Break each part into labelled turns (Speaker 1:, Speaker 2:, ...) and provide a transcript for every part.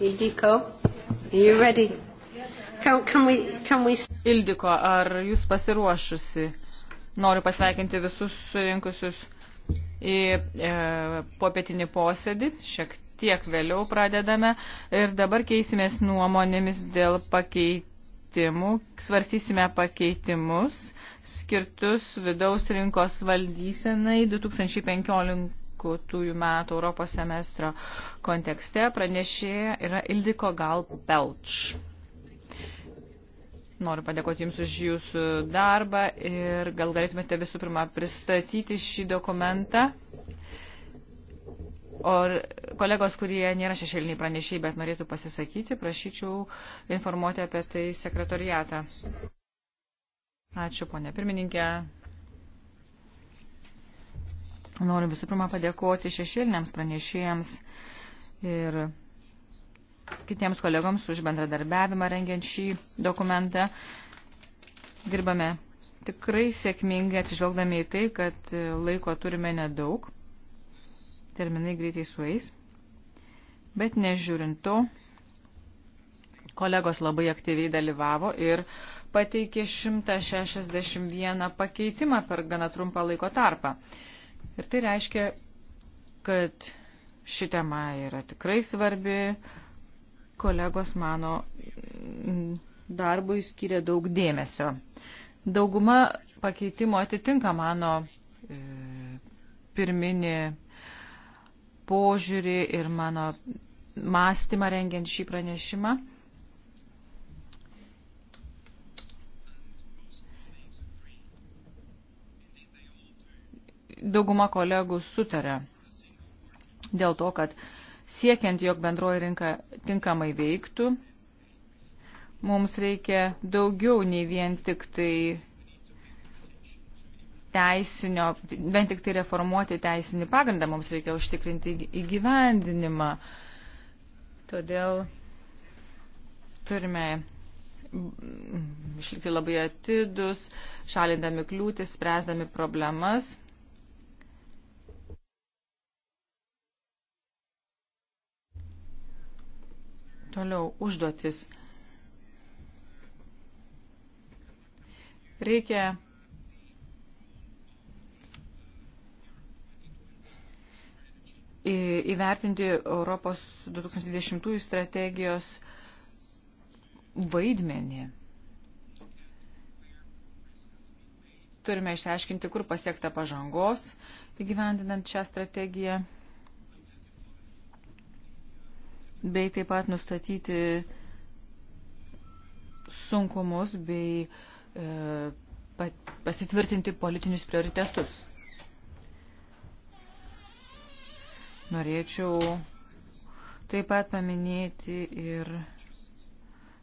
Speaker 1: Ildiko, you ready? Can, can we,
Speaker 2: can we... Ildiko, ar jūs pasiruošusi? Noriu pasveikinti visus surinkusius į e, popietinį posėdį. Šiek tiek vėliau pradedame ir dabar keisimės nuomonėmis dėl pakeitimų. Svarstysime pakeitimus skirtus vidaus rinkos valdysenai 2015 2015 metų Europos semestro kontekste pranešėja yra Ildiko Gal Pelč. Noriu padėkoti Jums už Jūsų darbą ir gal galėtumėte visų pirma pristatyti šį dokumentą. O kolegos, kurie nėra šešėliniai pranešiai, bet norėtų pasisakyti, prašyčiau informuoti apie tai sekretoriatą. Ačiū, ponė pirmininkė. Noriu visų pirma padėkoti šešėliniams pranešėjams ir kitiems kolegoms už bendradarbiavimą rengiant šį dokumentą. Dirbame tikrai sėkmingai atsižvelgdami į tai, kad laiko turime nedaug. Terminai greitai sueis. Bet nežiūrint to, kolegos labai aktyviai dalyvavo ir pateikė 161 pakeitimą per gana trumpą laiko tarpą. Ir tai reiškia, kad ši tema yra tikrai svarbi. Kolegos mano mm, darbui skiria daug dėmesio. Dauguma pakeitimo atitinka mano e, pirminį požiūrį ir mano mąstymą rengiant šį pranešimą. dauguma kolegų sutarė dėl to, kad siekiant, jog bendroji rinka tinkamai veiktų, mums reikia daugiau nei vien tik tai teisinio, bent tik tai reformuoti teisinį pagrindą, mums reikia užtikrinti įgyvendinimą. Todėl turime išlikti labai atidus, šalindami kliūtis, spręsdami problemas Toliau užduotis. Reikia įvertinti Europos 2020 strategijos vaidmenį. Turime išsiaiškinti, kur pasiekta pažangos įgyvendinant šią strategiją bei taip pat nustatyti sunkumus bei e, pasitvirtinti politinius prioritetus. Norėčiau taip pat paminėti ir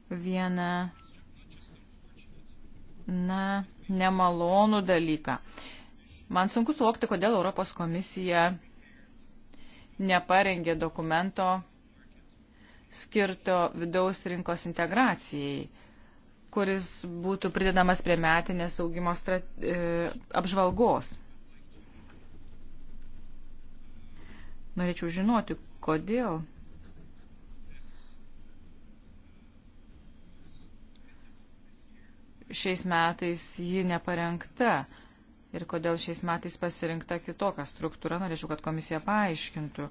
Speaker 2: vieną, na, nemalonų dalyką. Man sunku suvokti, kodėl Europos komisija neparengė dokumento skirto vidaus rinkos integracijai, kuris būtų pridedamas prie metinės augimo strat... E, apžvalgos. Norėčiau žinoti, kodėl. Šiais metais ji neparengta ir kodėl šiais metais pasirinkta kitokia struktūra. Norėčiau, kad komisija paaiškintų,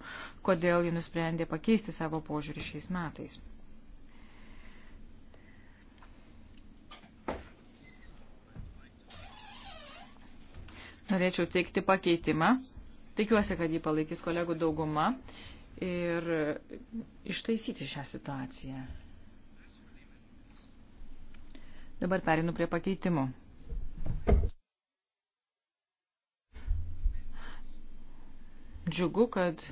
Speaker 2: kodėl ji nusprendė pakeisti savo požiūrį šiais metais. Norėčiau teikti pakeitimą. Tikiuosi, kad jį palaikys kolegų dauguma ir ištaisyti šią situaciją. Dabar perinu prie pakeitimų. Džiugu, kad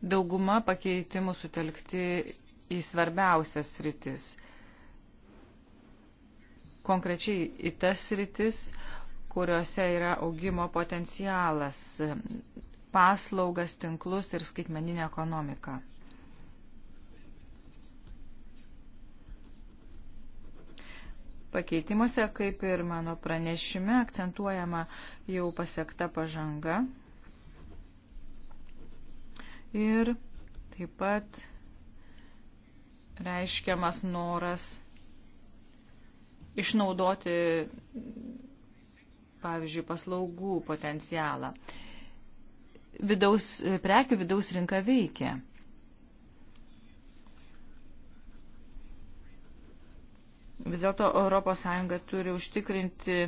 Speaker 2: dauguma pakeitimų sutelkti į svarbiausias rytis. Konkrečiai į tas rytis, kuriuose yra augimo potencialas - paslaugas, tinklus ir skaitmeninė ekonomika. Pakeitimuose, kaip ir mano pranešime, akcentuojama jau pasiekta pažanga ir taip pat reiškiamas noras išnaudoti, pavyzdžiui, paslaugų potencialą. Vidaus, prekių vidaus rinka veikia. Vis dėlto ES turi užtikrinti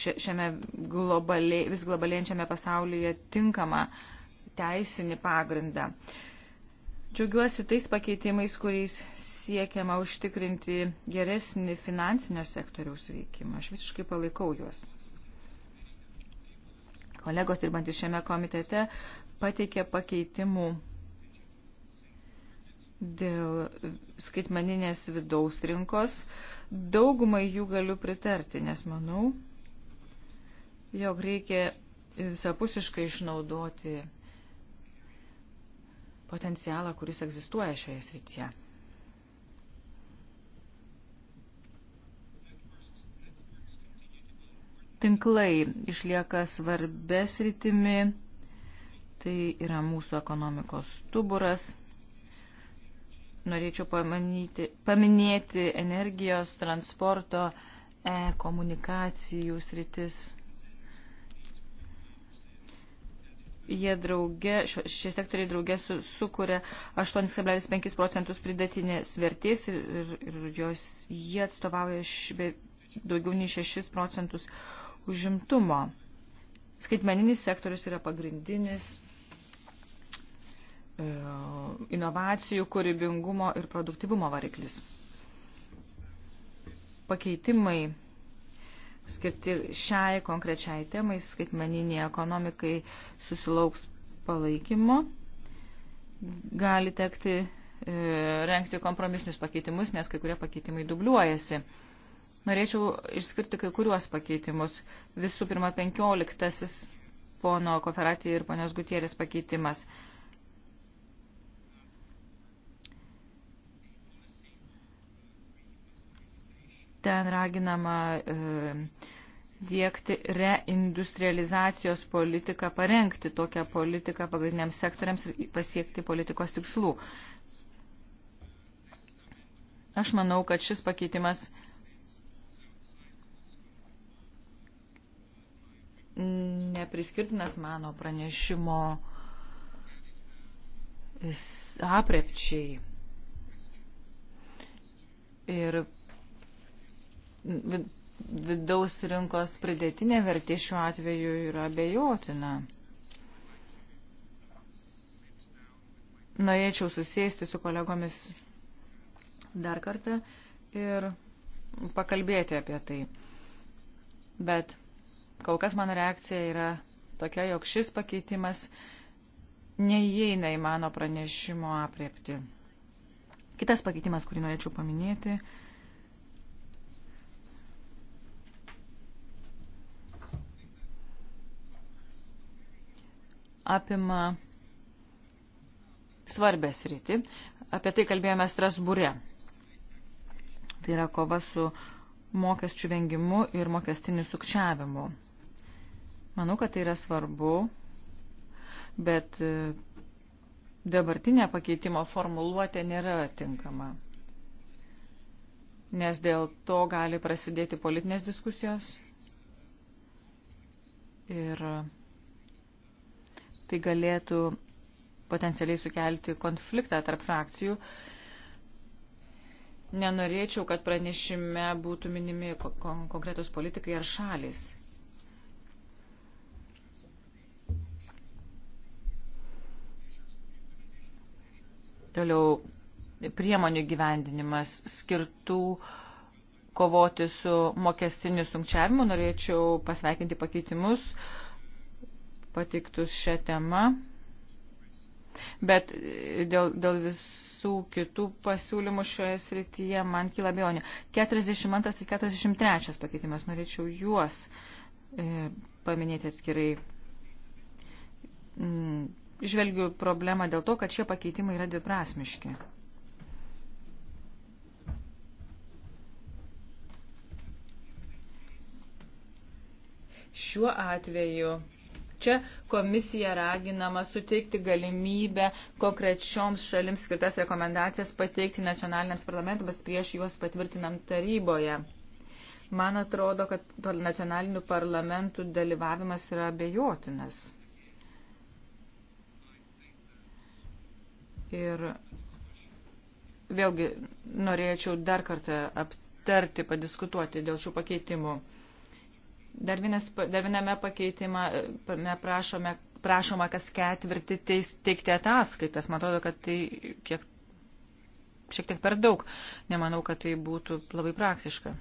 Speaker 2: šiame globaliai, vis globalėjančiame pasaulyje tinkamą uh, teisinį pagrindą. Džiaugiuosi tais pakeitimais, kuriais siekiama užtikrinti geresnį finansinio sektoriaus veikimą. Aš visiškai palaikau juos. Kolegos dirbantys šiame komitete pateikė pakeitimų dėl skaitmeninės vidaus rinkos. Daugumai jų galiu pritarti, nes manau, jog reikia visapusiškai išnaudoti potencialą, kuris egzistuoja šioje srityje. Tinklai išlieka svarbės rytimi, tai yra mūsų ekonomikos stuburas. Norėčiau pamanyti, paminėti energijos, transporto, e-komunikacijų sritis. jie draugė, šie sektoriai draugė su, sukuria 8,5 procentus pridėtinės vertės ir, ir, ir jos, jie atstovauja šbe, daugiau nei 6 procentus užimtumo. Skaitmeninis sektorius yra pagrindinis e, inovacijų, kūrybingumo ir produktivumo variklis. Pakeitimai skirti šiai konkrečiai temai, skaitmeniniai ekonomikai susilauks palaikymo. Gali tekti e, renkti kompromisinius pakeitimus, nes kai kurie pakeitimai dubliuojasi. Norėčiau išskirti kai kuriuos pakeitimus. Visų pirma, penkioliktasis pono Koferatį ir ponios Gutierės pakeitimas. E, Ten raginama e, dėkti reindustrializacijos politiką, parengti tokią politiką pagrindiniams sektoriams ir pasiekti politikos tikslų. Aš manau, kad šis pakeitimas nepriskirtinas mano pranešimo aprepčiai. Ir vidaus rinkos pridėtinė vertė šiuo atveju yra bejotina. Norėčiau susėsti su kolegomis dar kartą ir pakalbėti apie tai. Bet kol kas mano reakcija yra tokia, jog šis pakeitimas neįeina į mano pranešimo apriepti. Kitas pakeitimas, kurį norėčiau paminėti, apima svarbės rytį. Apie tai kalbėjome Strasbūre. Tai yra kova su mokesčių vengimu ir mokestiniu sukčiavimu. Manau, kad tai yra svarbu, bet e, dabartinė pakeitimo formuluotė nėra tinkama. Nes dėl to gali prasidėti politinės diskusijos ir tai galėtų potencialiai sukelti konfliktą tarp frakcijų. Nenorėčiau, kad pranešime būtų minimi konkretus politikai ar šalis. Toliau priemonių gyvendinimas skirtų kovoti su mokestiniu sunkčiavimu. Norėčiau pasveikinti pakeitimus, uh, pateiktus šią temą. Bet dėl, dėl visų kitų pasiūlymų šioje srityje man kyla bejonė. 42 ir 43 pakeitimas, norėčiau juos e, paminėti atskirai. Mm, žvelgiu problemą dėl to, kad šie pakeitimai yra dviprasmiški. Šiuo atveju Čia komisija raginama suteikti galimybę konkrečioms šalims skirtas rekomendacijas pateikti nacionaliniams parlamentams prieš juos patvirtinam taryboje. Man atrodo, kad nacionalinių parlamentų dalyvavimas yra abejotinas. Ir vėlgi norėčiau dar kartą aptarti, padiskutuoti dėl šių pakeitimų. Dar, vienas, dar viename pakeitime e, prašome, prašoma kas ketvirtį teis, teikti ataskaitas. Man atrodo, kad tai kiek, šiek tiek per daug. Nemanau, kad tai būtų labai praktiška.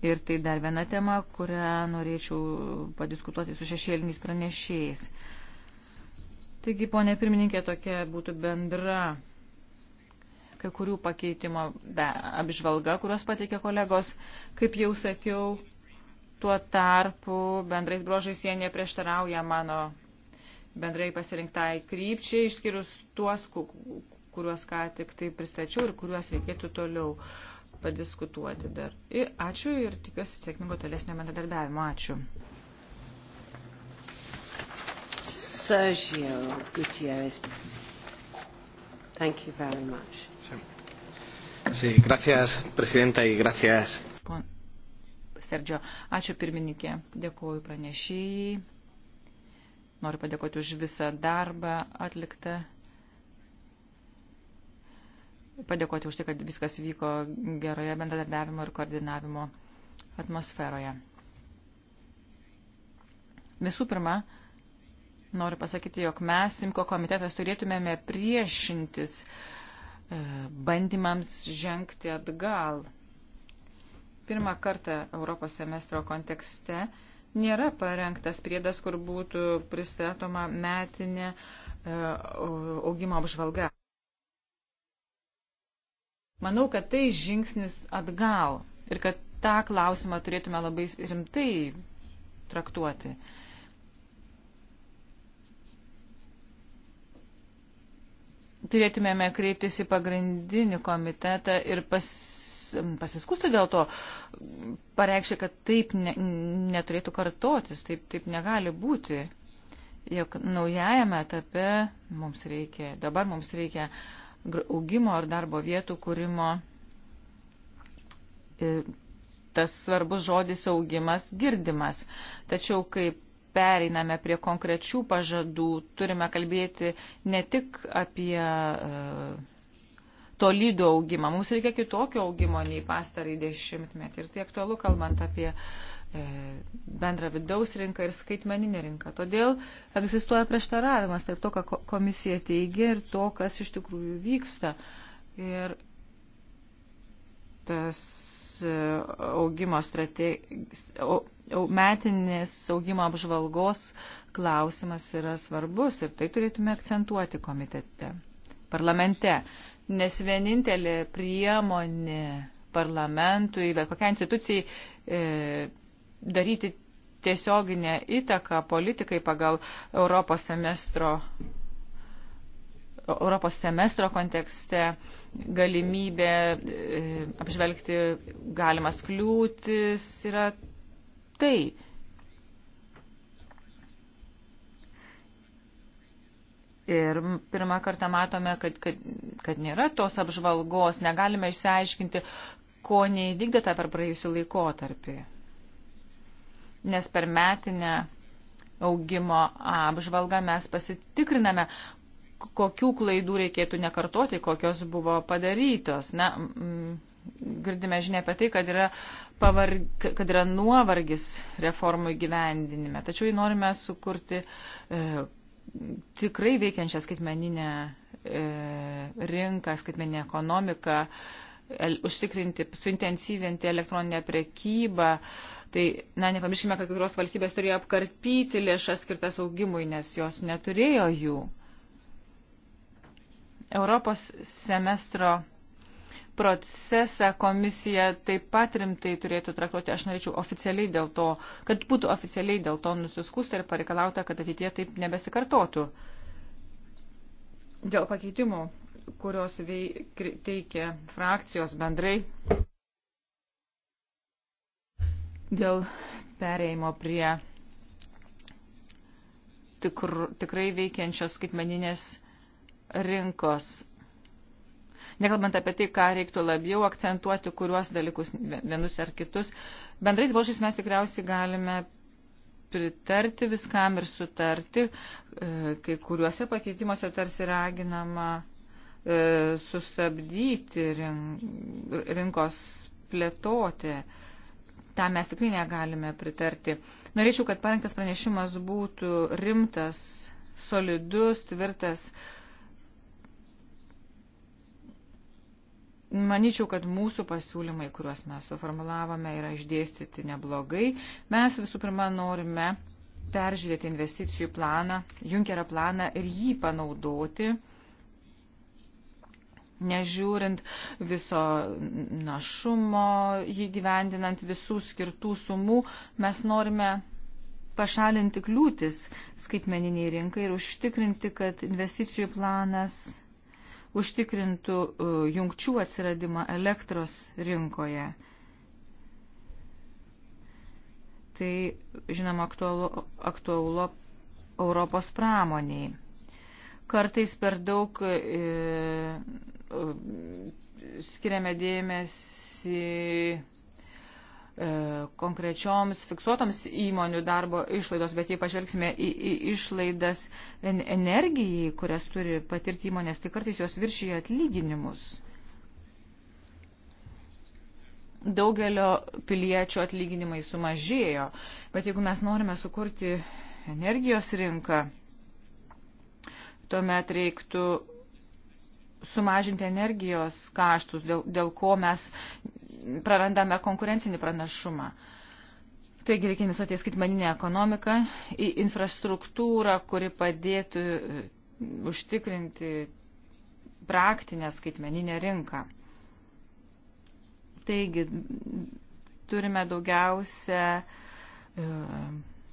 Speaker 2: Ir tai dar viena tema, kurią norėčiau padiskutuoti su šešėliniais pranešėjais. Taigi, ponė pirmininkė, tokia būtų bendra kai kurių pakeitimo apžvalga, kuriuos pateikė kolegos. Kaip jau sakiau, tuo tarpu bendrais brožais jie neprieštarauja mano bendrai pasirinktai krypčiai, išskyrus tuos, kuriuos ką tik tai pristačiau ir kuriuos reikėtų toliau padiskutuoti dar. Ir ačiū ir tikiuosi sėkmingo tolesnio bendradarbiavimo. Ačiū. Sergio Gutierrez. Thank you very much.
Speaker 3: Sí, gracias, prezidenta, y gracias.
Speaker 2: Pon... Serdžio, ačiū pirmininkė, dėkuoju pranešėjai. Noriu padėkoti už visą darbą atliktą. Padėkoti už tai, kad viskas vyko geroje bendradarbiavimo ir koordinavimo atmosferoje. Visų pirma, noriu pasakyti, jog mes, Simko komitetas, turėtumėme priešintis uh, E, bandymams žengti atgal. Pirmą kartą Europos semestro kontekste nėra parengtas priedas, kur būtų pristatoma metinė e, augimo apžvalga. Manau, kad tai žingsnis atgal ir kad tą klausimą turėtume labai rimtai traktuoti. Uh, turėtumėme kreiptis į pagrindinį komitetą ir pas, pasiskusti dėl to, pareikšti, kad taip ne, neturėtų kartotis, taip, taip negali būti. Jok naujajame etape mums reikia, dabar mums reikia augimo ir darbo vietų kūrimo. Ir tas svarbus žodis augimas girdimas. Tačiau kaip pereiname prie konkrečių pažadų, turime kalbėti ne tik apie e, tolydų augimą, mums reikia kitokio augimo nei pastarai dešimtmetį. Ir tai aktualu kalbant apie e, bendrą vidaus rinką ir skaitmeninę rinką. Todėl egzistuoja prieštaravimas tarp to, ką komisija teigia ir to, kas iš tikrųjų vyksta. Ir tas augimo strategijos, metinės augimo apžvalgos klausimas yra svarbus ir tai turėtume akcentuoti komitete, parlamente, nes vienintelė priemonė parlamentui, bet kokiai institucijai e, daryti tiesioginę įtaką politikai pagal Europos semestro Europos semestro kontekste galimybė e, apžvelgti galimas kliūtis yra tai. Ir pirmą kartą matome, kad, kad, kad nėra tos apžvalgos, negalime išsiaiškinti, ko neįvykdyta per praėjusių laikotarpį. Nes per metinę augimo apžvalgą mes pasitikriname, kokių klaidų reikėtų nekartoti, kokios buvo padarytos. Na, mm, girdime žinia apie tai, kad yra, pavar, kad yra nuovargis reformų įgyvendinime. Tačiau jį norime sukurti e, tikrai veikiančią skaitmeninę e, rinką, skaitmeninę ekonomiką, el, užtikrinti, suintensyvinti elektroninę prekybą. Tai, na, nepamirškime, kad kai kurios valstybės turėjo apkarpyti lėšas skirtas augimui, nes jos neturėjo jų. E, Europos semestro procesą komisija taip pat rimtai turėtų traktuoti. Aš norėčiau oficialiai dėl to, kad būtų oficialiai dėl to nusiskusta ir pareikalauta, kad ateitie taip nebesikartotų. Dėl pakeitimų, kurios vei, teikia frakcijos bendrai, dėl pereimo prie tikr, tikrai veikiančios skaitmeninės rinkos. Nekalbant apie tai, ką reiktų labiau akcentuoti, kuriuos dalykus vienus ar kitus, bendrais božys mes tikriausiai galime pritarti viskam ir sutarti, e, kai kuriuose pakeitimuose tarsi raginama e, sustabdyti rinkos plėtoti. Ta mes tikrai negalime pritarti. Norėčiau, kad parengtas pranešimas būtų rimtas, solidus, tvirtas, uh, Maničiau, kad mūsų pasiūlymai, kuriuos mes suformulavome, yra išdėstyti neblogai. Mes visų pirma norime peržiūrėti investicijų planą, Junkerio planą ir jį panaudoti, nežiūrint viso našumo, jį gyvendinant visų skirtų sumų, mes norime pašalinti kliūtis skaitmeniniai rinkai ir užtikrinti, kad investicijų planas užtikrintų e, jungčių atsiradimą elektros rinkoje. Tai, žinoma, aktualu, aktualu Europos pramoniai. Kartais per daug e, e skiriame dėmesį E, konkrečioms fiksuotoms įmonių darbo išlaidos, bet jei pažvelgsime į, į išlaidas energijai, kurias turi patirti įmonės, tai kartais jos viršyje atlyginimus. Daugelio piliečių atlyginimai sumažėjo, bet jeigu mes norime sukurti energijos rinką, tuomet reiktų sumažinti energijos kaštus, dėl, dėl ko mes prarandame konkurencinį pranašumą. Taigi reikia investuoti į skaitmaninę ekonomiką, į infrastruktūrą, kuri padėtų e, užtikrinti praktinę skaitmeninę rinką. Taigi turime daugiausia e,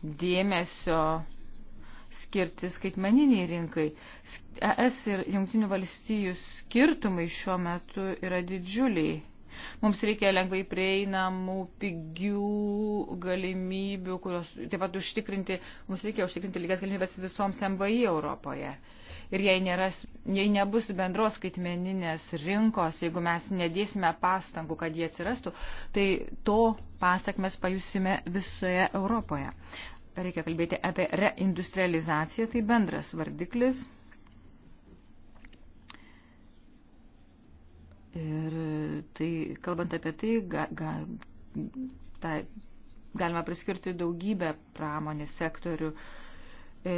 Speaker 2: dėmesio skirti skaitmeniniai rinkai. ES e ir Junktinių valstijų skirtumai šiuo metu yra didžiuliai Mums reikia lengvai prieinamų, pigių galimybių, kurios taip pat užtikrinti, mums reikia užtikrinti lygias galimybės visoms MVI Europoje. Ir jei, nėra, jei nebus bendros skaitmeninės rinkos, jeigu mes nedėsime pastangų, kad jie atsirastų, tai to pasakmes pajusime visoje Europoje. Reikia kalbėti apie reindustrializaciją, tai bendras vardiklis Ir e, tai, kalbant apie tai, ga, ga, ta, galima priskirti daugybę pramonės sektorių. E,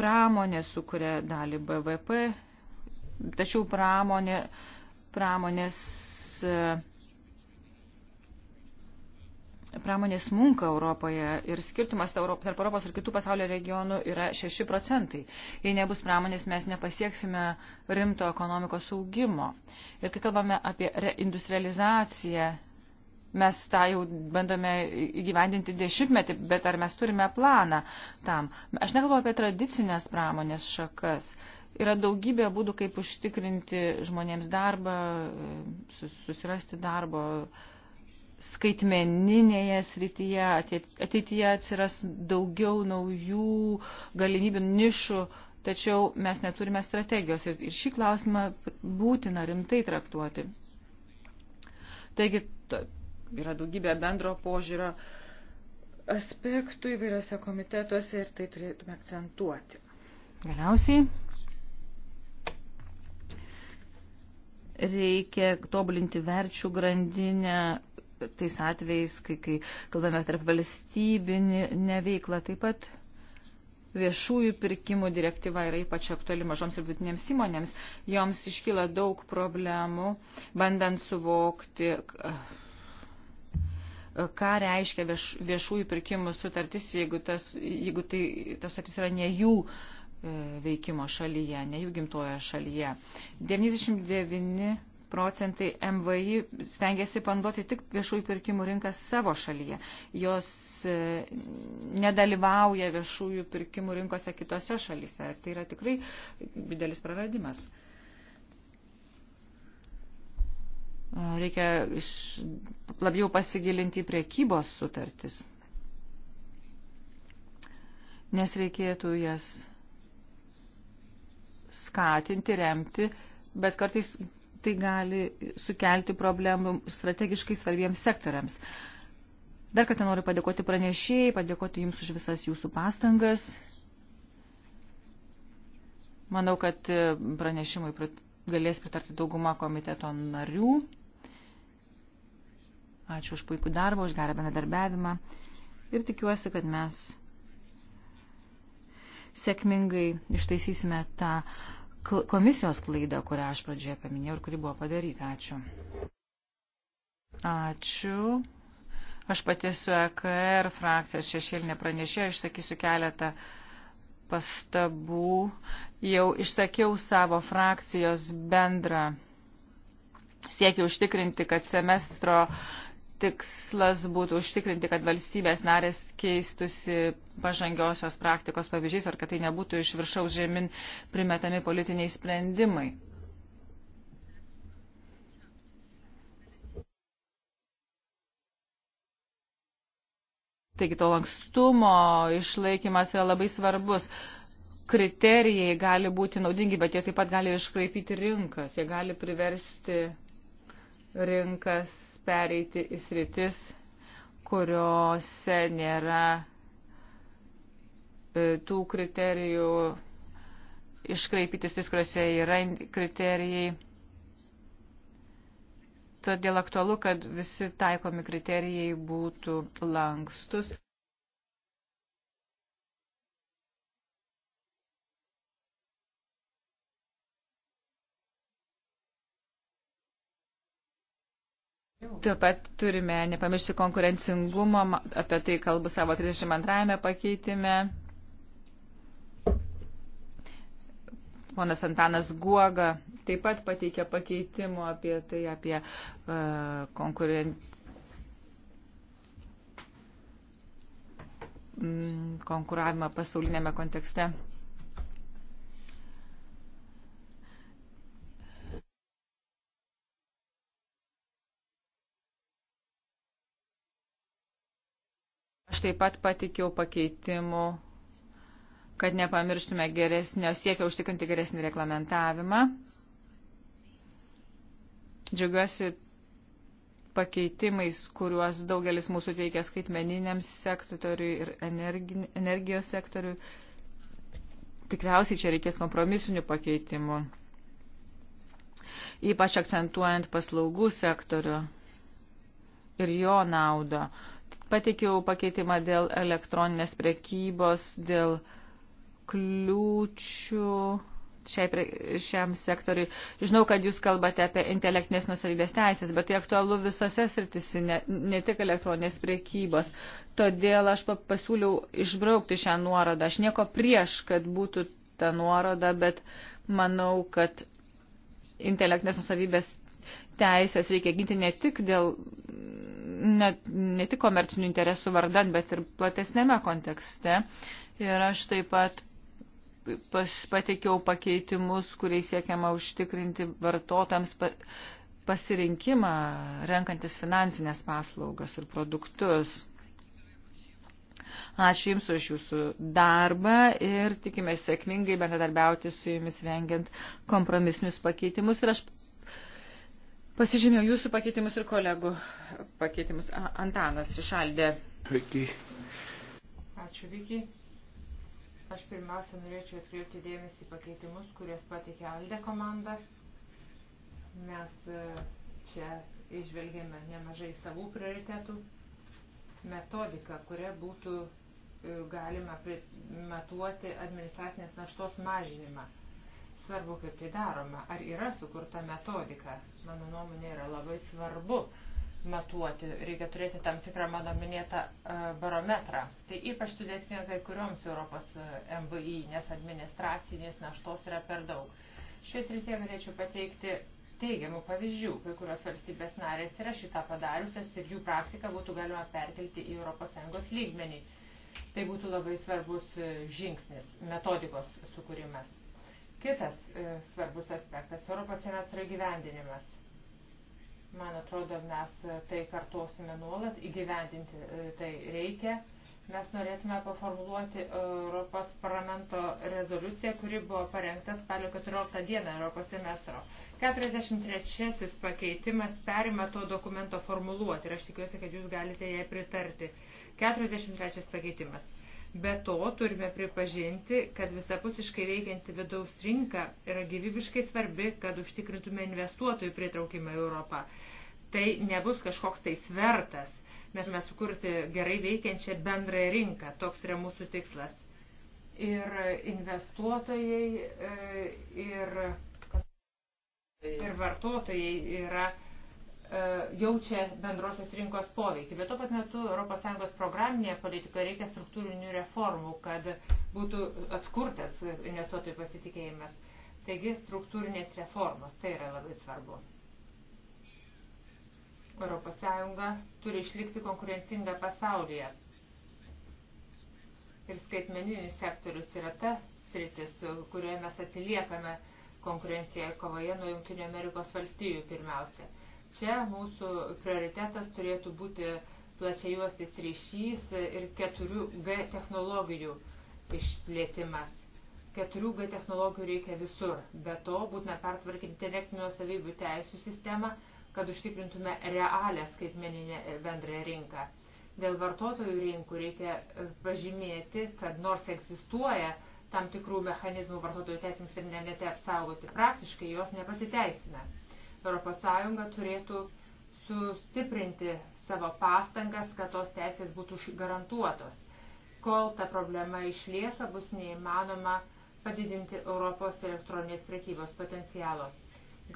Speaker 2: pramonė sukuria dalį BVP, tačiau pramonė, pramonės e, pramonė smunka Europoje ir skirtumas tarp Europos ir kitų pasaulio regionų yra 6 procentai. Jei nebus pramonės, mes nepasieksime rimto ekonomikos augimo. Ir kai kalbame apie reindustrializaciją, mes tą jau bandome įgyvendinti dešimtmetį, bet ar mes turime planą tam. Aš nekalbu apie tradicinės pramonės šakas. Yra daugybė būdų, kaip užtikrinti žmonėms darbą, susirasti darbo skaitmeninėje srityje, ateityje atsiras daugiau naujų galimybių, nišų, tačiau mes neturime strategijos ir šį klausimą būtina rimtai traktuoti. Taigi yra daugybė bendro požiūrio aspektų įvairiose komitetuose ir tai turėtume akcentuoti. Galiausiai reikia tobulinti verčių grandinę tais atvejais, kai, kai kalbame tarp valstybinį neveiklą, taip pat viešųjų pirkimų direktyva yra ypač aktuali mažoms ir vidutinėms įmonėms. Joms iškyla daug problemų, bandant suvokti, ką reiškia vieš, viešųjų pirkimų sutartis, jeigu, tas, jeigu tai, tas sutartis yra ne jų e, veikimo šalyje, ne jų gimtojo šalyje. 99 procentai MVI stengiasi panduoti tik viešųjų pirkimų rinką savo šalyje. Jos e, nedalyvauja viešųjų pirkimų rinkose kitose šalyse. Ir tai yra tikrai didelis praradimas. E, reikia iš, labiau pasigilinti į priekybos sutartis, nes reikėtų jas skatinti, remti, bet kartais tai gali sukelti problemų strategiškai svarbiems sektoriams. Dar kartą noriu padėkoti pranešėjai, padėkoti Jums už visas Jūsų pastangas. Manau, kad pranešimui galės pritarti dauguma komiteto narių. Ačiū už puikų darbą, už gerą bendradarbiavimą ir tikiuosi, kad mes sėkmingai ištaisysime tą uh, komisijos klaidą, kurią aš pradžioje paminėjau ir kuri buvo padaryta. Ačiū. Ačiū. Aš pati esu EKR frakcijos šešėlinė pranešėja, išsakysiu keletą pastabų. Jau išsakiau savo frakcijos bendrą siekia užtikrinti, kad semestro tikslas būtų užtikrinti, kad valstybės narės keistusi pažangiosios praktikos pavyzdžiais ar kad tai nebūtų iš viršaus žemin primetami politiniai sprendimai. Taigi to lankstumo išlaikymas yra labai svarbus. Kriterijai gali būti naudingi, bet jie taip pat gali iškraipyti rinkas. Jie gali priversti rinkas pereiti į sritis, kuriuose nėra e, tų kriterijų, iškraipytis tais, kuriuose yra kriterijai. Todėl aktualu, kad visi taikomi kriterijai būtų lankstus. Taip pat turime nepamiršti konkurencingumo, apie tai kalbu savo 32 pakeitime. Ponas Antanas Guoga taip pat pateikė pakeitimų apie tai, apie uh, konkuren... konkuravimą pasaulinėme kontekste. Taip pat patikiau pakeitimų, kad nepamirštume geresnio siekio užtikrinti geresnį reglamentavimą. Džiaugiuosi pakeitimais, kuriuos daugelis mūsų teikia skaitmeniniam sektoriui ir energijos sektoriui. Tikriausiai čia reikės kompromisinių pakeitimų, ypač akcentuojant paslaugų sektorių ir jo naudą. Pateikiau pakeitimą dėl elektroninės prekybos, dėl kliūčių šiai, šiam sektoriui. Žinau, kad jūs kalbate apie intelektinės nusavybės teisės, bet tai aktualu visose sritise, ne, ne tik elektroninės priekybos. Todėl aš pasiūliau išbraukti šią nuorodą. Aš nieko prieš, kad būtų ta nuoroda, bet manau, kad intelektinės nusavybės teisės reikia ginti ne tik dėl ne, ne tik komercinių interesų vardan, bet ir platesnėme kontekste. Ir aš taip pat pas, pateikiau pakeitimus, kuriais siekiama užtikrinti vartotams pa, pasirinkimą, renkantis finansinės paslaugas ir produktus. Ačiū Jums už Jūsų darbą ir tikime sėkmingai bendradarbiauti su Jumis rengiant kompromisinius pakeitimus. Ir aš Pasižymėjau jūsų pakeitimus ir kolegų pakeitimus. Antanas išaldė.
Speaker 3: Viki.
Speaker 1: Ačiū, Viki. Aš pirmiausia norėčiau atkreipti dėmesį į pakeitimus, kurias patikė Aldė komanda. Mes e, čia išvelgėme nemažai savų prioritetų. Metodika, kuria būtų e, galima matuoti administracinės naštos mažinimą svarbu, kaip tai daroma. Ar yra sukurta metodika? Mano nuomonė yra labai svarbu matuoti. Reikia turėti tam tikrą mano minėtą e, barometrą. Tai ypač sudėtinga kai kurioms Europos e, MVI, nes administracinės naštos yra per daug. Šioje srityje galėčiau pateikti teigiamų pavyzdžių. Kai kurios valstybės narės yra šitą padariusios ir jų praktiką būtų galima perkelti į ES lygmenį. Tai būtų labai svarbus e, žingsnis, metodikos sukūrimas. Kitas e, svarbus aspektas - Europos semestro įgyvendinimas. Man atrodo, mes tai kartuosime nuolat, įgyvendinti e, tai reikia. Mes norėtume paformuluoti Europos parlamento rezoliuciją, kuri buvo parengta spalio 14 dieną Europos semestro. 43 pakeitimas perima to dokumento formuluoti ir aš tikiuosi, kad jūs galite jai pritarti. 43 pakeitimas Be to turime pripažinti, kad visapusiškai veikianti vidaus rinka yra gyvybiškai svarbi, kad užtikrintume investuotojų pritraukimą į Europą. Tai nebus kažkoks tai svertas. Mes turime sukurti gerai veikiančią bendrąją rinką. Toks yra mūsų tikslas. Ir investuotojai, e, ir, ir vartotojai yra E, jaučia bendrosios rinkos poveikį. Bet tuo pat metu ES programinėje politikoje reikia struktūrinių reformų, kad būtų atkurtas investuotojų pasitikėjimas. Taigi struktūrinės reformos, tai yra labai svarbu. ES turi išlikti konkurencingą pasaulyje. Ir skaitmeninis sektorius yra ta sritis, kurioje mes atsiliekame konkurencijoje kovoje nuo Junktinio Amerikos valstijų pirmiausia Čia mūsų prioritetas turėtų būti plačiajuostis ryšys ir 4G technologijų išplėtimas. 4G technologijų reikia visur. Be to, būtina pertvarkyti intelektinių savybių teisų sistemą, kad užtikrintume realią skaitmeninę bendrąją rinką. Dėl vartotojų rinkų reikia pažymėti, kad nors egzistuoja tam tikrų mechanizmų vartotojų teisėms internete apsaugoti, praktiškai jos nepasiteisina. ES turėtų sustiprinti savo pastangas, kad tos teisės būtų garantuotos. Kol ta problema išlieka, bus neįmanoma padidinti Europos elektroninės prekybos potencialo.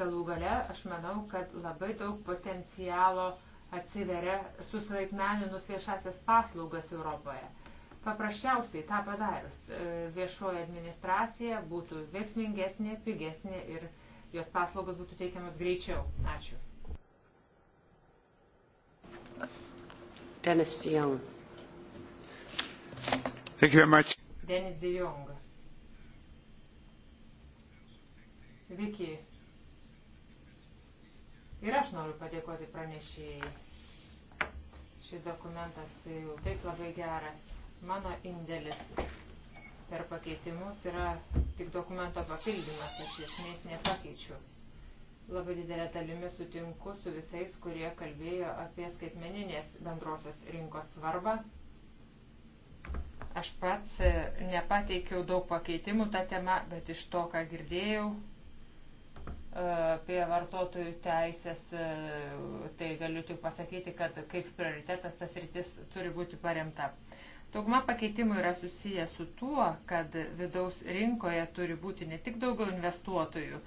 Speaker 1: Galų gale, aš manau, kad labai daug potencialo atsiveria susilaikmeninus viešasias paslaugas Europoje. Paprasčiausiai tą padarius e, viešoji administracija būtų veiksmingesnė, pigesnė ir pigesnė jos paslaugos būtų teikiamas greičiau. Ačiū. Dennis de Jong. Thank you very much. Dennis de Jong. Viki. Ir aš noriu padėkoti pranešėjai. Šis dokumentas jau taip labai geras. Mano indėlis per pakeitimus yra tik dokumento papildymas, aš esmės nepakeičiu. Labai didelė dalimi sutinku su visais, kurie kalbėjo apie skaitmeninės bendrosios rinkos svarbą. Aš pats e, nepateikiau daug pakeitimų tą temą, bet iš to, ką girdėjau e, apie vartotojų teisės, e, tai galiu tik pasakyti, kad kaip prioritetas tas rytis turi būti paremta. Dauguma pakeitimų yra susiję su tuo, kad vidaus rinkoje turi būti ne tik daugiau investuotojų,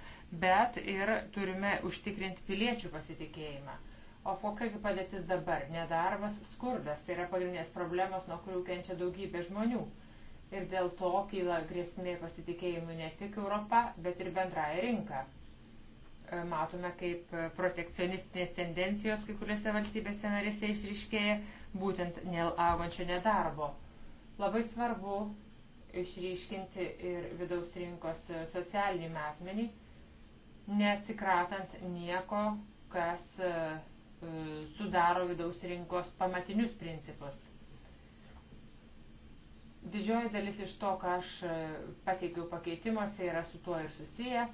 Speaker 1: bet ir turime užtikrinti piliečių pasitikėjimą. O kokiagi padėtis dabar? Nedarbas, skurdas tai yra pagrindinės problemos, nuo kurių kenčia daugybė žmonių. Ir dėl to kyla grėsmė pasitikėjimui ne tik Europą, bet ir bendrąją rinką. E, matome, kaip protekcionistinės tendencijos kai kuriuose valstybėse narėse išriškėja būtent dėl augančio nedarbo. Labai svarbu išryškinti ir vidaus rinkos socialinį metmenį, neatsikratant nieko, kas e, e, sudaro vidaus rinkos pamatinius principus. Didžioji dalis iš to, ką aš pateikiau pakeitimuose, yra su tuo ir susiję.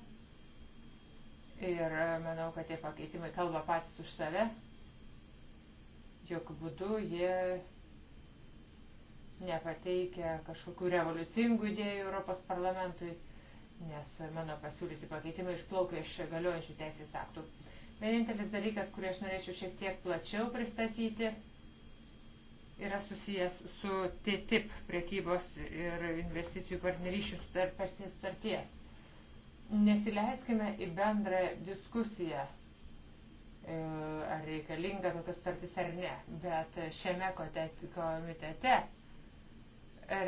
Speaker 1: Ir e, manau, kad tie pakeitimai kalba patys už save. Jokių būdų jie nepateikia kažkokių revoliucingų idėjų Europos parlamentui, nes mano pasiūlyti pakeitimai išplaukia iš galiojančių teisės aktų. Vienintelis dalykas, kurį aš norėčiau šiek tiek plačiau pristatyti, yra susijęs su TTIP priekybos ir investicijų partnerysčių sutarties. Nesileiskime į bendrą diskusiją, e, ar reikalinga tokias sutartis ar ne, bet šiame komitete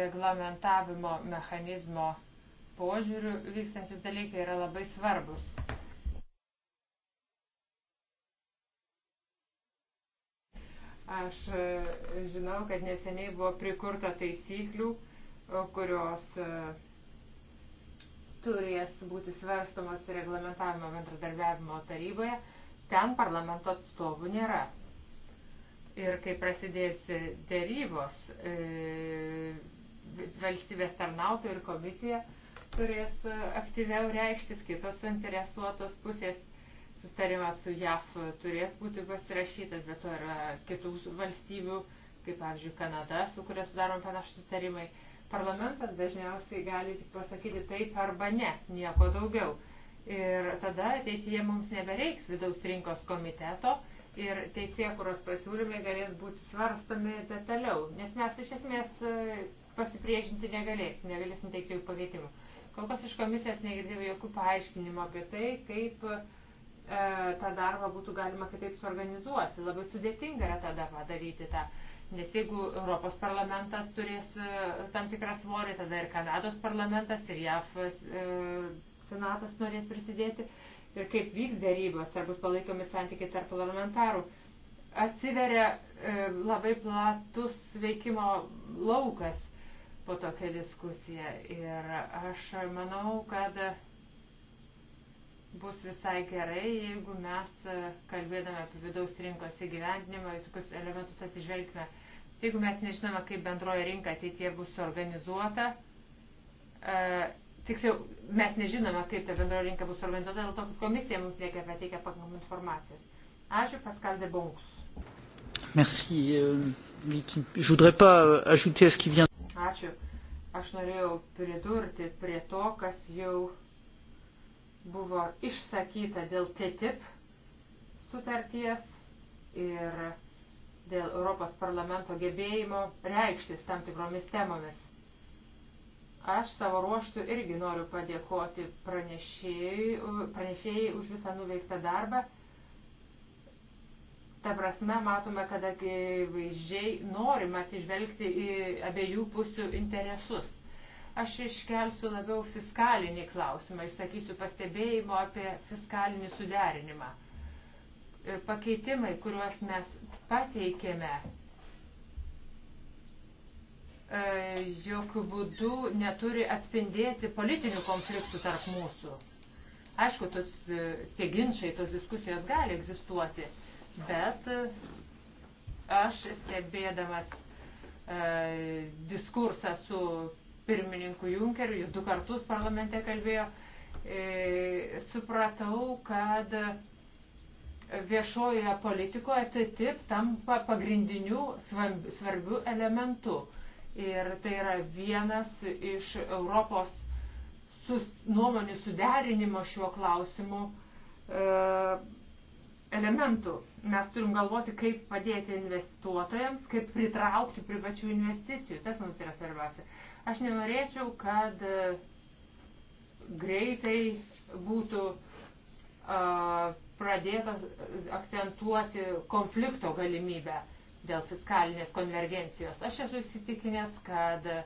Speaker 1: reglamentavimo mechanizmo požiūrių vykstantis dalykai yra labai svarbus. Aš e, žinau, kad neseniai buvo prikurta taisyklių, kurios e, turės būti svarstomas reglamentavimo bendradarbiavimo taryboje. Ten parlamento atstovų nėra. Ir kai prasidės dėrybos, e, valstybės tarnautojų ir komisija turės aktyviau reikštis kitos interesuotos pusės. Sustarimas su JAF turės būti pasirašytas, bet to yra kitų valstybių, kaip pavyzdžiui Kanada, su kuria sudarom panašus sustarimai. E, Parlamentas dažniausiai gali tik pasakyti taip arba ne, nieko daugiau. Ir tada ateityje mums nebereiks vidaus rinkos komiteto ir teisėkuros pasiūlymai galės būti svarstomi detaliau, nes mes iš esmės e, pasipriešinti negalėsim, negalėsim teikti jų pakeitimų. Kol kas iš komisijos negirdėjau jokių paaiškinimų apie tai, kaip e, tą darbą būtų galima kitaip suorganizuoti. Labai sudėtinga yra tada padaryti tą. Ta Nes jeigu Europos parlamentas turės e, tam tikrą svorį, tada ir Kanados parlamentas, ir JAF e, senatas norės prisidėti. Ir kaip vyks dėrybos, ar bus palaikomi santykiai tarp parlamentarų. Atsiveria e, labai platus veikimo laukas po tokią diskusiją. Ir aš manau, kad bus visai gerai, jeigu mes, e, kalbėdami apie vidaus rinkos įgyvendinimą, į tokius elementus atsižvelgime. Jeigu mes nežinome, kaip bendroji rinka ateitie bus organizuota, e, tiksliau, mes nežinome, kaip ta bendroji rinka bus organizuota, dėl to, kad komisija mums reikia pateikę pakankamai informacijos. Ačiū, Pascal de Bonks.
Speaker 2: Merci, Vicky. Euh, Je voudrais pas euh, ajouter à ce qui vient.
Speaker 1: Ačiū. Aš norėjau pridurti prie to, kas jau buvo išsakyta dėl TTIP sutarties ir dėl Europos parlamento gebėjimo reikštis tam tikromis temomis. Aš savo ruoštų irgi noriu padėkoti pranešėjai, pranešėjai už visą nuveiktą darbą. Ta prasme, matome, kad akivaizdžiai norima atsižvelgti į abiejų pusių interesus. Aš iškelsiu labiau fiskalinį klausimą, išsakysiu pastebėjimo apie fiskalinį suderinimą. E, pakeitimai, kuriuos mes pateikėme, e, jokių būdų neturi atspindėti politinių konfliktų tarp mūsų. Aišku, tos, e, tie ginčiai, tos diskusijos gali egzistuoti, bet aš stebėdamas e, diskursą su pirmininku Junkeriu, jis du kartus parlamente kalbėjo, e, supratau, kad viešojoje politikoje TTIP tampa pagrindiniu svarbiu elementu. Ir tai yra vienas iš Europos sus, nuomonių suderinimo šiuo klausimu e, elementų. Mes turim galvoti, kaip padėti investuotojams, kaip pritraukti privačių investicijų. Tas mums yra svarbiausia. Aš nenorėčiau, kad e, greitai būtų pradėta akcentuoti konflikto galimybę dėl fiskalinės konvergencijos. Aš esu įsitikinęs, kad e,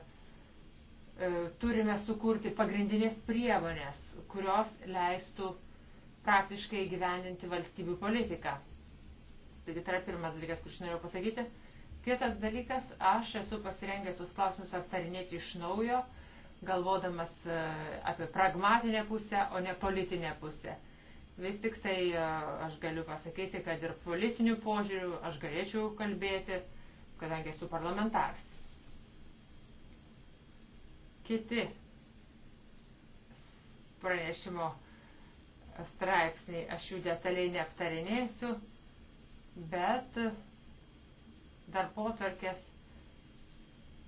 Speaker 1: turime sukurti pagrindinės priemonės, kurios leistų praktiškai gyveninti valstybių politiką. Taigi tai yra pirmas dalykas, kurį norėjau pasakyti. Kitas dalykas, aš esu pasirengęs tuos klausimus aptarinėti iš naujo, galvodamas e, apie pragmatinę pusę, o ne politinę pusę. Vis tik tai e, aš galiu pasakyti, kad ir politinių požiūrių aš galėčiau kalbėti, kadangi esu parlamentaras. Kiti pranešimo straipsniai aš jų detaliai neaptarinėsiu, bet darbo tvarkės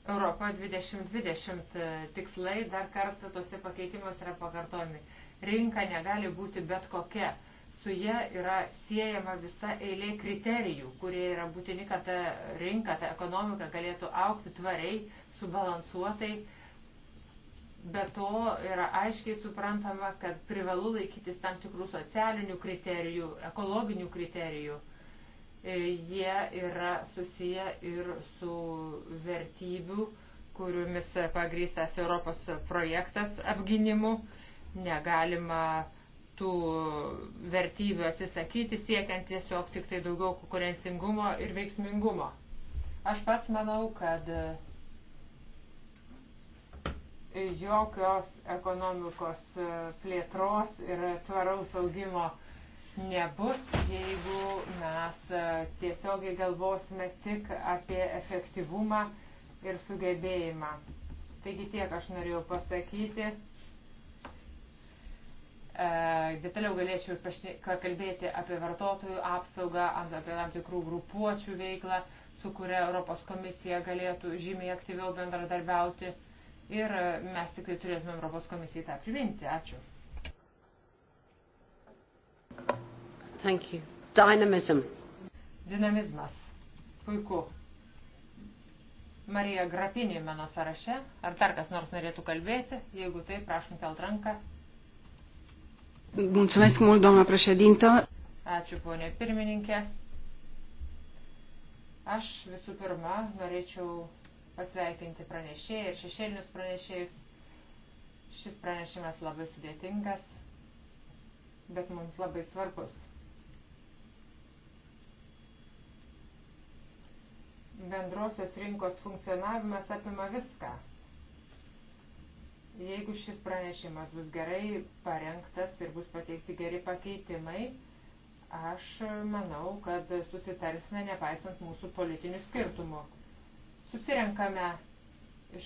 Speaker 1: Europa 2020 e, tikslai dar kartą tuose pakeitimuose yra pakartojami. Rinka negali būti bet kokia. Su jie yra siejama visa eilė kriterijų, kurie yra būtini, kad ta rinka, ta ekonomika galėtų aukti tvariai, subalansuotai. Be to yra aiškiai suprantama, kad privalu laikytis tam tikrų socialinių kriterijų, ekologinių kriterijų. Uh, E, jie yra susiję ir su vertybių, kuriomis pagrystas Europos projektas apginimu. Negalima tų vertybių atsisakyti, siekiant tiesiog tik tai daugiau konkurencingumo ir veiksmingumo. Aš pats manau, kad e, jokios ekonomikos e, plėtros ir tvaraus augimo uh, nebus, jeigu mes e, tiesiogiai galvosime tik apie efektyvumą ir sugebėjimą. Taigi tiek aš norėjau pasakyti. E, detaliau galėčiau kalbėti apie vartotojų apsaugą, apie tam tikrų grupuočių veiklą, su kuria Europos komisija galėtų žymiai aktyviau bendradarbiauti. Ir e, mes tik tai turėtume Europos komisijai tą priminti. Ačiū. Thank you. Dynamism. Dinamizmas. Puiku. Marija Grapinė mano sąraše. Ar dar kas nors norėtų kalbėti? Jeigu tai, prašom kelt ranką.
Speaker 2: Mulțumesc mult, doamna președintă.
Speaker 1: Ačiū, ponė pirmininkė. Aš visų pirma norėčiau pasveikinti pranešėjai ir šešėlinius pranešėjus. Šis pranešimas labai sudėtingas bet mums labai svarbus. Bendrosios rinkos funkcionavimas apima viską. Jeigu šis pranešimas bus gerai parengtas ir bus pateikti geri pakeitimai, aš manau, kad susitarsime nepaisant mūsų politinių skirtumų. Susirenkame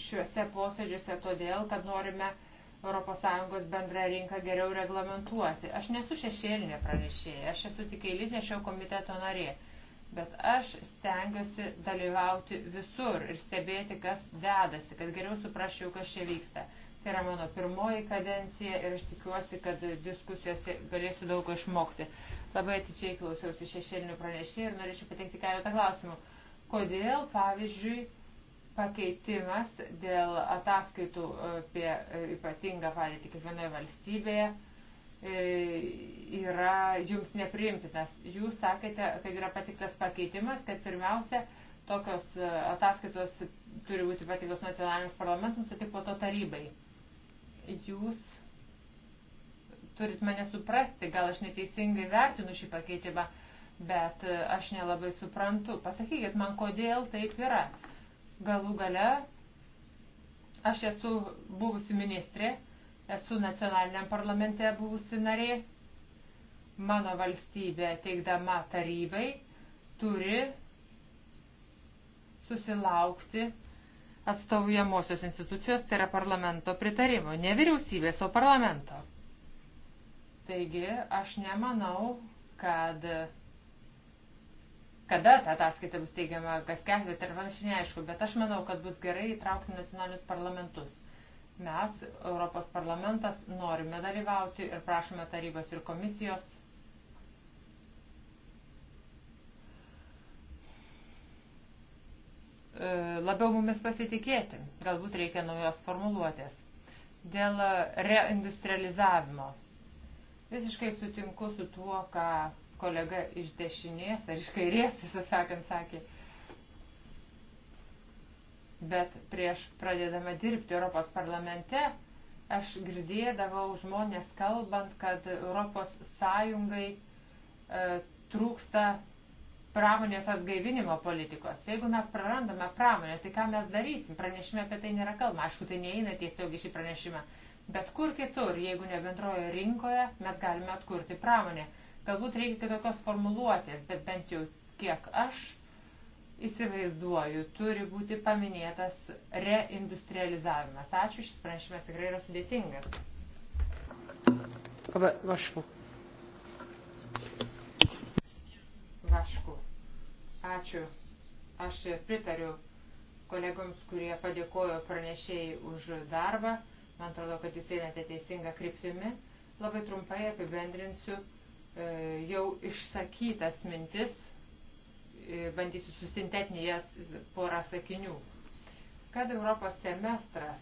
Speaker 1: šiuose posėdžiuose todėl, kad norime ES bendrą rinką geriau reglamentuoti. Aš nesu šešėlinė pranešėja, aš esu tik eilinė šio komiteto narė, bet aš stengiuosi dalyvauti visur ir stebėti, kas dedasi, kad geriau suprasčiau, kas čia vyksta. Tai yra mano pirmoji kadencija ir aš tikiuosi, kad diskusijose galėsiu daug išmokti. Labai atičiai klausiausi šešėlinių pranešėjų ir norėčiau pateikti keletą klausimų. Kodėl, pavyzdžiui, pakeitimas dėl ataskaitų e, apie e, ypatingą padėtį kiekvienoje valstybėje e, yra jums nepriimtinas. Jūs sakėte, kad yra patiktas pakeitimas, kad pirmiausia tokios ataskaitos turi būti patiktos nacionaliniams parlamentams, o tik po to tarybai. Jūs turit mane suprasti, gal aš neteisingai vertinu šį pakeitimą, bet aš nelabai suprantu. Pasakykit man, kodėl taip yra. Galų gale aš esu buvusi ministrė, esu nacionaliniam parlamente buvusi narė. Mano valstybė teikdama tarybai turi susilaukti atstovaujamosios institucijos, tai yra parlamento pritarimo, ne vyriausybės, o parlamento. Taigi aš nemanau, kad kada ta ataskaita bus teigiama, kas ketvirtį ir panašiai neaišku, bet aš manau, kad bus gerai įtraukti nacionalinius parlamentus. Mes, Europos parlamentas, norime dalyvauti ir prašome tarybos ir komisijos. E, labiau mumis pasitikėti. Galbūt reikia naujos formuluotės. Dėl reindustrializavimo. Visiškai sutinku su tuo, ką kolega iš dešinės ar iš kairės, tiesą sakant, sakė. Bet prieš pradėdama dirbti Europos parlamente, aš girdėdavau žmonės kalbant, kad Europos Sąjungai e, trūksta pramonės atgaivinimo politikos. Jeigu mes prarandame pramonę, tai ką mes darysim? Pranešime apie tai nėra kalba. Aišku, tai neįeina tiesiog į šį pranešimą. Bet kur kitur, jeigu ne bendrojo rinkoje, mes galime atkurti pramonę. Galbūt reikia kitokios formuluotės, bet bent jau kiek aš įsivaizduoju, turi būti paminėtas reindustrializavimas. Ačiū, šis pranešimas tikrai yra sudėtingas. Aber vašku. Vašku. Ačiū. Aš pritariu kolegoms, kurie padėkojo pranešėjai už darbą. Man atrodo, kad jūs einate teisinga kryptimi. Labai trumpai apibendrinsiu E, jau išsakytas mintis, e, bandysiu susintetinti jas porą sakinių. Kad Europos semestras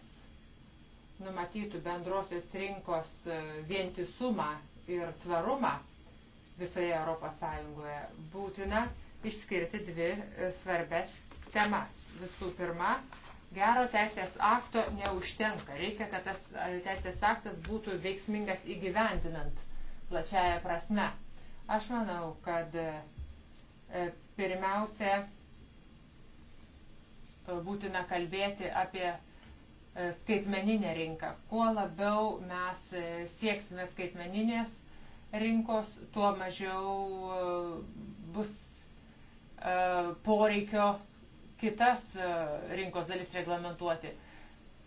Speaker 1: numatytų bendrosios rinkos e, vientisumą ir tvarumą visoje Europos Sąjungoje, būtina išskirti dvi svarbes temas. Visų pirma, gero teisės akto neužtenka. Reikia, kad tas teisės aktas būtų veiksmingas įgyvendinant plačiaja prasme. Aš manau, kad e, pirmiausia e, būtina kalbėti apie e, skaitmeninę rinką. Kuo labiau mes sieksime skaitmeninės rinkos, tuo mažiau bus poreikio kitas rinkos dalis reglamentuoti.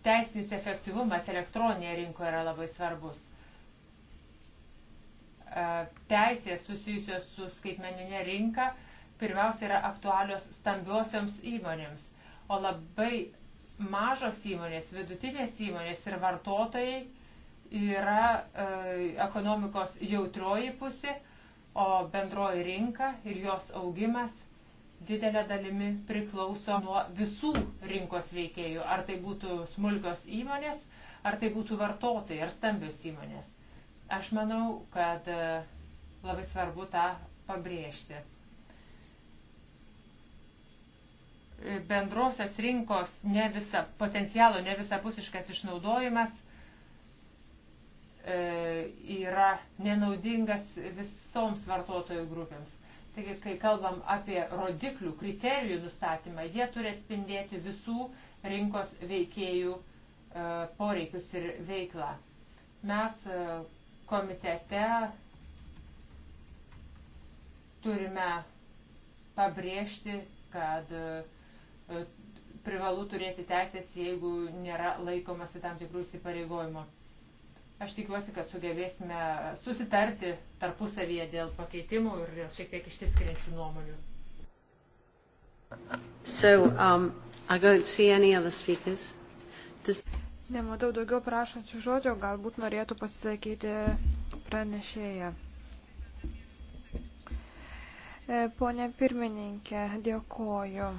Speaker 1: Teisinis efektyvumas elektroninėje rinkoje yra labai svarbus teisės susijusios su skaitmeninė rinka pirmiausia yra aktualios stambiosioms įmonėms, o labai mažos įmonės, vidutinės įmonės ir vartotojai yra e, ekonomikos jautroji pusė, o bendroji rinka ir jos augimas didelė dalimi priklauso nuo visų rinkos veikėjų, ar tai būtų smulkios įmonės, ar tai būtų vartotojai ar stambios įmonės. Aš manau, kad e, labai svarbu tą pabrėžti. E, bendrosios rinkos ne visa, potencialo ne visapusiškas išnaudojimas e, yra nenaudingas visoms vartotojų grupėms. Taigi, kai kalbam apie rodiklių, kriterijų nustatymą, jie turi atspindėti visų rinkos veikėjų poreikius ir veiklą. Mes komitete turime pabrėžti, kad e, privalu turėti teisės, jeigu nėra laikomasi tam tikrų įsipareigojimų. Aš tikiuosi, kad sugebėsime susitarti tarpusavyje dėl pakeitimų ir dėl šiek tiek išsiskiriančių nuomonių.
Speaker 2: So, um, I don't see any other speakers.
Speaker 3: Nematau daugiau prašančių žodžio, galbūt norėtų pasisakyti pranešėją. E, Pone pirmininkė, dėkoju.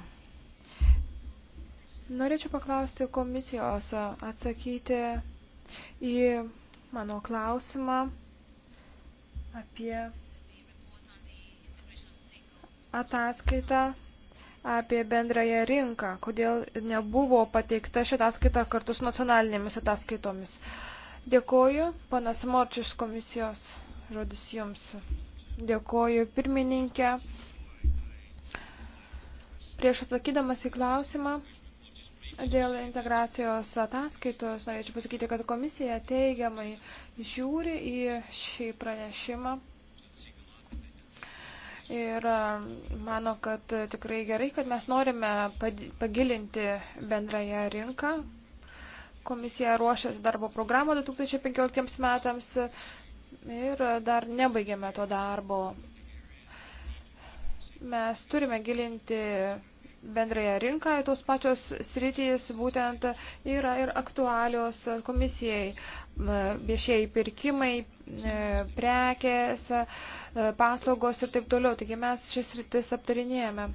Speaker 3: Norėčiau paklausti komisijos atsakyti į mano klausimą apie ataskaitą apie bendrąją rinką, kodėl nebuvo pateikta šitą skaitą kartu su nacionalinėmis ataskaitomis. Dėkoju, panas Morčius komisijos, žodis jums. Dėkoju, pirmininkė. Prieš atsakydamas į klausimą dėl integracijos ataskaitos, norėčiau pasakyti, kad komisija teigiamai žiūri į šį pranešimą ir e, mano, kad tikrai gerai, kad mes norime pagilinti bendrąją rinką. Komisija ruošiasi darbo programą 2015 metams ir dar nebaigėme to darbo. Mes turime gilinti bendrąją rinką, tos pačios sritys būtent yra ir aktualios komisijai. Viešieji pirkimai, e, prekės, e, paslaugos ir taip toliau. Taigi mes šis sritis aptarinėjame.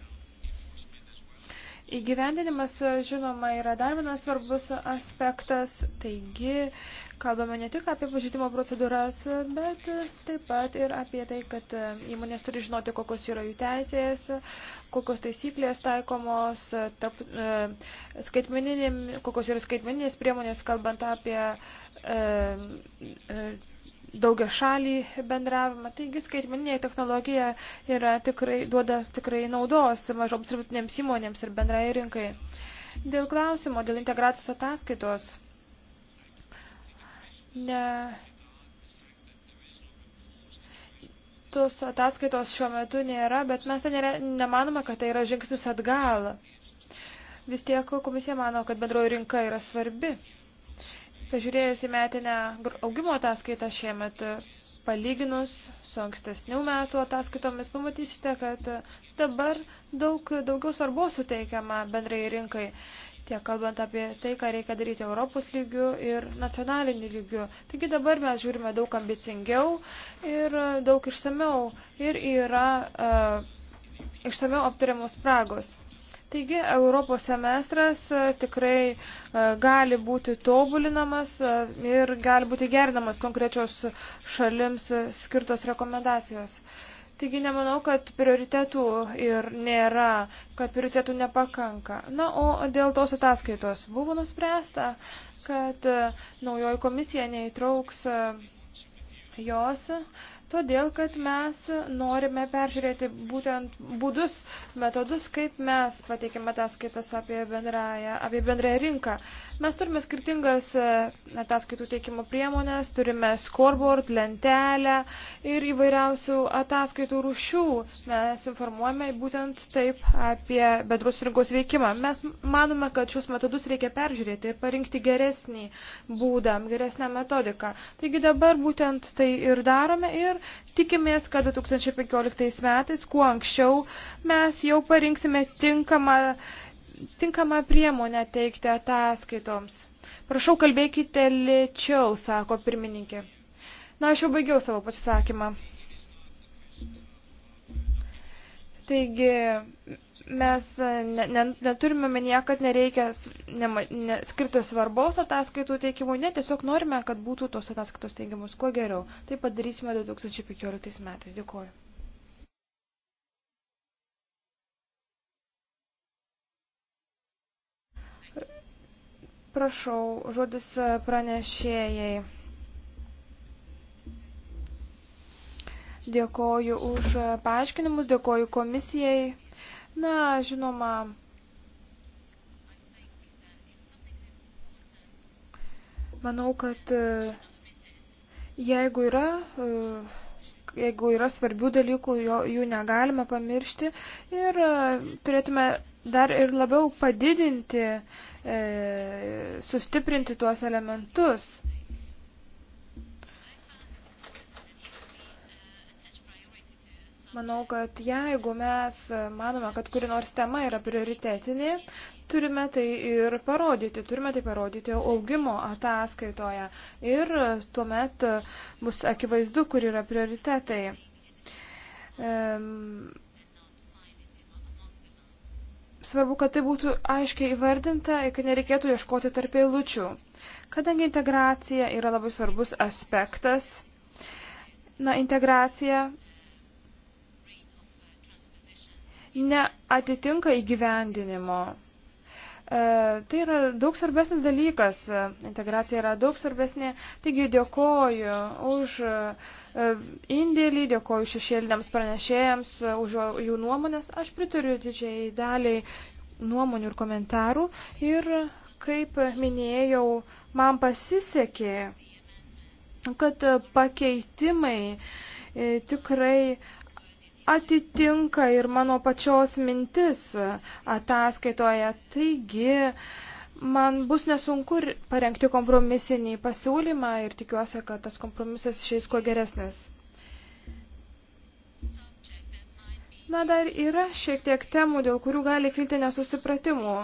Speaker 3: Įgyvendinimas, žinoma, yra dar vienas svarbus aspektas, taigi Kalbame ne tik apie pažydimo procedūras, bet taip pat ir apie tai, kad įmonės turi žinoti, kokios yra jų teisės, kokios taisyklės taikomos, tap, e, kokios yra skaitmeninės priemonės, kalbant apie e, e, daugia šalį bendravimą. Taigi skaitmeninė technologija yra tikrai, duoda tikrai naudos mažoms ir vidutinėms įmonėms ir bendrai rinkai. Dėl klausimo, dėl integracijos ataskaitos ne, tos ataskaitos šiuo metu nėra, bet mes ten nėra, nemanome, kad tai yra žingsnis atgal. Vis tiek komisija mano, kad bendroji rinka yra svarbi. Pažiūrėjus į metinę augimo ataskaitą šiemet, palyginus su ankstesnių metų ataskaitomis, pamatysite, kad dabar daug, daugiau svarbos suteikiama bendrai rinkai tiek kalbant apie tai, ką reikia daryti Europos lygių ir nacionalinių lygių. Taigi dabar mes žiūrime daug ambicingiau ir e, daug išsameu ir yra uh, e, išsameu aptariamos spragos. Taigi Europos semestras uh, tikrai uh, gali būti tobulinamas uh, ir gali būti gerinamas konkrečios šalims uh, skirtos rekomendacijos. Uh, Taigi nemanau, kad prioritetų ir nėra, kad prioritetų nepakanka. Na, o dėl tos ataskaitos buvo nuspręsta, kad naujoji komisija neįtrauks jos todėl kad mes norime peržiūrėti būtent būdus, metodus, kaip mes pateikime ataskaitas apie bendrąją, apie bendrąją rinką. Mes turime skirtingas e, ataskaitų teikimo priemonės, turime scoreboard, lentelę ir įvairiausių ataskaitų rušių. Mes informuojame būtent taip apie bendrus rinkos veikimą. Mes manome, kad šios metodus reikia peržiūrėti ir parinkti geresnį būdą, geresnę metodiką. Taigi dabar būtent tai ir darome ir tikimės, kad 2015 metais, kuo anksčiau, mes jau parinksime tinkamą, tinkamą priemonę teikti ataskaitoms. Prašau, kalbėkite lėčiau, sako pirmininkė. Na, aš jau baigiau savo pasisakymą. Taigi, mes e, ne, ne, neturime minėję, kad nereikia ne, ne, skirti svarbos ataskaitų teikimui, ne, tiesiog norime, kad būtų tos ataskaitos teigiamus kuo geriau. Tai padarysime 2015 metais. Dėkuoju. Prašau, žodis pranešėjai. Dėkoju už paaiškinimus, dėkoju komisijai. Na, žinoma, manau, kad e, jeigu yra, e, jeigu yra svarbių dalykų, jo, jų negalime pamiršti ir e, turėtume dar ir labiau padidinti, sustiprinti tuos elementus. Manau, kad jeigu mes manome, kad kuri nors tema yra prioritetinė, turime tai ir parodyti, turime tai parodyti augimo ataskaitoje ir tuomet bus akivaizdu, kur yra prioritetai. Svarbu, kad tai būtų aiškiai įvardinta ir kad nereikėtų ieškoti tarp eilučių. Kadangi integracija yra labai svarbus aspektas, na, integracija neatitinka įgyvendinimo. E, tai yra daug svarbesnis dalykas, e, integracija yra daug svarbesnė. Taigi dėkoju už e, indėlį, dėkoju šešėliniams pranešėjams, už jų nuomonės. Aš pritariu didžiai daliai nuomonių ir komentarų ir, kaip minėjau, man pasisekė, kad pakeitimai tikrai atitinka ir mano pačios mintis ataskaitoje. Taigi, man bus nesunku parengti kompromisinį pasiūlymą ir tikiuosi, kad tas kompromisas šiais kuo geresnis. Na, dar yra šiek tiek temų, dėl kurių gali kilti nesusipratimų.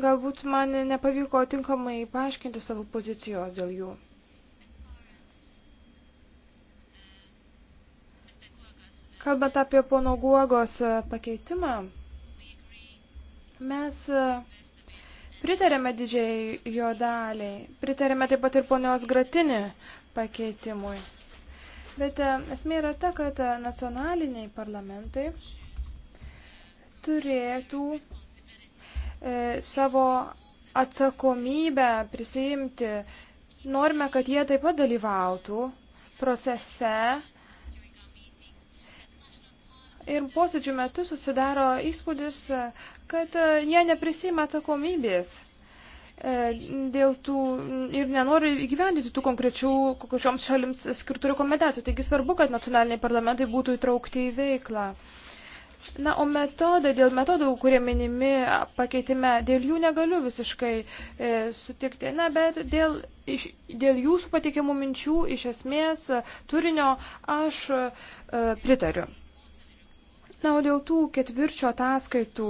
Speaker 3: Galbūt man nepavyko tinkamai paaiškinti savo pozicijos dėl jų. Kalbant apie pono Guogos e, pakeitimą, mes e, pritarėme didžiai jo daliai, pritarėme taip pat ir ponios gratinį pakeitimui. Bet e, esmė yra ta, kad nacionaliniai parlamentai turėtų e, savo atsakomybę prisijimti. Norime, kad jie taip pat dalyvautų procese, Ir posėdžių metu susidaro įspūdis, kad e, jie neprisima atsakomybės e, dėl tų ir nenori įgyvendyti tų konkrečių kokioms šalims skirtų rekomendacijų. Taigi svarbu, kad nacionaliniai parlamentai būtų įtraukti į veiklą. Na, o metodai, dėl metodų, kurie minimi pakeitime, dėl jų negaliu visiškai e, sutikti. Na, bet dėl, iš, dėl jūsų patikimų minčių, iš esmės, turinio aš e, pritariu. Na, o dėl tų ketvirčio ataskaitų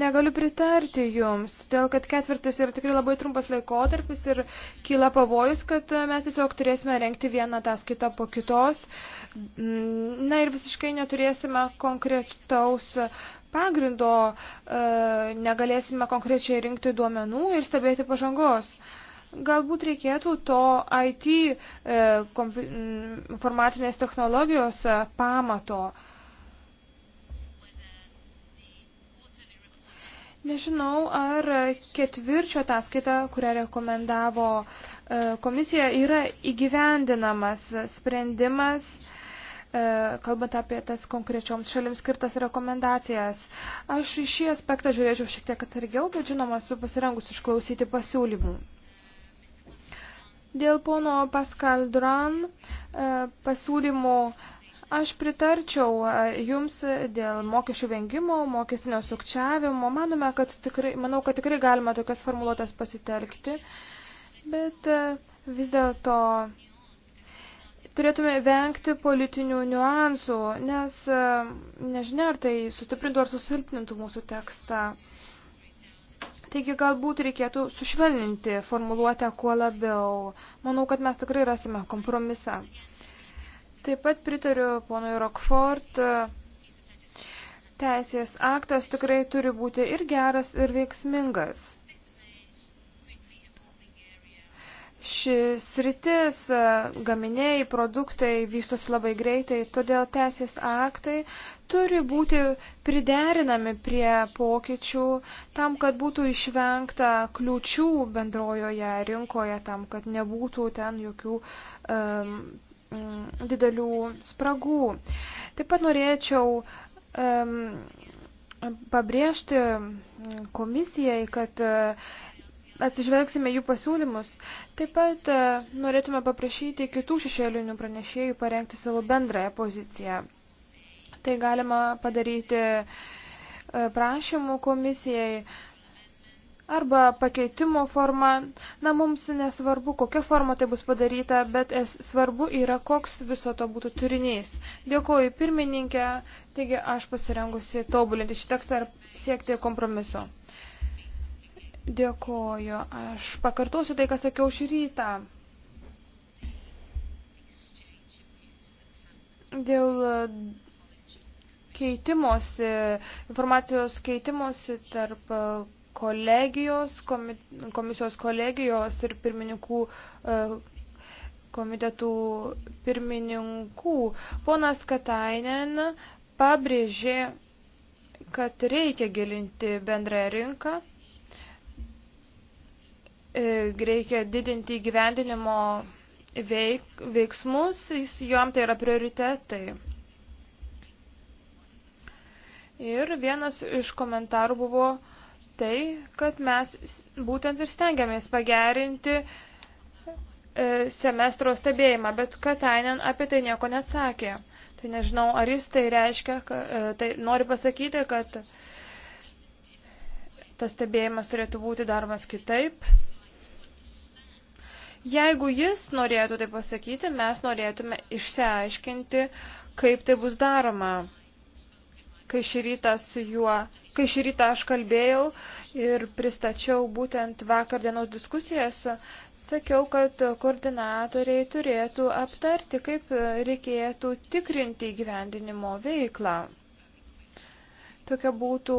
Speaker 3: Negaliu pritarti jums, dėl kad ketvirtis yra tikrai labai trumpas laikotarpis ir kyla pavojus, kad mes tiesiog turėsime renkti vieną ataskaitą po kitos. Na ir visiškai neturėsime konkretaus pagrindo, e, negalėsime konkrečiai rinkti duomenų ir stebėti pažangos. Uh, Galbūt reikėtų to IT e, kompi, mm, informacinės technologijos e, pamato. Nežinau, ar ketvirčio ataskaita, kurią rekomendavo e, komisija, yra įgyvendinamas sprendimas, e, kalbant apie tas konkrečioms šalims skirtas rekomendacijas. Aš į šį aspektą žiūrėčiau šiek tiek atsargiau, bet žinoma, esu pasirengus išklausyti pasiūlymų. Dėl pono Pascal Duran e, pasiūlymo aš pritarčiau e, jums dėl mokesčių vengimo, mokestinio sukčiavimo. Manome, kad tikrai, manau, kad tikrai galima tokias formuluotės pasitelkti, bet e, vis dėlto turėtume vengti politinių niuansų, nes nežinia, ar tai sustiprintų ar susilpnintų mūsų tekstą. Taigi galbūt reikėtų sušvelninti formuluotę kuo labiau. Manau, kad mes tikrai rasime kompromisą. Taip pat pritariu ponui Rockford. Teisės aktas tikrai turi būti ir geras, ir veiksmingas. šis rytis, e, gaminiai, produktai vystosi labai greitai, todėl teisės aktai turi būti priderinami prie pokyčių tam, kad būtų išvengta kliučių bendrojoje rinkoje, tam, kad nebūtų ten jokių um, didelių spragų. Taip pat norėčiau um, pabrėžti komisijai, kad uh, atsižvelgsime jų pasiūlymus. Taip pat e, norėtume paprašyti kitų šešėlinių pranešėjų parengti savo bendrąją poziciją. Tai galima padaryti e, prašymų komisijai arba pakeitimo forma. Na, mums nesvarbu, kokia forma tai bus padaryta, bet es, svarbu yra, koks viso to būtų turinys. Dėkuoju pirmininkė, taigi aš pasirengusi tobulinti šį tekstą ir siekti kompromiso. Dėkoju. Aš pakartosiu tai, ką sakiau šį rytą. Dėl keitimosi, informacijos keitimosi tarp kolegijos, komisijos kolegijos ir pirmininkų e, komitetų pirmininkų. Ponas Katainen pabrėžė, kad reikia gilinti bendrąją rinką E, reikia didinti įgyvendinimo veik, veiksmus, juom tai yra prioritetai. Ir vienas iš komentarų buvo tai, kad mes būtent ir stengiamės pagerinti e, semestro stebėjimą, bet Katainen apie tai nieko neatsakė. Tai nežinau, ar jis tai reiškia, ka, e, tai nori pasakyti, kad tas stebėjimas turėtų būti daromas kitaip. Jeigu jis norėtų tai pasakyti, mes norėtume išsiaiškinti, kaip tai bus daroma. Kai šį rytą su juo, kai šį rytą aš kalbėjau ir pristačiau būtent vakar dienos diskusijas, sakiau, kad koordinatoriai turėtų aptarti, kaip reikėtų tikrinti įgyvendinimo veiklą. Tokia būtų,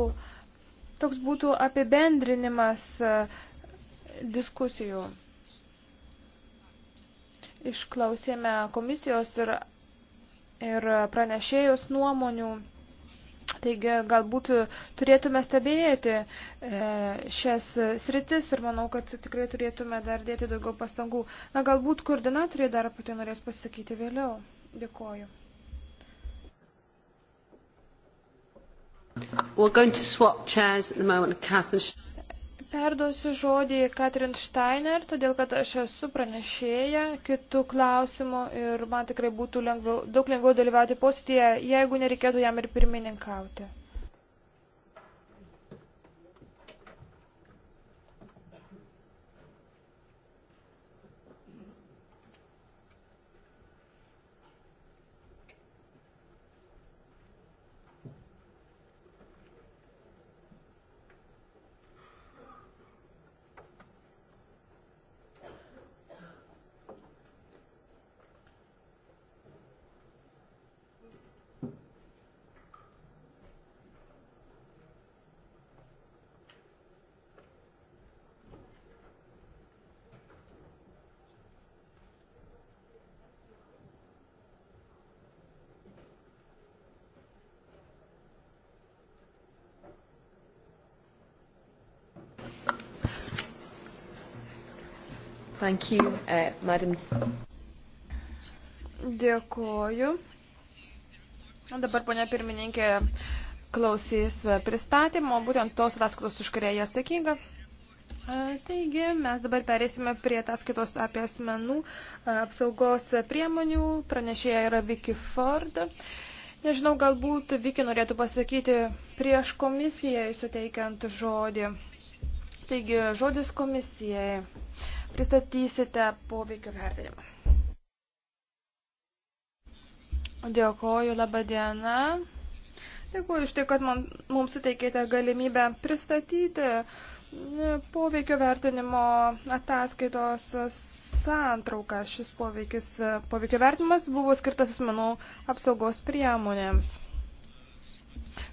Speaker 3: toks būtų apibendrinimas e, diskusijų. Išklausėme komisijos ir, ir pranešėjos nuomonių. Taigi galbūt turėtume stebėti e, šias sritis ir manau, kad tikrai turėtume dar dėti daugiau pastangų. Na, galbūt koordinatoriai dar apie tai norės pasakyti vėliau. Dėkoju.
Speaker 1: We're going to swap chairs at the moment. Catherine.
Speaker 3: Perduosiu žodį Katrin Steiner, todėl kad aš esu pranešėja kitų klausimų ir man tikrai būtų lengviau, daug lengviau dalyvauti postėje, jeigu nereikėtų jam ir pirmininkauti.
Speaker 2: Thank you, uh, madam.
Speaker 3: Dėkoju. Dabar, ponia pirmininkė, klausys pristatymo, būtent tos ataskaitos, už kurią jie atsakinga. Taigi, mes dabar perėsime prie ataskaitos apie asmenų apsaugos priemonių. Pranešėja yra Vicky Ford. Nežinau, galbūt Vicky norėtų pasakyti prieš komisiją, suteikiant žodį. Taigi, žodis komisijai. Uh, pristatysite poveikio vertinimą. Dėkoju, laba diena. Dėkuoju iš tai, kad man, mums suteikėte galimybę pristatyti e, poveikio vertinimo ataskaitos santrauką. Šis poveikis, e, poveikio vertinimas buvo skirtas asmenų apsaugos priemonėms.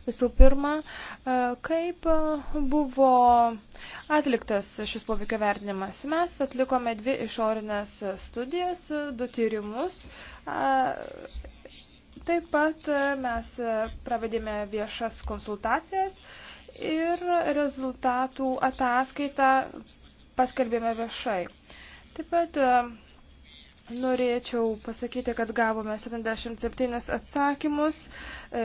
Speaker 3: Visų pirma, e, kaip buvo atliktas šis poveikio vertinimas? Mes atlikome dvi išorinės studijas, du tyrimus. Taip pat mes pravedėme viešas konsultacijas ir rezultatų ataskaitą paskelbėme viešai. Taip pat Norėčiau pasakyti, kad gavome 77 atsakymus e,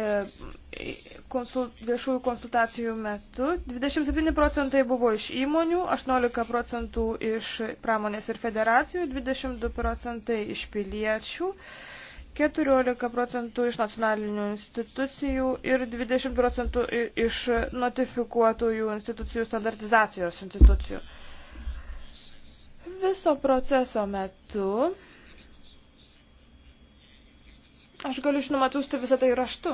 Speaker 3: konsul, viešųjų konsultacijų metu. 27 procentai buvo iš įmonių, 18 procentų iš pramonės ir federacijų, 22 procentai iš piliečių, 14 procentų iš nacionalinių institucijų ir 20 procentų iš notifikuotųjų institucijų standartizacijos institucijų. Viso proceso metu Aš galiu žinoma atsiųsti visą tai raštu.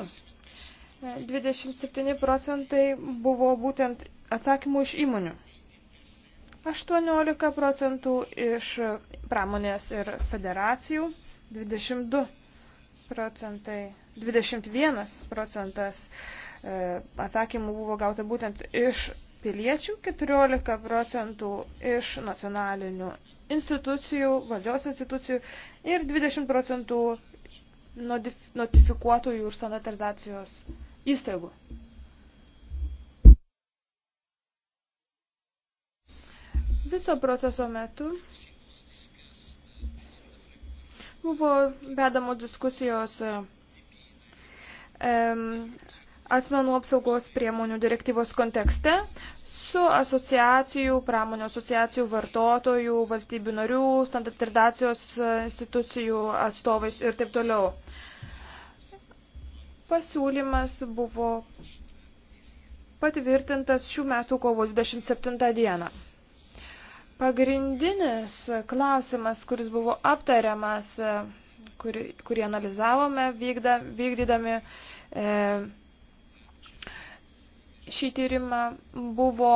Speaker 3: 27 procentai buvo būtent atsakymų iš įmonių. 18 procentų iš pramonės ir federacijų, 22 procentai, 21 procentas e, atsakymų buvo gauta būtent iš piliečių, 14 procentų iš nacionalinių institucijų, valdžios institucijų ir 20 procentų notifikuotojų ir standartizacijos įstaigų. Viso proceso metu buvo vedamos diskusijos asmenų apsaugos priemonių direktyvos kontekste, su asociacijų, pramonio asociacijų, vartotojų, valstybių narių, standartizacijos institucijų atstovais ir taip toliau. Pasiūlymas buvo patvirtintas šių metų kovo 27 dieną. Pagrindinis klausimas, kuris buvo aptariamas, kurį, kurį analizavome vykda, vykdydami e, šį tyrimą buvo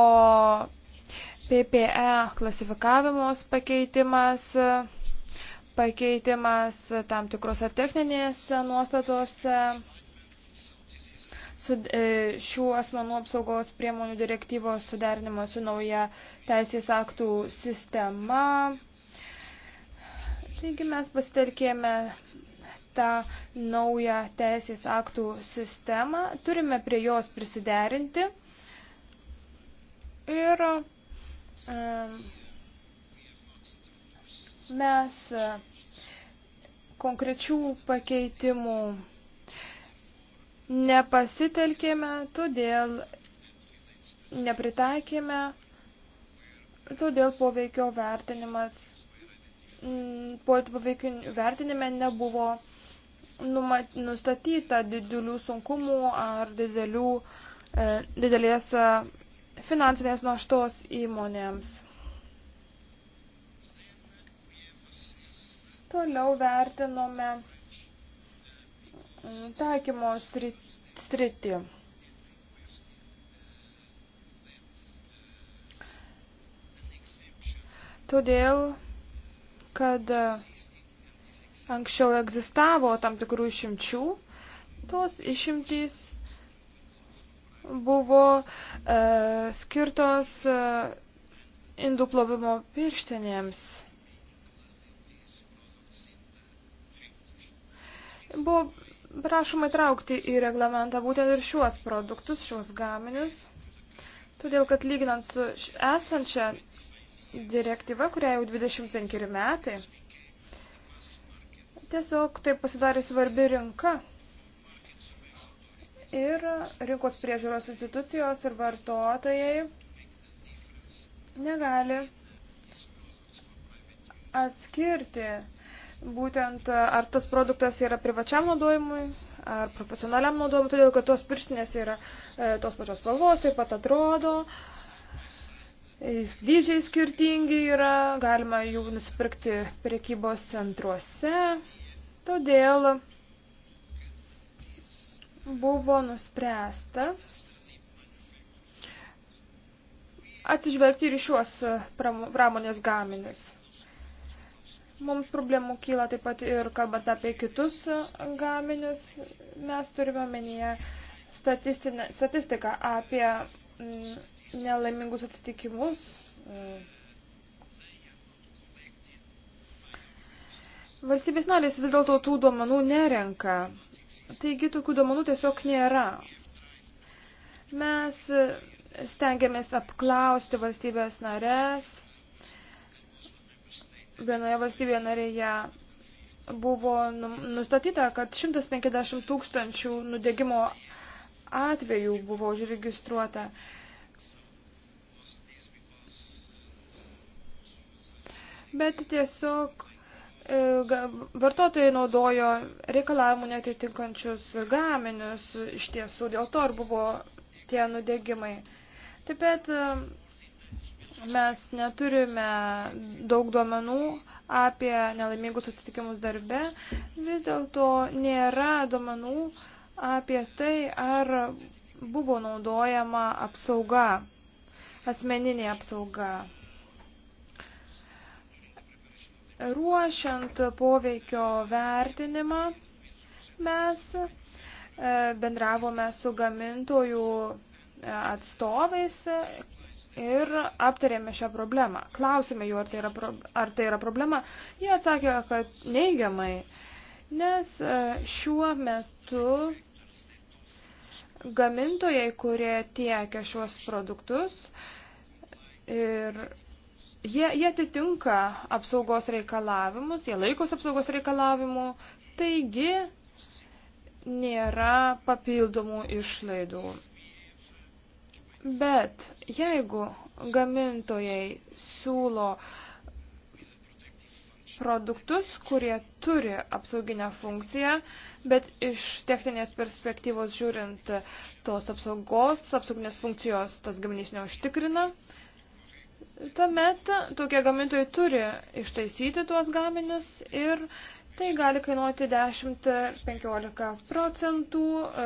Speaker 3: PPE klasifikavimos pakeitimas, pakeitimas tam tikrose techninėse nuostatose su, e, šių asmenų apsaugos priemonių direktyvos suderinimas su nauja teisės aktų sistema. Taigi mes pasitelkėme tą naują teisės aktų sistemą, turime prie jos prisiderinti ir mes konkrečių pakeitimų nepasitelkėme, todėl nepritaikėme, todėl poveikio vertinimas, mm, poveikio vertinime nebuvo numat, nustatyta didelių sunkumų ar didelių, e, didelės e, finansinės naštos įmonėms. Toliau vertinome mm, taikymo sritį. Todėl, kad Anksčiau egzistavo tam tikrų išimčių. Tos išimtys buvo e, skirtos e, indų plovimo pirštinėms. Buvo prašoma įtraukti į reglamentą būtent ir šiuos produktus, šiuos gaminius, todėl kad lyginant su esančia direktyva, kuriai jau 25 metai, Tiesiog tai pasidarė svarbi rinka. Ir rinkos priežiūros institucijos ir vartotojai negali atskirti būtent ar tas produktas yra privačiam naudojimui ar profesionaliam naudojimui, todėl kad tos pirštinės yra e, tos pačios spalvos, taip pat atrodo. E, Dydžiai skirtingi yra, galima jų nusipirkti prekybos centruose, todėl buvo nuspręsta atsižvelgti ir šiuos pramonės gaminius. Mums problemų kyla taip pat ir kalbant apie kitus gaminius. Mes turime omenyje statistiką apie mm, nelaimingus atsitikimus. E, valstybės narės vis dėlto tų duomenų nerenka. Taigi tokių duomenų tiesiog nėra. Mes stengiamės apklausti valstybės narės. Vienoje valstybėje narėje buvo nu, nustatyta, kad 150 tūkstančių nudegimo atvejų buvo užregistruota. Uh, bet tiesiog e, vartotojai naudojo reikalavimų netitinkančius gaminius iš tiesų, dėl to ir buvo tie nudegimai. Taip pat e, mes neturime daug duomenų apie nelaimingus atsitikimus darbe, vis dėlto nėra duomenų apie tai, ar buvo naudojama apsauga, asmeninė apsauga. Ruošiant poveikio vertinimą mes e, bendravome su gamintojų e, atstovais ir aptarėme šią problemą. Klausime jų, ar tai yra, pro, ar tai yra problema. Jie atsakė, kad neigiamai, nes e, šiuo metu gamintojai, kurie tiekia šiuos produktus ir Jie, jie atitinka apsaugos reikalavimus, jie laikos apsaugos reikalavimų, taigi nėra papildomų išlaidų. Bet jeigu gamintojai siūlo produktus, kurie turi apsauginę funkciją, bet iš techninės perspektyvos žiūrint tos apsaugos, apsauginės funkcijos tas gaminys neužtikrina, Tuomet tokie gamintojai turi ištaisyti tuos gaminius ir tai gali kainuoti 10-15 procentų, e,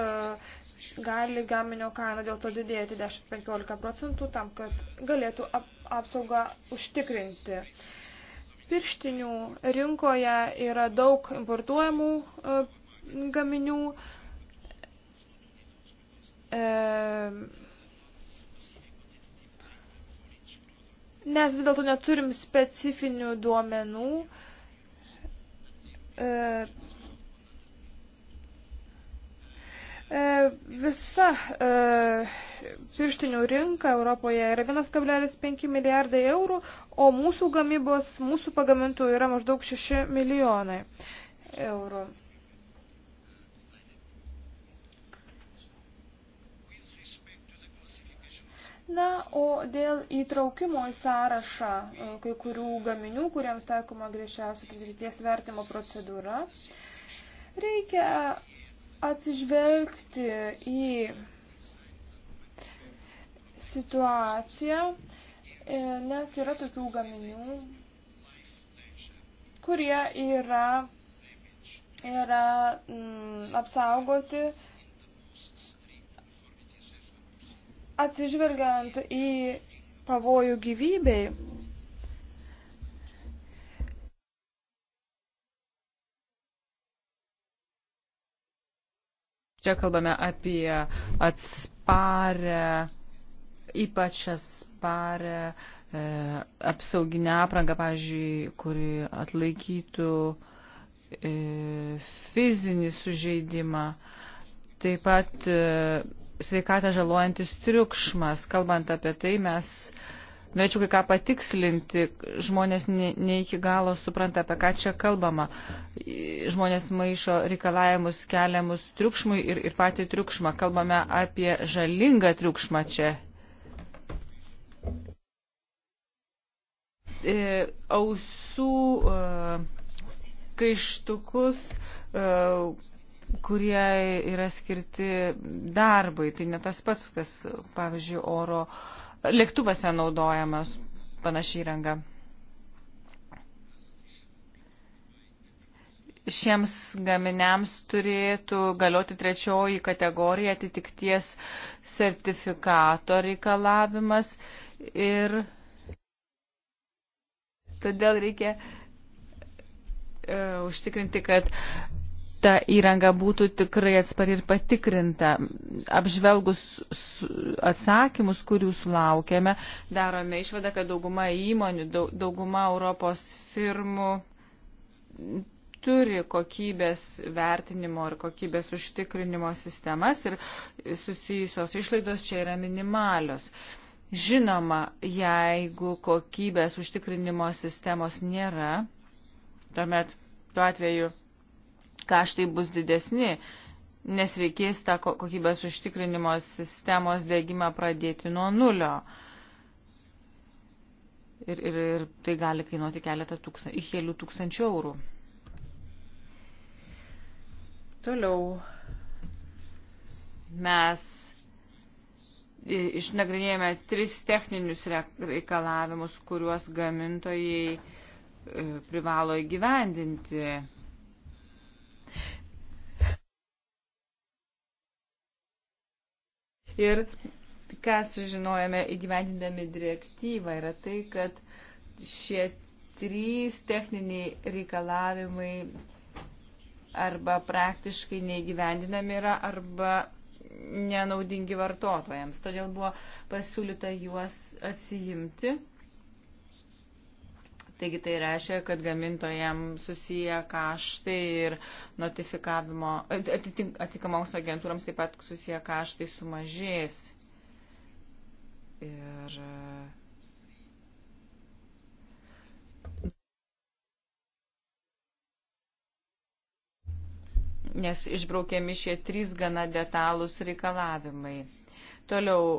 Speaker 3: gali gaminio kaina dėl to didėti 10-15 procentų tam, kad galėtų apsaugą užtikrinti. Pirštinių rinkoje yra daug importuojamų e, gaminių. E, Mes vis dėlto neturim specifinių duomenų. E, e, visa e, pirštinių rinka Europoje yra 1,5 milijardai eurų, o mūsų gamybos, mūsų pagamintų yra maždaug 6 milijonai eurų. Na, o dėl įtraukimo į sąrašą e, kai kurių gaminių, kuriems taikoma griežčiausia kritities vertimo procedūra, reikia atsižvelgti į situaciją, e, nes yra tokių gaminių, kurie yra, yra m, mm, apsaugoti atsižvelgiant į pavojų gyvybei.
Speaker 2: Čia kalbame apie atsparę, ypač atsparę e, apsauginę aprangą, pavyzdžiui, kuri atlaikytų e, fizinį sužeidimą. Taip pat e, sveikatą žalojantis triukšmas. Kalbant apie tai, mes norėčiau kai ką patikslinti. Žmonės ne, ne iki galo supranta, apie ką čia kalbama. Žmonės maišo reikalavimus keliamus triukšmui ir, ir patį triukšmą. Kalbame apie žalingą triukšmą čia. E, ausų e, kaištukus e, kurie yra skirti darbui. Tai ne tas pats, kas, pavyzdžiui, oro lėktuvose naudojamas panašiai įranga. Šiems gaminiams turėtų galioti trečioji kategorija atitikties sertifikato reikalavimas ir todėl reikia e, užtikrinti, kad ta įranga būtų tikrai atspari ir patikrinta. Apžvelgus atsakymus, kurių sulaukėme, darome išvadą, kad dauguma įmonių, dauguma Europos firmų turi kokybės vertinimo ir kokybės užtikrinimo sistemas ir susijusios išlaidos čia yra minimalios. Žinoma, jeigu kokybės užtikrinimo sistemos nėra, tuomet tuo atveju kaštai bus didesni, nes reikės tą kokybės užtikrinimo sistemos dėgymą pradėti nuo nulio. Ir, ir, ir tai gali kainuoti keletą tūkstan, tūkstančių, kelių tūkstančių eurų. Toliau mes išnagrinėjome tris techninius reikalavimus, kuriuos gamintojai e, privalo įgyvendinti Ir ką sužinojame įgyvendindami direktyvą yra tai, kad šie trys techniniai reikalavimai arba praktiškai neįgyvendinami yra arba nenaudingi vartotojams. Todėl buvo pasiūlyta juos atsijimti Taigi tai reiškia, kad gamintojams susiję kaštai ir notifikavimo, atitikamoms agentūrams taip pat susiję kaštai sumažės. Ir nes išbraukiami šie trys gana detalūs reikalavimai. Toliau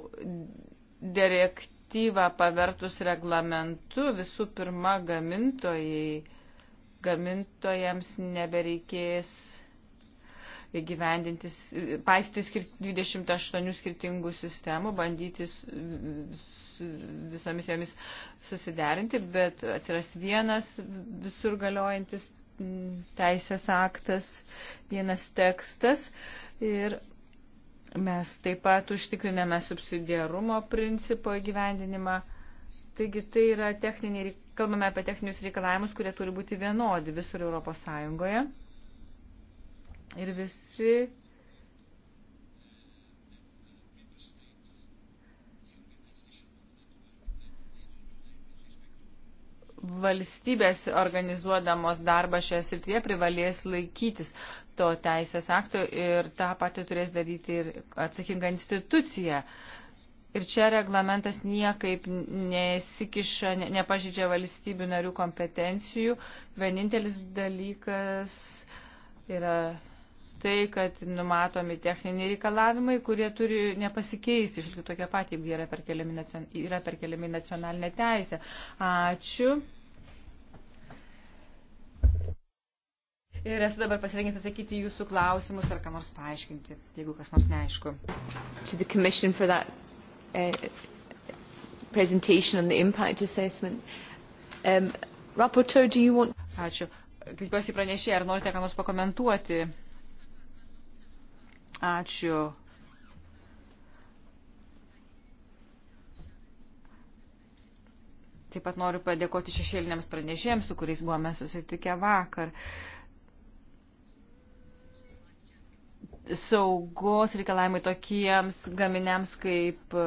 Speaker 2: direktyva direktyvą pavertus reglamentu visų pirma gamintojai, gamintojams nebereikės įgyvendinti, paisyti 28 skirtingų sistemų, bandyti visomis jomis susiderinti, bet atsiras vienas visur galiojantis teisės aktas, vienas tekstas ir Mes taip pat užtikriname subsidiarumo principo įgyvendinimą. Taigi tai yra techniniai, kalbame apie techninius reikalavimus, kurie turi būti vienodi visur Europos Sąjungoje. Ir visi valstybės organizuodamos darbą šioje srityje privalės laikytis kito teisės akto ir tą patį turės daryti ir atsakinga institucija. Ir čia reglamentas niekaip nesikiša, ne, nepažydžia valstybių narių kompetencijų. Vienintelis dalykas yra tai, kad numatomi techniniai reikalavimai, kurie turi nepasikeisti, išlikti tokie pat, jeigu yra perkeliami, yra perkeliami nacionalinė teisė. Ačiū. Ir esu dabar pasirengęs atsakyti jūsų klausimus ar ką nors paaiškinti, jeigu kas nors neaišku. That, uh, um, rapporteur, want... Ačiū. Kreipiuosi pranešėjai, ar norite ką nors pakomentuoti? Ačiū. Taip pat noriu padėkoti šešėliniams pranešėjams, su kuriais buvome susitikę vakar. Uh, saugos reikalavimai tokiems gaminiams kaip e,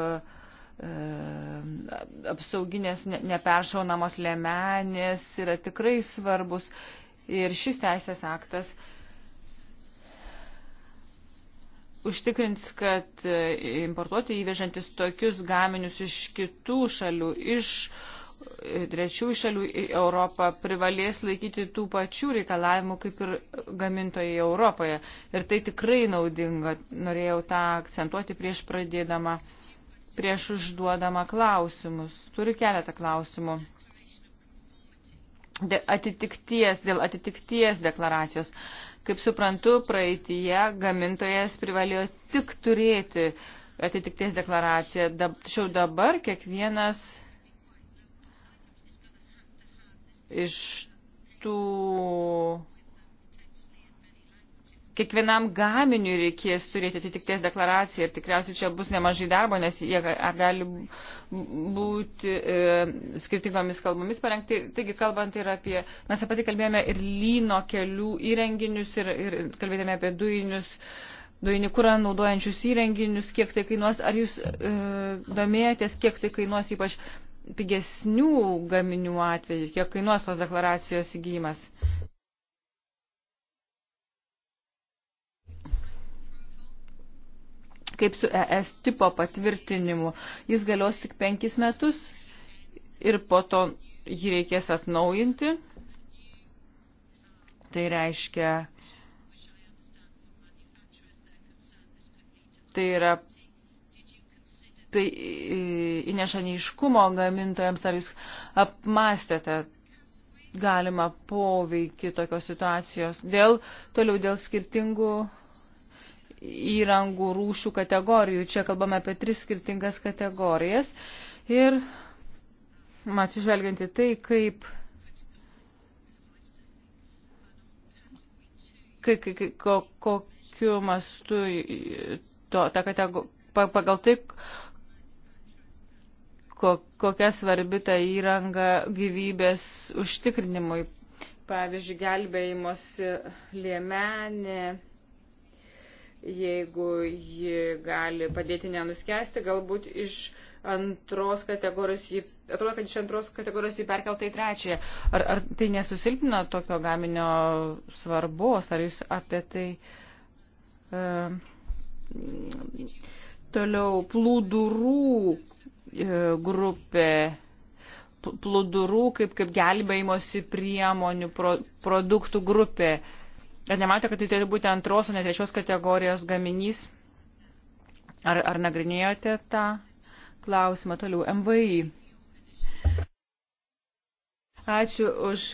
Speaker 2: apsauginės neperšaunamos lemenės yra tikrai svarbus ir šis teisės aktas užtikrins, kad e, importuoti įvežantis tokius gaminius iš kitų šalių, iš uh, trečiųjų šalių į Europą privalės laikyti tų pačių reikalavimų kaip ir gamintojai Europoje. Ir tai tikrai naudinga. Norėjau tą akcentuoti prieš pradėdama, prieš užduodama klausimus. Turiu keletą klausimų. De, atitikties, dėl atitikties deklaracijos. Kaip suprantu, praeitie gamintojas privalėjo tik turėti atitikties deklaraciją. Tačiau dabar kiekvienas iš tų kiekvienam gaminiui reikės turėti atitikties deklaraciją ir tikriausiai čia bus nemažai darbo, nes jie gali būti e, skirtingomis kalbomis parengti. Taigi, kalbant ir apie, mes apie tai kalbėjome ir lyno kelių įrenginius ir, ir kalbėdami apie dujinius, dujinį kurą naudojančius įrenginius, kiek tai kainuos, ar jūs e, domėjotės, kiek tai kainuos ypač pigesnių gaminių atveju, kiek kainuos tos deklaracijos įgyjimas. Kaip su ES tipo patvirtinimu, jis galios tik penkis metus ir po to jį reikės atnaujinti. Tai reiškia, tai yra tai įneša neiškumo gamintojams, ar jūs apmastėte galima poveikį tokios situacijos dėl, toliau dėl skirtingų įrangų rūšių kategorijų. Čia kalbame apie tris skirtingas kategorijas ir atsižvelgiant į tai, kaip kai, kai, kai, ko, kokiu mastu to, ta kategor, pagal tai, kokia svarbi ta įranga gyvybės užtikrinimui. Pavyzdžiui, gelbėjimosi liemenė, jeigu ji gali padėti nenuskesti, galbūt iš antros kategorijos jį, atrodo, kad iš antros kategorijos jį perkelta į trečiąją. Ar, ar tai nesusilpina tokio gaminio svarbos, ar jūs apie tai e, toliau plūdurų E, grupė plūdurų, kaip, kaip gelbėjimosi priemonių pro, produktų grupė. Ar nematote, kad tai turėtų būti antros, o ne trečios kategorijos gaminys? Ar, ar nagrinėjote tą klausimą toliau? MVI. Ačiū už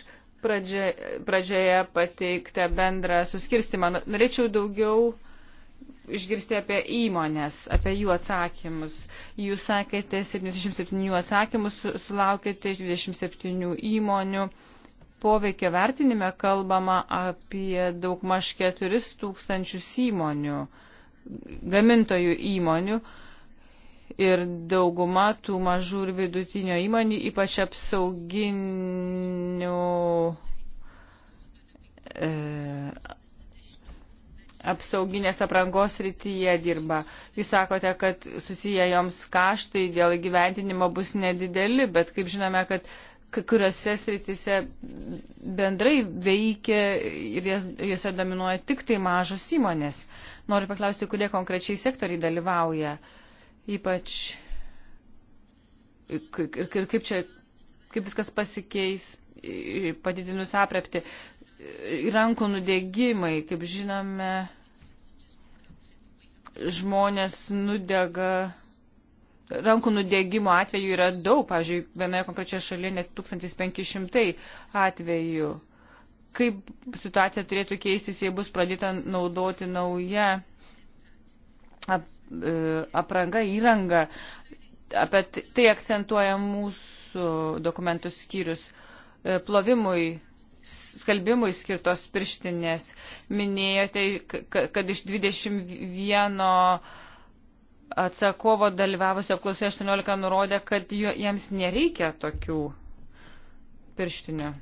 Speaker 2: pradžia, pradžioje pateiktą bendrą suskirstimą. Norėčiau daugiau uh, išgirsti apie įmonės, apie jų atsakymus. Jūs sakėte 77 atsakymus, sulaukėte iš 27 įmonių. Poveikio vertinime kalbama apie daugmaž 4 tūkstančius įmonių, gamintojų įmonių. Ir dauguma tų mažų ir vidutinio įmonių, ypač apsauginių e, apsauginės aprangos rytyje dirba. Jūs sakote, kad susiję joms kaštai dėl gyventinimo bus nedideli, bet kaip žinome, kad kai kuriuose sritise bendrai veikia ir juose dominuoja tik tai mažos įmonės. Noriu paklausti, kurie konkrečiai sektoriai dalyvauja, ypač ir kaip čia, kaip viskas pasikeis padidinus aprepti rankų nudegimai, kaip žinome, žmonės nudega, rankų nudegimo atvejų yra daug, pavyzdžiui, vienoje konkrečioje šalyje net 1500 atvejų. Kaip situacija turėtų keistis, jei bus pradėta naudoti nauja ap, e, apranga, įranga. Apie tai akcentuoja mūsų dokumentų skyrius. E, plovimui skalbimui skirtos pirštinės. Minėjote, kad iš 21 atsakovo dalyvavusio apklausoje 18 nurodė, kad jiems nereikia tokių pirštinių.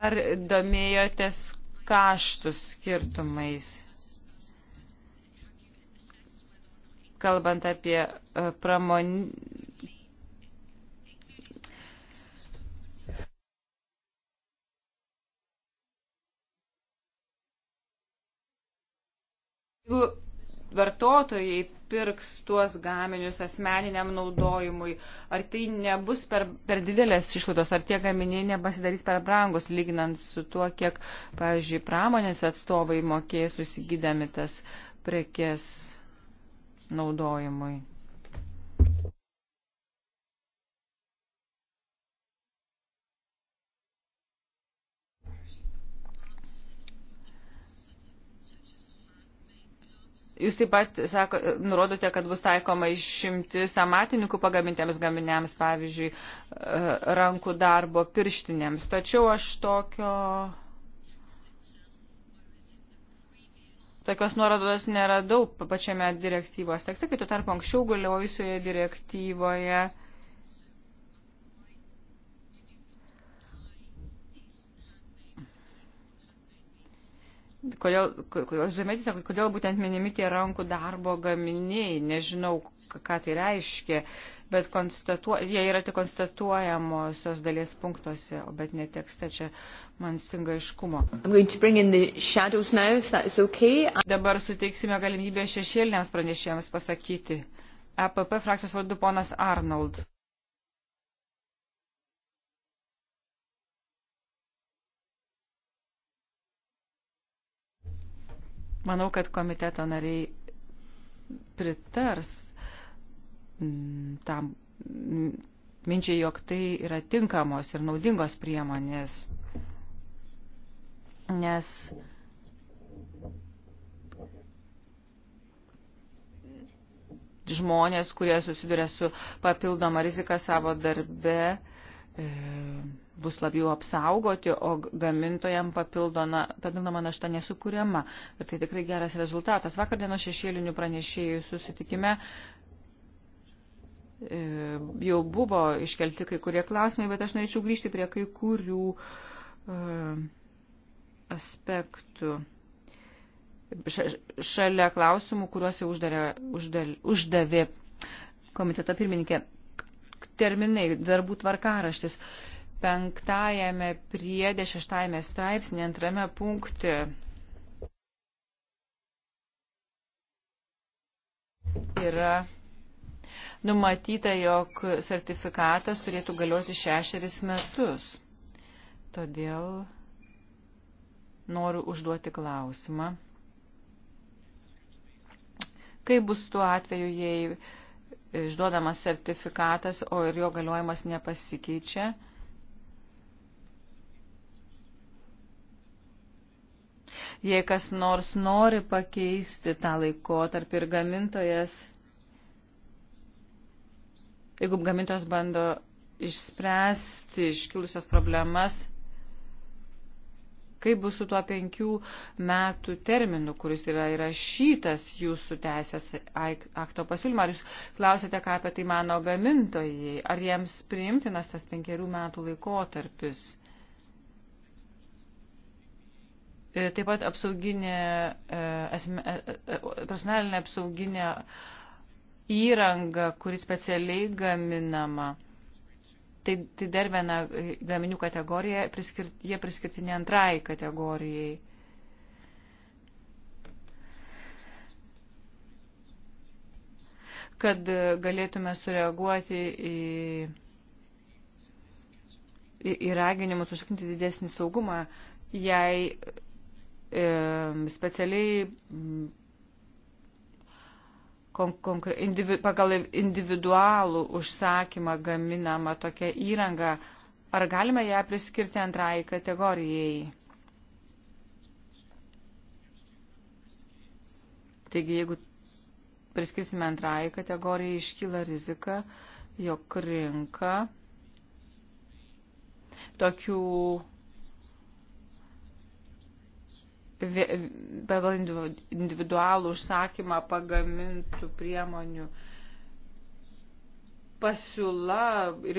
Speaker 2: Ar domėjotės kaštų skirtumais? kalbant apie e, pramon... Jeigu vartotojai pirks tuos gaminius asmeniniam naudojimui, ar tai nebus per, per didelės išlaidos, ar tie gaminiai nepasidarys per brangus, lyginant su tuo, kiek, pavyzdžiui, pramonės atstovai mokės susigydami tas prekes naudojimui. Jūs taip pat sako, nurodote, kad bus taikoma išimtis amatininkų pagamintiems gaminiams, pavyzdžiui, rankų darbo pirštinėms. Tačiau aš tokio Tokios nuorodos neradau pačiame direktyvos tekste, kai tuo tarpu anksčiau galiojusioje direktyvoje Kodėl, kodėl žemėtis, kodėl būtent minimi tie rankų darbo gaminiai, nežinau, ką tai reiškia, bet jie yra tik konstatuojamosios dalies punktuose, bet ne tekste čia man stinga iškumo. Now, okay. Dabar suteiksime galimybę šešėliniams pranešėjams pasakyti. EPP frakcijos vardu ponas Arnold. Manau, kad komiteto nariai pritars mm, tam mm, minčiai, jog tai yra tinkamos ir naudingos priemonės, nes žmonės, kurie susiduria su papildoma rizika savo darbe, e, bus labiau apsaugoti, o gamintojam papildoma našta nesukūriama. Ir tai tikrai geras rezultatas. Vakar dieno šešėlinių pranešėjų susitikime e, jau buvo iškelti kai kurie klausimai, bet aš norėčiau grįžti prie kai kurių e, aspektų. Šalia klausimų, kuriuos jau uždarė, uždal, uždavė komiteto pirmininkė terminai, darbų tvarkaraštis penktajame priedė šeštajame straipsnė antrame punkte. Yra numatyta, jog sertifikatas turėtų galioti šešeris metus. Todėl noriu užduoti klausimą. Kaip bus tuo atveju, jei išduodamas sertifikatas, o ir jo galiojimas nepasikeičia? Jei kas nors nori pakeisti tą laikotarpį ir gamintojas, jeigu gamintojas bando išspręsti iškilusias problemas, kaip bus su tuo penkių metų terminu, kuris yra įrašytas jūsų teisės akto pasiūlymą. Ar jūs klausėte, ką apie tai mano gamintojai? Ar jiems priimtinas tas penkerių metų laikotarpis? E, taip pat apsauginė, asme, e, e, personalinė apsauginė įranga, kuri specialiai gaminama. Tai, tai dar viena gaminių kategorija, priskirt, jie priskirtini antrai kategorijai. Kad galėtume sureaguoti į į raginimus užtikrinti didesnį saugumą, jei E, specialiai mm, kon, kon, indivi, pagal individualų užsakymą gaminama tokia įranga, ar galime ją priskirti antrajai kategorijai? Taigi, jeigu priskirsime antrajai kategorijai, iškyla rizika, jog rinka tokių pagal individualų užsakymą pagamintų priemonių pasiūla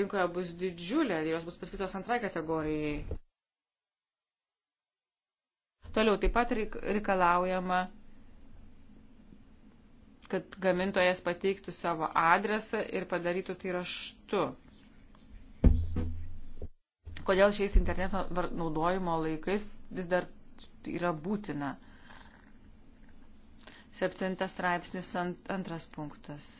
Speaker 2: rinkoje bus didžiulė ir jos bus paskirtos antrai kategorijai. Toliau taip pat reikalaujama, kad gamintojas pateiktų savo adresą ir padarytų tai raštu. Kodėl šiais interneto naudojimo laikais vis dar yra būtina. Septintas straipsnis ant, antras punktas.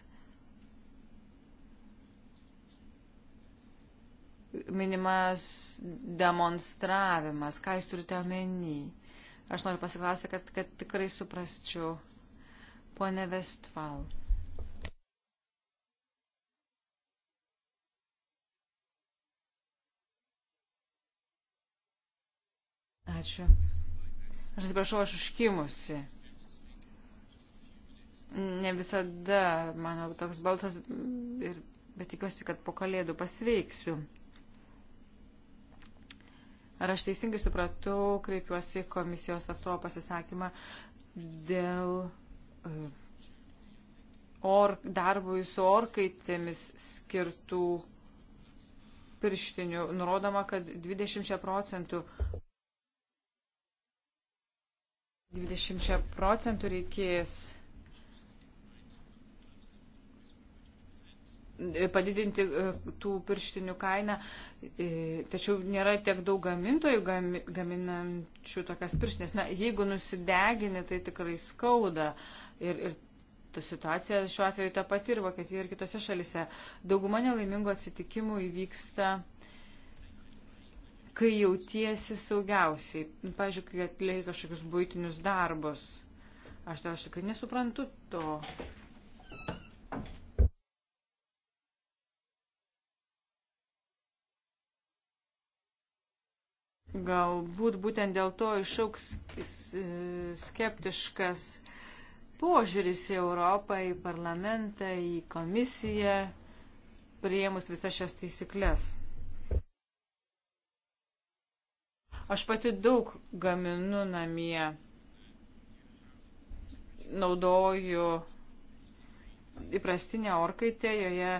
Speaker 2: Minimas demonstravimas. Ką jūs turite omeny? Aš noriu pasiklausti, kad, kad tikrai suprasčiau. Pone Vestfal. Ačiū. Aš atsiprašau, aš užkimusi. Ne visada mano toks balsas, ir, bet tikiuosi, kad po kalėdų pasveiksiu. Ar aš teisingai supratau, kreipiuosi komisijos atstovo pasisakymą dėl e, or, darbui su orkaitėmis skirtų pirštinių. Nurodoma, kad 20 procentų uh, 20 procentų reikės padidinti e, tų pirštinių kainą, e, tačiau nėra tiek daug gamintojų gaminančių tokias pirštinės. Na, jeigu nusidegini, tai tikrai skauda. Ir, ir ta situacija šiuo atveju ta pati ir Vokietijoje, ir kitose šalise. Dauguma nelaimingų atsitikimų įvyksta kai jautiesi saugiausiai. Pavyzdžiui, kai atlieki kažkokius būtinius darbus. Aš tai aš tikrai nesuprantu to. Galbūt būtent dėl to išauks e, skeptiškas požiūris į Europą, į parlamentą, į komisiją, prieimus visas šias taisyklės. Aš pati daug gaminu namie, naudoju įprastinę orkaitę, joje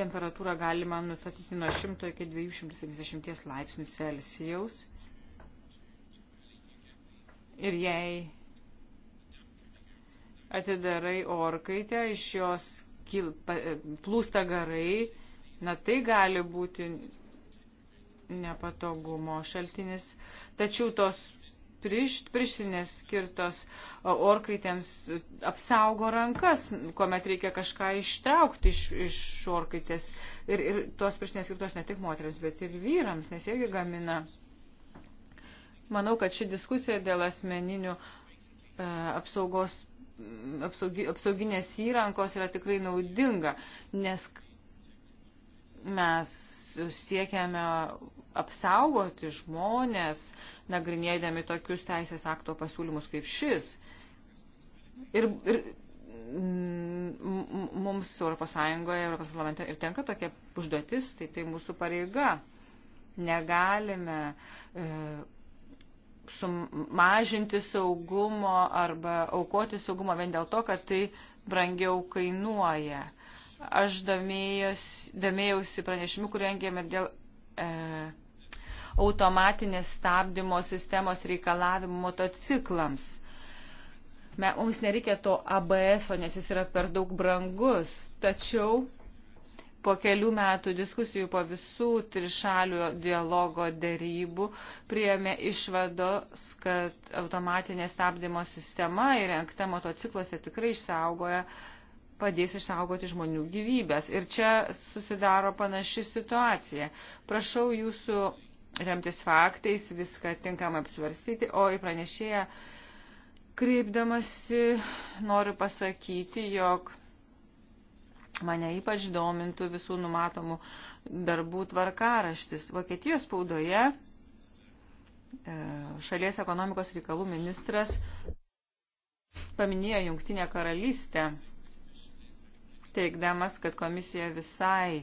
Speaker 2: temperatūrą galima nustatyti nuo 100 iki 270 laipsnių Celsijaus. Ir jei atidarai orkaitę, iš jos kil, plūsta garai, na tai gali būti nepatogumo šaltinis. Tačiau tos prištinės skirtos orkaitėms apsaugo rankas, kuomet reikia kažką ištraukti iš, iš orkaitės. Ir, ir tos prištinės skirtos ne tik moteriams, bet ir vyrams, nes jiegi gamina. Manau, kad ši diskusija dėl asmeninių e, apsaugos, apsaugi, apsauginės įrankos yra tikrai naudinga, nes mes siekiame apsaugoti žmonės, nagrinėdami tokius teisės akto pasiūlymus kaip šis. Ir, ir mm, mums ES, ES parlamente ir tenka tokia užduotis, tai tai mūsų pareiga. Negalime e, sumažinti saugumo arba aukoti saugumo vien dėl to, kad tai brangiau kainuoja. E, Aš domėjos, domėjausi pranešimu, kurį rengėme dėl e, automatinės stabdymo sistemos reikalavimų motociklams. Me, mums nereikia to ABS, nes jis yra per daug brangus. Tačiau po kelių metų diskusijų, po visų trišalių dialogo dėrybų priėmė išvados, kad automatinė stabdymo sistema įrengta motocikluose tikrai išsaugoja uh, padės išsaugoti žmonių gyvybės. Ir čia susidaro panaši situacija. Prašau jūsų remtis faktais, viską tinkamai apsvarstyti, o į pranešėją kreipdamasi noriu pasakyti, jog mane ypač domintų visų numatomų darbų tvarkaraštis. Vokietijos spaudoje e, šalies ekonomikos reikalų ministras paminėjo Jungtinę karalystę teikdamas, kad komisija visai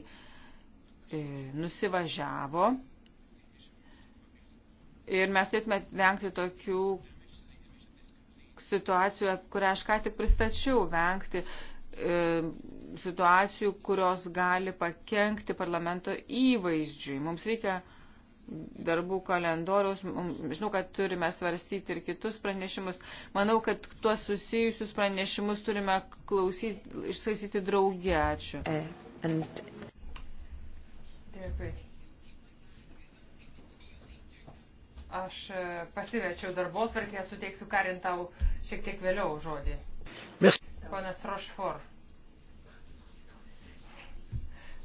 Speaker 2: e, nusivažiavo. Ir mes turėtume vengti tokių situacijų, kurią aš ką tik pristačiau, vengti e, situacijų, kurios gali pakengti parlamento įvaizdžiui. Mums reikia darbų kalendoriaus. Žinau, kad turime svarstyti ir kitus pranešimus. Manau, kad tuos susijusius pranešimus turime klausyti, išklausyti drauge. Ačiū. Eh,
Speaker 1: and... Dėkui. Aš e, pasivečiau darbos varkė, suteiksiu Karin tau šiek tiek vėliau žodį. Mes. Ponas Rošfor.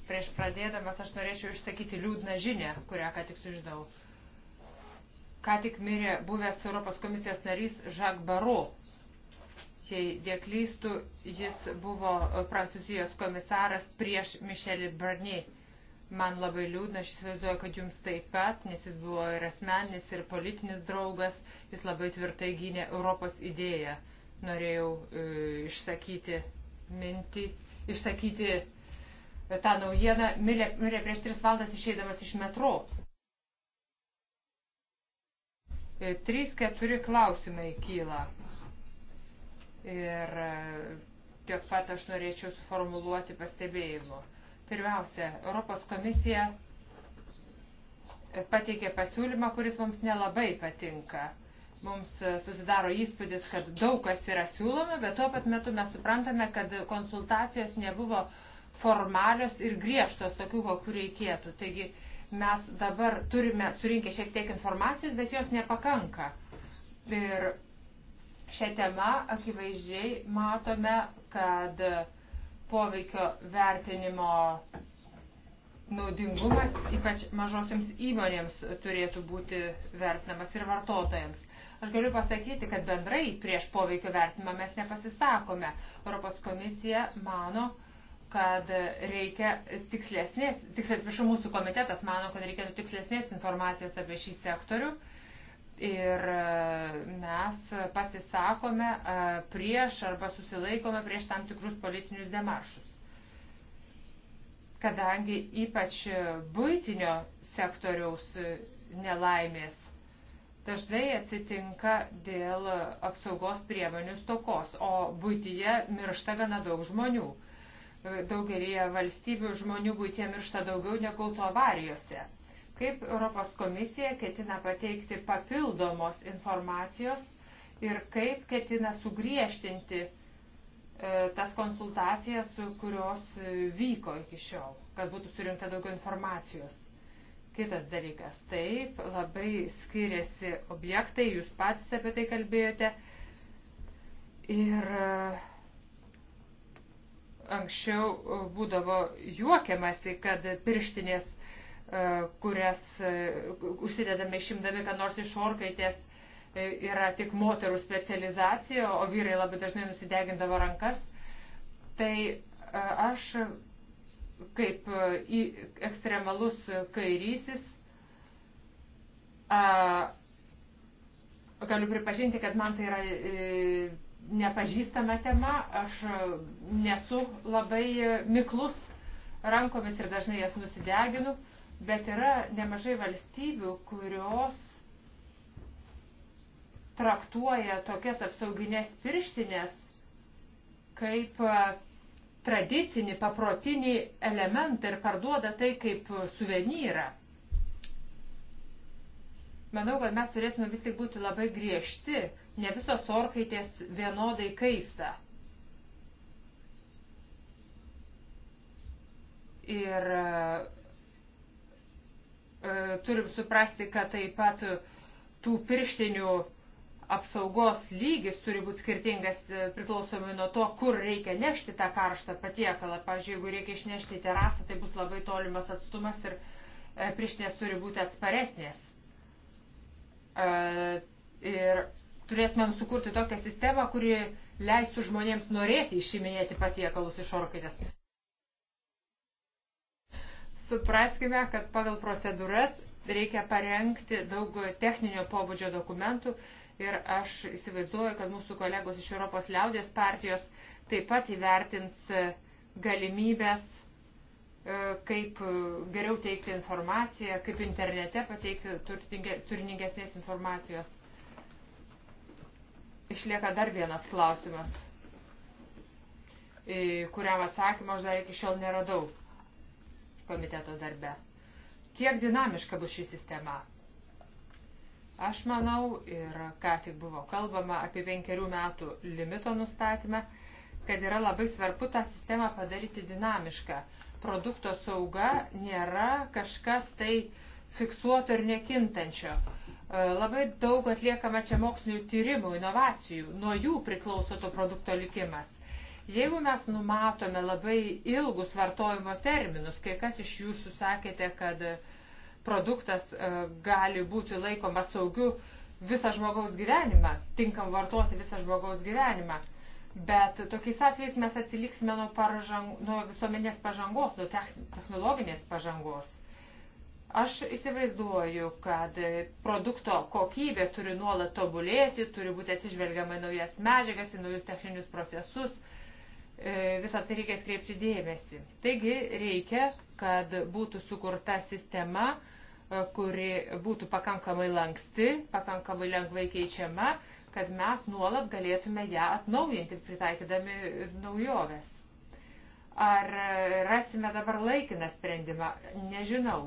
Speaker 1: Prieš pradėdamas aš norėčiau išsakyti liūdną žinę, kurią ką tik sužinau. Ką tik mirė buvęs Europos komisijos narys Jacques Barrault. Jei dėklystų, jis buvo Prancūzijos komisaras prieš Michelį Barnier. Man labai liūdna, aš įsivaizduoju, kad jums taip pat, nes jis buvo ir asmeninis, ir politinis draugas, jis labai tvirtai gynė Europos idėją. Norėjau e, išsakyti mintį, išsakyti tą naujieną, mirė, mirė prieš 3 valandas išeidamas iš metro. E, trys, keturi klausimai kyla. Ir e, tiek pat aš norėčiau suformuluoti pastebėjimu. Pirmiausia, Europos komisija e, pateikė pasiūlymą, kuris mums nelabai patinka. Mums susidaro įspūdis, kad daug kas yra siūloma, bet tuo pat metu mes suprantame, kad konsultacijos nebuvo uh, formalios ir griežtos, tokių, kokių reikėtų. Taigi mes dabar turime surinkę šiek tiek informacijos, bet jos nepakanka. Ir šią temą akivaizdžiai matome, kad poveikio vertinimo naudingumas, ypač mažosiams įmonėms, turėtų būti vertinamas ir vartotojams. Aš galiu pasakyti, kad bendrai prieš poveikio vertinimą mes nepasisakome. Europos komisija mano, kad reikia tikslesnės, tiksliai atsiprašau, mūsų komitetas mano, kad reikėtų tikslesnės informacijos apie šį sektorių. Ir e, mes pasisakome e, prieš arba susilaikome prieš tam tikrus politinius demaršus. Kadangi ypač būtinio sektoriaus e, nelaimės dažnai atsitinka dėl apsaugos priemonių stokos, o būtyje miršta gana daug žmonių daugelįje valstybių žmonių būtie miršta daugiau negu auto avarijose. Kaip Europos komisija ketina pateikti papildomos informacijos ir kaip ketina sugriežtinti e, tas konsultacijas, kurios e, vyko iki šiol, kad būtų surinkta daugiau informacijos. Kitas dalykas, taip, labai skiriasi objektai, jūs patys apie tai kalbėjote. Ir uh, anksčiau e, būdavo juokiamasi, kad pirštinės, e, kurias e, užsidedame išimdami, kad nors iš orkaitės yra tik moterų specializacija, o vyrai labai dažnai nusidegindavo rankas. Tai aš kaip į ekstremalus kairysis galiu pripažinti, kad man tai yra nepažįstama tema, aš e, nesu labai e, miklus rankomis ir dažnai jas nusideginu, bet yra nemažai valstybių, kurios traktuoja tokias apsauginės pirštinės kaip e, tradicinį, paprotinį elementą ir parduoda tai kaip suvenyrą. Manau, kad mes turėtume vis tik būti labai griežti, ne visos orkaitės vienodai kaista. Ir e, turim suprasti, kad taip pat tų pirštinių apsaugos lygis turi būti skirtingas e, priklausomai nuo to, kur reikia nešti tą karštą patiekalą. Pavyzdžiui, jeigu reikia išnešti į terasą, tai bus labai tolimas atstumas ir e, prieštinės turi būti atsparesnės. E, ir turėtumėm sukurti tokią sistemą, kuri leistų žmonėms norėti išiminėti patiekalus iš orkaitės. Supraskime, kad pagal procedūras reikia parengti daug techninio pobūdžio dokumentų ir aš įsivaizduoju, kad mūsų kolegos iš Europos liaudės partijos taip pat įvertins galimybės E, kaip e, geriau teikti informaciją, kaip internete pateikti turiningesnės informacijos. Išlieka dar vienas klausimas, kuriam atsakymą aš dar iki šiol neradau komiteto darbe. Kiek dinamiška bus ši sistema? Aš manau, ir ką tik buvo kalbama apie penkerių metų limito nustatymą, kad yra labai svarbu tą sistemą padaryti dinamišką produkto sauga nėra kažkas tai fiksuoto ir nekintančio. E, labai daug atliekama čia mokslinių tyrimų, inovacijų, nuo jų priklauso to produkto likimas. Jeigu mes numatome labai ilgus vartojimo terminus, kai kas iš jūsų sakėte, kad produktas e, gali būti laikomas saugiu visą žmogaus gyvenimą, tinkam vartoti visą žmogaus gyvenimą, Bet tokiais atvejais mes atsiliksime nuo, pažang, nuo visuomenės pažangos, nuo technologinės pažangos. Aš įsivaizduoju, kad produkto kokybė turi nuolat tobulėti, turi būti atsižvelgiama į naujas medžiagas, į naujus techninius procesus. E, visą tai reikia atkreipti dėmesį. Taigi reikia, kad būtų sukurta sistema, e, kuri būtų pakankamai lanksti, pakankamai lengvai keičiama, kad mes nuolat galėtume ją atnaujinti, pritaikydami naujoves. Ar rasime dabar laikiną sprendimą, nežinau,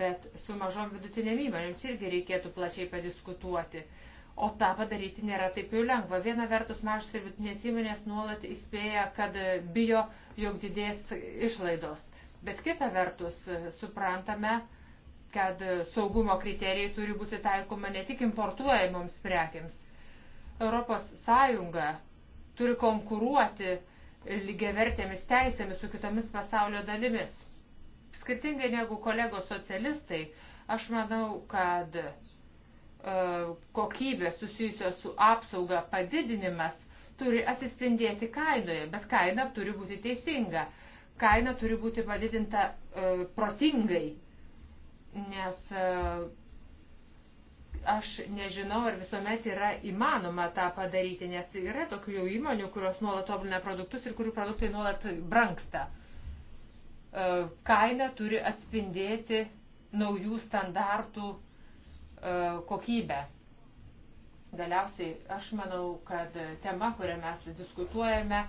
Speaker 1: bet su mažom vidutinėm įmonėm čia irgi reikėtų plačiai padiskutuoti. O tą padaryti nėra taip jau lengva. Viena vertus mažas ir vidutinės įmonės nuolat įspėja, kad bijo, jog didės išlaidos. Bet kita vertus suprantame, kad saugumo kriterijai turi būti taikoma ne tik importuojamoms prekiams, Europos Sąjunga turi konkuruoti lygiavertėmis teisėmis su kitomis pasaulio dalimis. Skirtingai negu kolegos socialistai, aš manau, kad e, kokybė susijusios su apsauga padidinimas turi atsispindėti kainoje, bet kaina turi būti teisinga. Kaina turi būti padidinta e, protingai, nes e, Aš nežinau, ar visuomet yra įmanoma tą padaryti, nes yra tokių jau įmonių, kurios nuolat tobulina produktus ir kurių produktai nuolat branksta. E, kaina turi atspindėti naujų standartų e, kokybę. Galiausiai aš manau, kad tema, kurią mes diskutuojame,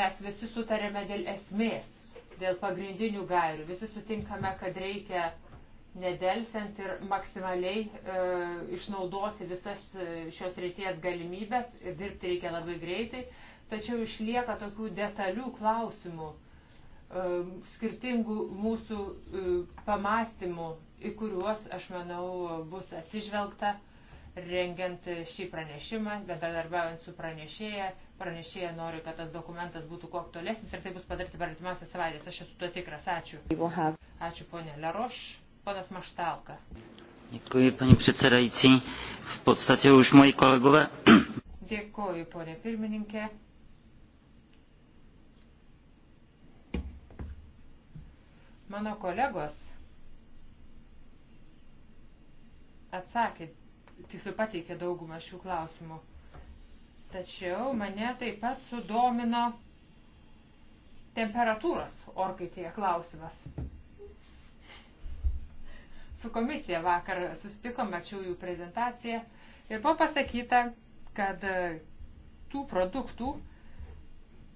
Speaker 1: mes visi sutarėme dėl esmės, dėl pagrindinių gairių. Visi sutinkame, kad reikia uh, nedelsiant ir maksimaliai e, išnaudoti visas e, šios ryties galimybės ir dirbti reikia labai greitai, tačiau išlieka tokių detalių klausimų, e, skirtingų mūsų e, pamastymų, į kuriuos, aš manau, bus atsižvelgta rengiant šį pranešimą, bendradarbiaujant su pranešėja. Pranešėja nori, kad tas dokumentas būtų kuo aktualesnis ir tai bus padaryti per artimiausias savaitės. Aš esu tuo tikras. Ačiū. Ačiū ponė Laroš. Ponas Maštalka.
Speaker 2: Děkuji, paní předsedající. V podstatě už moji kolegové.
Speaker 1: Děkuji, ponė pirmininkė. Mano kolegos atsakė, tiksliau pateikė daugumą šių klausimų. Tačiau mane taip pat sudomino temperatūros orkaitėje klausimas. Su komisija vakar susitikom, mačiau jų prezentaciją ir buvo pasakyta, kad e, tų produktų,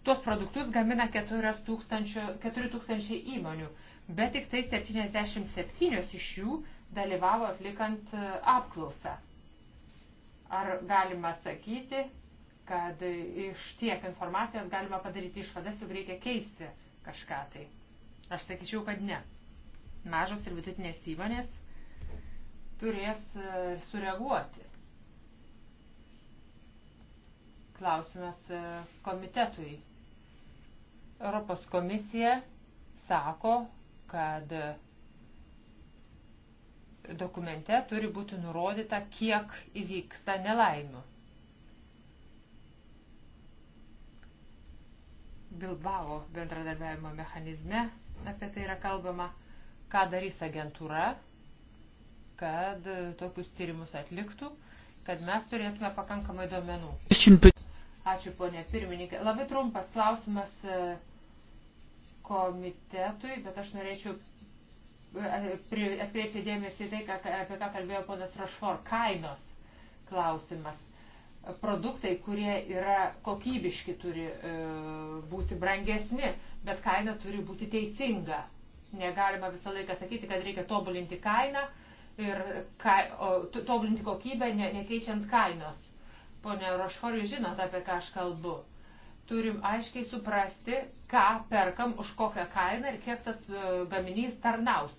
Speaker 1: tuos produktus gamina 4000 įmonių, bet tik tai 77 iš jų dalyvavo atlikant e, apklausą. Ar galima sakyti, kad e, iš tiek informacijos galima padaryti išvadas, jog reikia keisti kažką tai? Aš sakyčiau, kad ne mažos ir vidutinės įmonės turės e, sureaguoti. Klausimas e, komitetui. Europos komisija sako, kad dokumente turi būti nurodyta, kiek įvyksta nelaimių. Bilbao bendradarbiavimo mechanizme apie tai yra kalbama ką darys agentūra, kad tokius tyrimus atliktų, kad mes turėtume pakankamai duomenų. Ačiū, ponė pirmininkė. Labai trumpas klausimas e, komitetui, bet aš norėčiau e, atkreipti dėmesį tai, apie ką kalbėjo ponas Rošfor, kainos klausimas produktai, kurie yra kokybiški, turi e, būti brangesni, bet kaina turi būti teisinga. Negalima visą laiką sakyti, kad reikia tobulinti kainą ir kai, o, tobulinti kokybę, ne, nekeičiant kainos. Pone Rošfor, jūs žinot, apie ką aš kalbu. Turim aiškiai suprasti, ką perkam, už kokią kainą ir kiek tas e, gaminys tarnaus.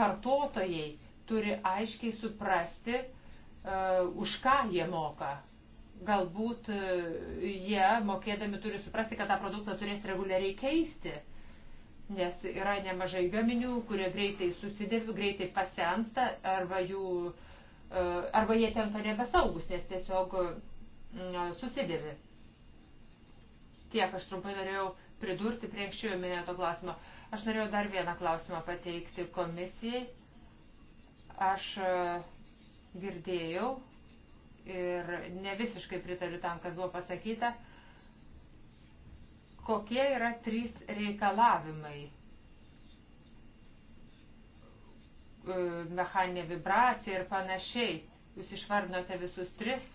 Speaker 1: Vartotojai turi aiškiai suprasti, uh, už ką jie moka. Galbūt uh, jie, mokėdami, turi suprasti, kad tą produktą turės reguliariai keisti. Uh, nes yra nemažai gaminių, kurie greitai susidėvi, greitai pasensta arba, jų, e, arba jie tenka nebesaugus, nes tiesiog mm, susidėvi. Tiek aš trumpai norėjau pridurti prie anksčiau minėto klausimo. Aš norėjau dar vieną klausimą pateikti komisijai. Aš e, girdėjau ir ne visiškai pritariu tam, kas buvo pasakyta. Uh, Kokie yra trys reikalavimai? E, mechaninė vibracija ir panašiai. Jūs išvardinote visus tris.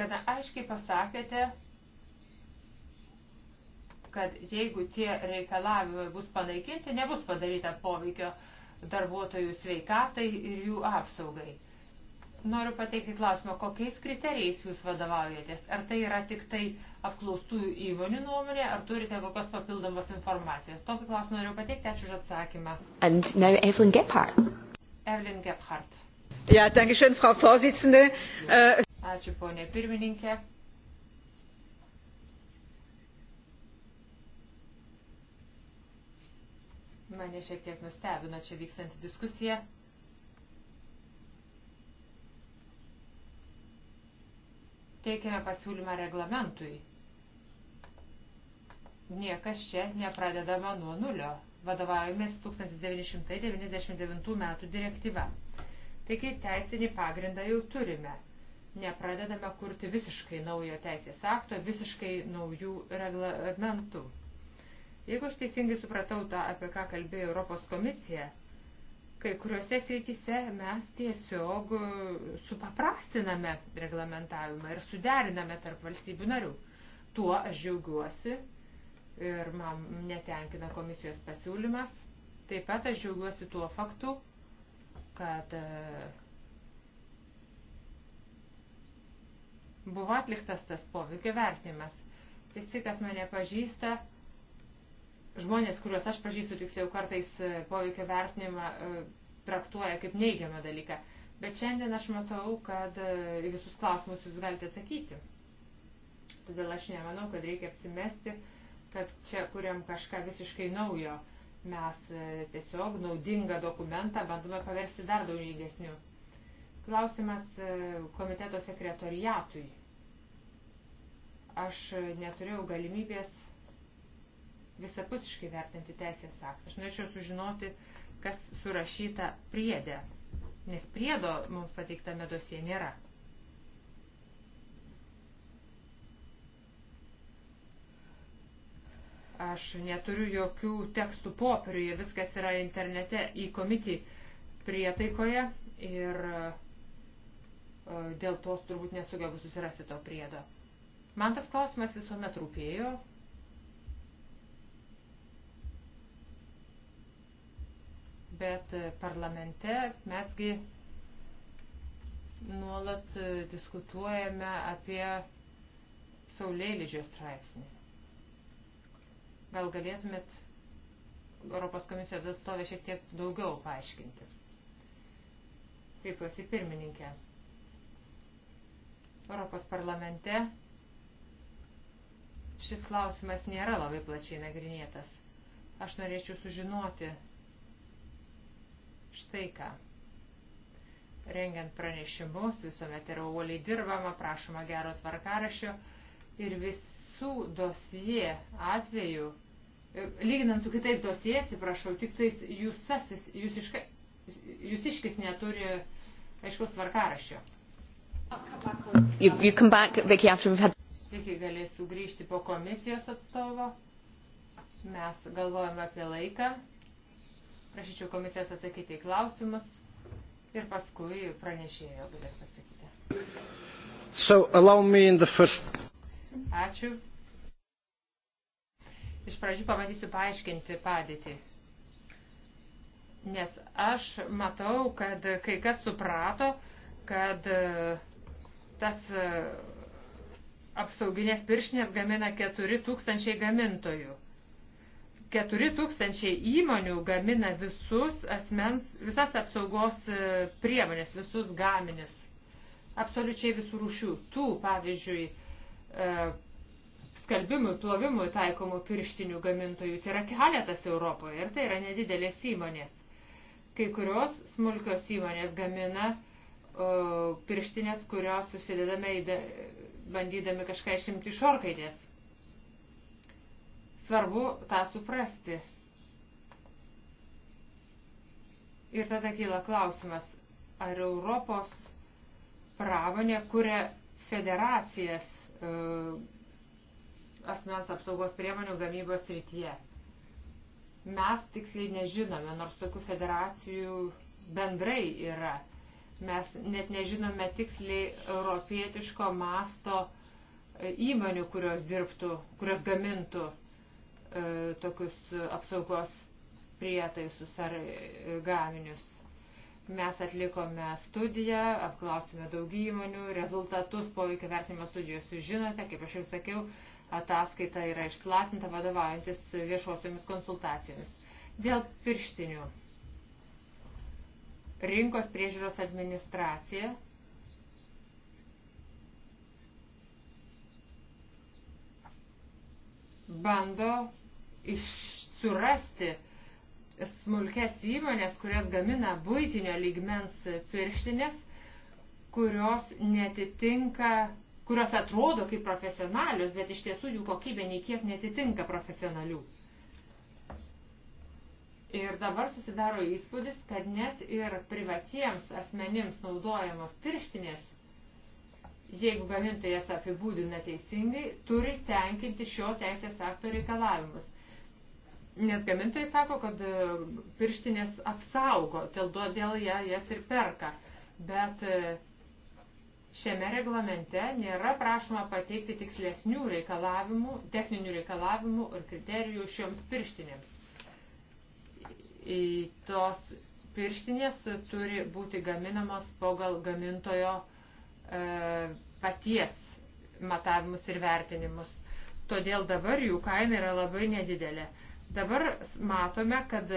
Speaker 1: Gana aiškiai pasakėte, kad jeigu tie reikalavimai bus panaikinti, nebus padaryta poveikio darbuotojų sveikatai ir jų apsaugai. Noriu pateikti klausimą, kokiais kriterijais jūs vadovaujatės? Ar tai yra tik tai apklaustųjų įmonių nuomonė, ar turite kokios papildomos informacijos? Tokį klausimą noriu pateikti, ačiū už atsakymą.
Speaker 3: And now Evelyn Gephardt.
Speaker 1: Evelyn Gephardt. Ja, danke schön, Frau Vorsitzende. Uh... Ačiū, ponė pirmininkė. Mane šiek tiek nustebino čia vykstanti diskusija. teikiame pasiūlymą reglamentui. Niekas čia nepradedama nuo nulio. Vadovaujamės 1999 metų direktyva. Taigi teisinį pagrindą jau turime. Nepradedame kurti visiškai naujo teisės akto, visiškai naujų reglamentų. Jeigu aš teisingai supratau tą, apie ką kalbėjo Europos komisija, Kai kuriuose srityse mes tiesiog e, supaprastiname reglamentavimą ir suderiname tarp valstybių narių. Tuo aš džiaugiuosi ir man netenkina komisijos pasiūlymas. Taip pat aš džiaugiuosi tuo faktu, kad e, buvo atliktas tas poveikio vertinimas. Visi, kas mane pažįsta, žmonės, kuriuos aš pažįstu, tiksliau kartais e, poveikio vertinimą e, traktuoja kaip neigiamą dalyką. Bet šiandien aš matau, kad e, visus klausimus jūs galite atsakyti. Todėl aš nemanau, kad reikia apsimesti, kad čia kuriam kažką visiškai naujo. Mes tiesiog naudingą dokumentą bandome paversti dar daugiau Klausimas komiteto sekretoriatui. Aš neturėjau galimybės visapusiškai vertinti teisės aktą. Aš norėčiau sužinoti, kas surašyta priedė, nes priedo mums pateiktame dosie nėra. Aš neturiu jokių tekstų popieriuje, viskas yra internete į komitį prietaikoje ir e, dėl tos turbūt nesugebu susirasti to priedo. Man tas klausimas visuomet rūpėjo, bet parlamente mesgi nuolat diskutuojame apie Saulėlydžio straipsnį. Gal galėtumėt Europos komisijos atstovę šiek tiek daugiau paaiškinti? Kreipiuosi pirmininkę. Europos parlamente šis klausimas nėra labai plačiai nagrinėtas. Aš norėčiau sužinoti, Štai ką. Rengiant pranešimus visuomet yra uoliai dirbama, prašoma gero tvarkarašio ir visų dosie atveju, e, lyginant su kitais dosie, atsiprašau, tik tais jūsasis, jūsiška, jūsiškis neturi aiškaus tvarkaraščio. You, you come
Speaker 2: back, Vicky, after we've had...
Speaker 1: Vicky galės sugrįžti po komisijos atstovo. Mes galvojame apie laiką. Prašyčiau komisijos atsakyti į klausimus ir paskui pranešėjo galės pasakyti. So, allow me in the first... Ačiū. Iš pradžių pamatysiu paaiškinti padėtį. Nes aš matau, kad kai kas suprato, kad e, tas e, apsauginės pirštinės gamina 4000 gamintojų. 4000 įmonių gamina visus asmens, visas apsaugos e, priemonės, visus gaminis. Absoliučiai visų rūšių. Tų, pavyzdžiui, e, skalbimų, plovimų taikomų pirštinių gamintojų. Tai yra keletas Europoje ir tai yra nedidelės įmonės. Kai kurios smulkios įmonės gamina pirštinės, kurios susidedame bandydami kažką išimti iš orkaitės Svarbu tą suprasti. Ir tada kyla klausimas, ar Europos pramonė kuria federacijas e, asmens apsaugos priemonių gamybos rytyje. Mes tiksliai nežinome, nors tokių federacijų bendrai yra. Mes net nežinome tiksliai europietiško masto e, įmonių, kurios dirbtų, kurios gamintų E, tokius apsaugos prietaisus ar e, gaminius. Mes atlikome studiją, apklausime daug įmonių, rezultatus poveikio vertinimo studijos žinote, kaip aš jau sakiau, ataskaita yra išplatinta vadovaujantis viešosiomis konsultacijomis. Dėl pirštinių. Rinkos priežiūros administracija bando surasti smulkes įmonės, kurias gamina būtinio lygmens pirštinės, kurios netitinka, kurios atrodo kaip profesionalius, bet iš tiesų jų kokybė nei kiek netitinka profesionalių. Ir dabar susidaro įspūdis, kad net ir privatiems asmenims naudojamos pirštinės, jeigu gamintojas apibūdina teisingai, turi tenkinti šio teisės akto reikalavimus Nes gamintojai sako, kad e, pirštinės apsaugo, todėl jie jas ir perka. Bet e, šiame reglamente nėra prašoma pateikti tikslesnių reikalavimų, techninių reikalavimų ir kriterijų šioms pirštinėms. Į tos pirštinės turi būti gaminamos pagal gamintojo e, paties matavimus ir vertinimus. Todėl dabar jų kaina yra labai nedidelė. E, Dabar matome, kad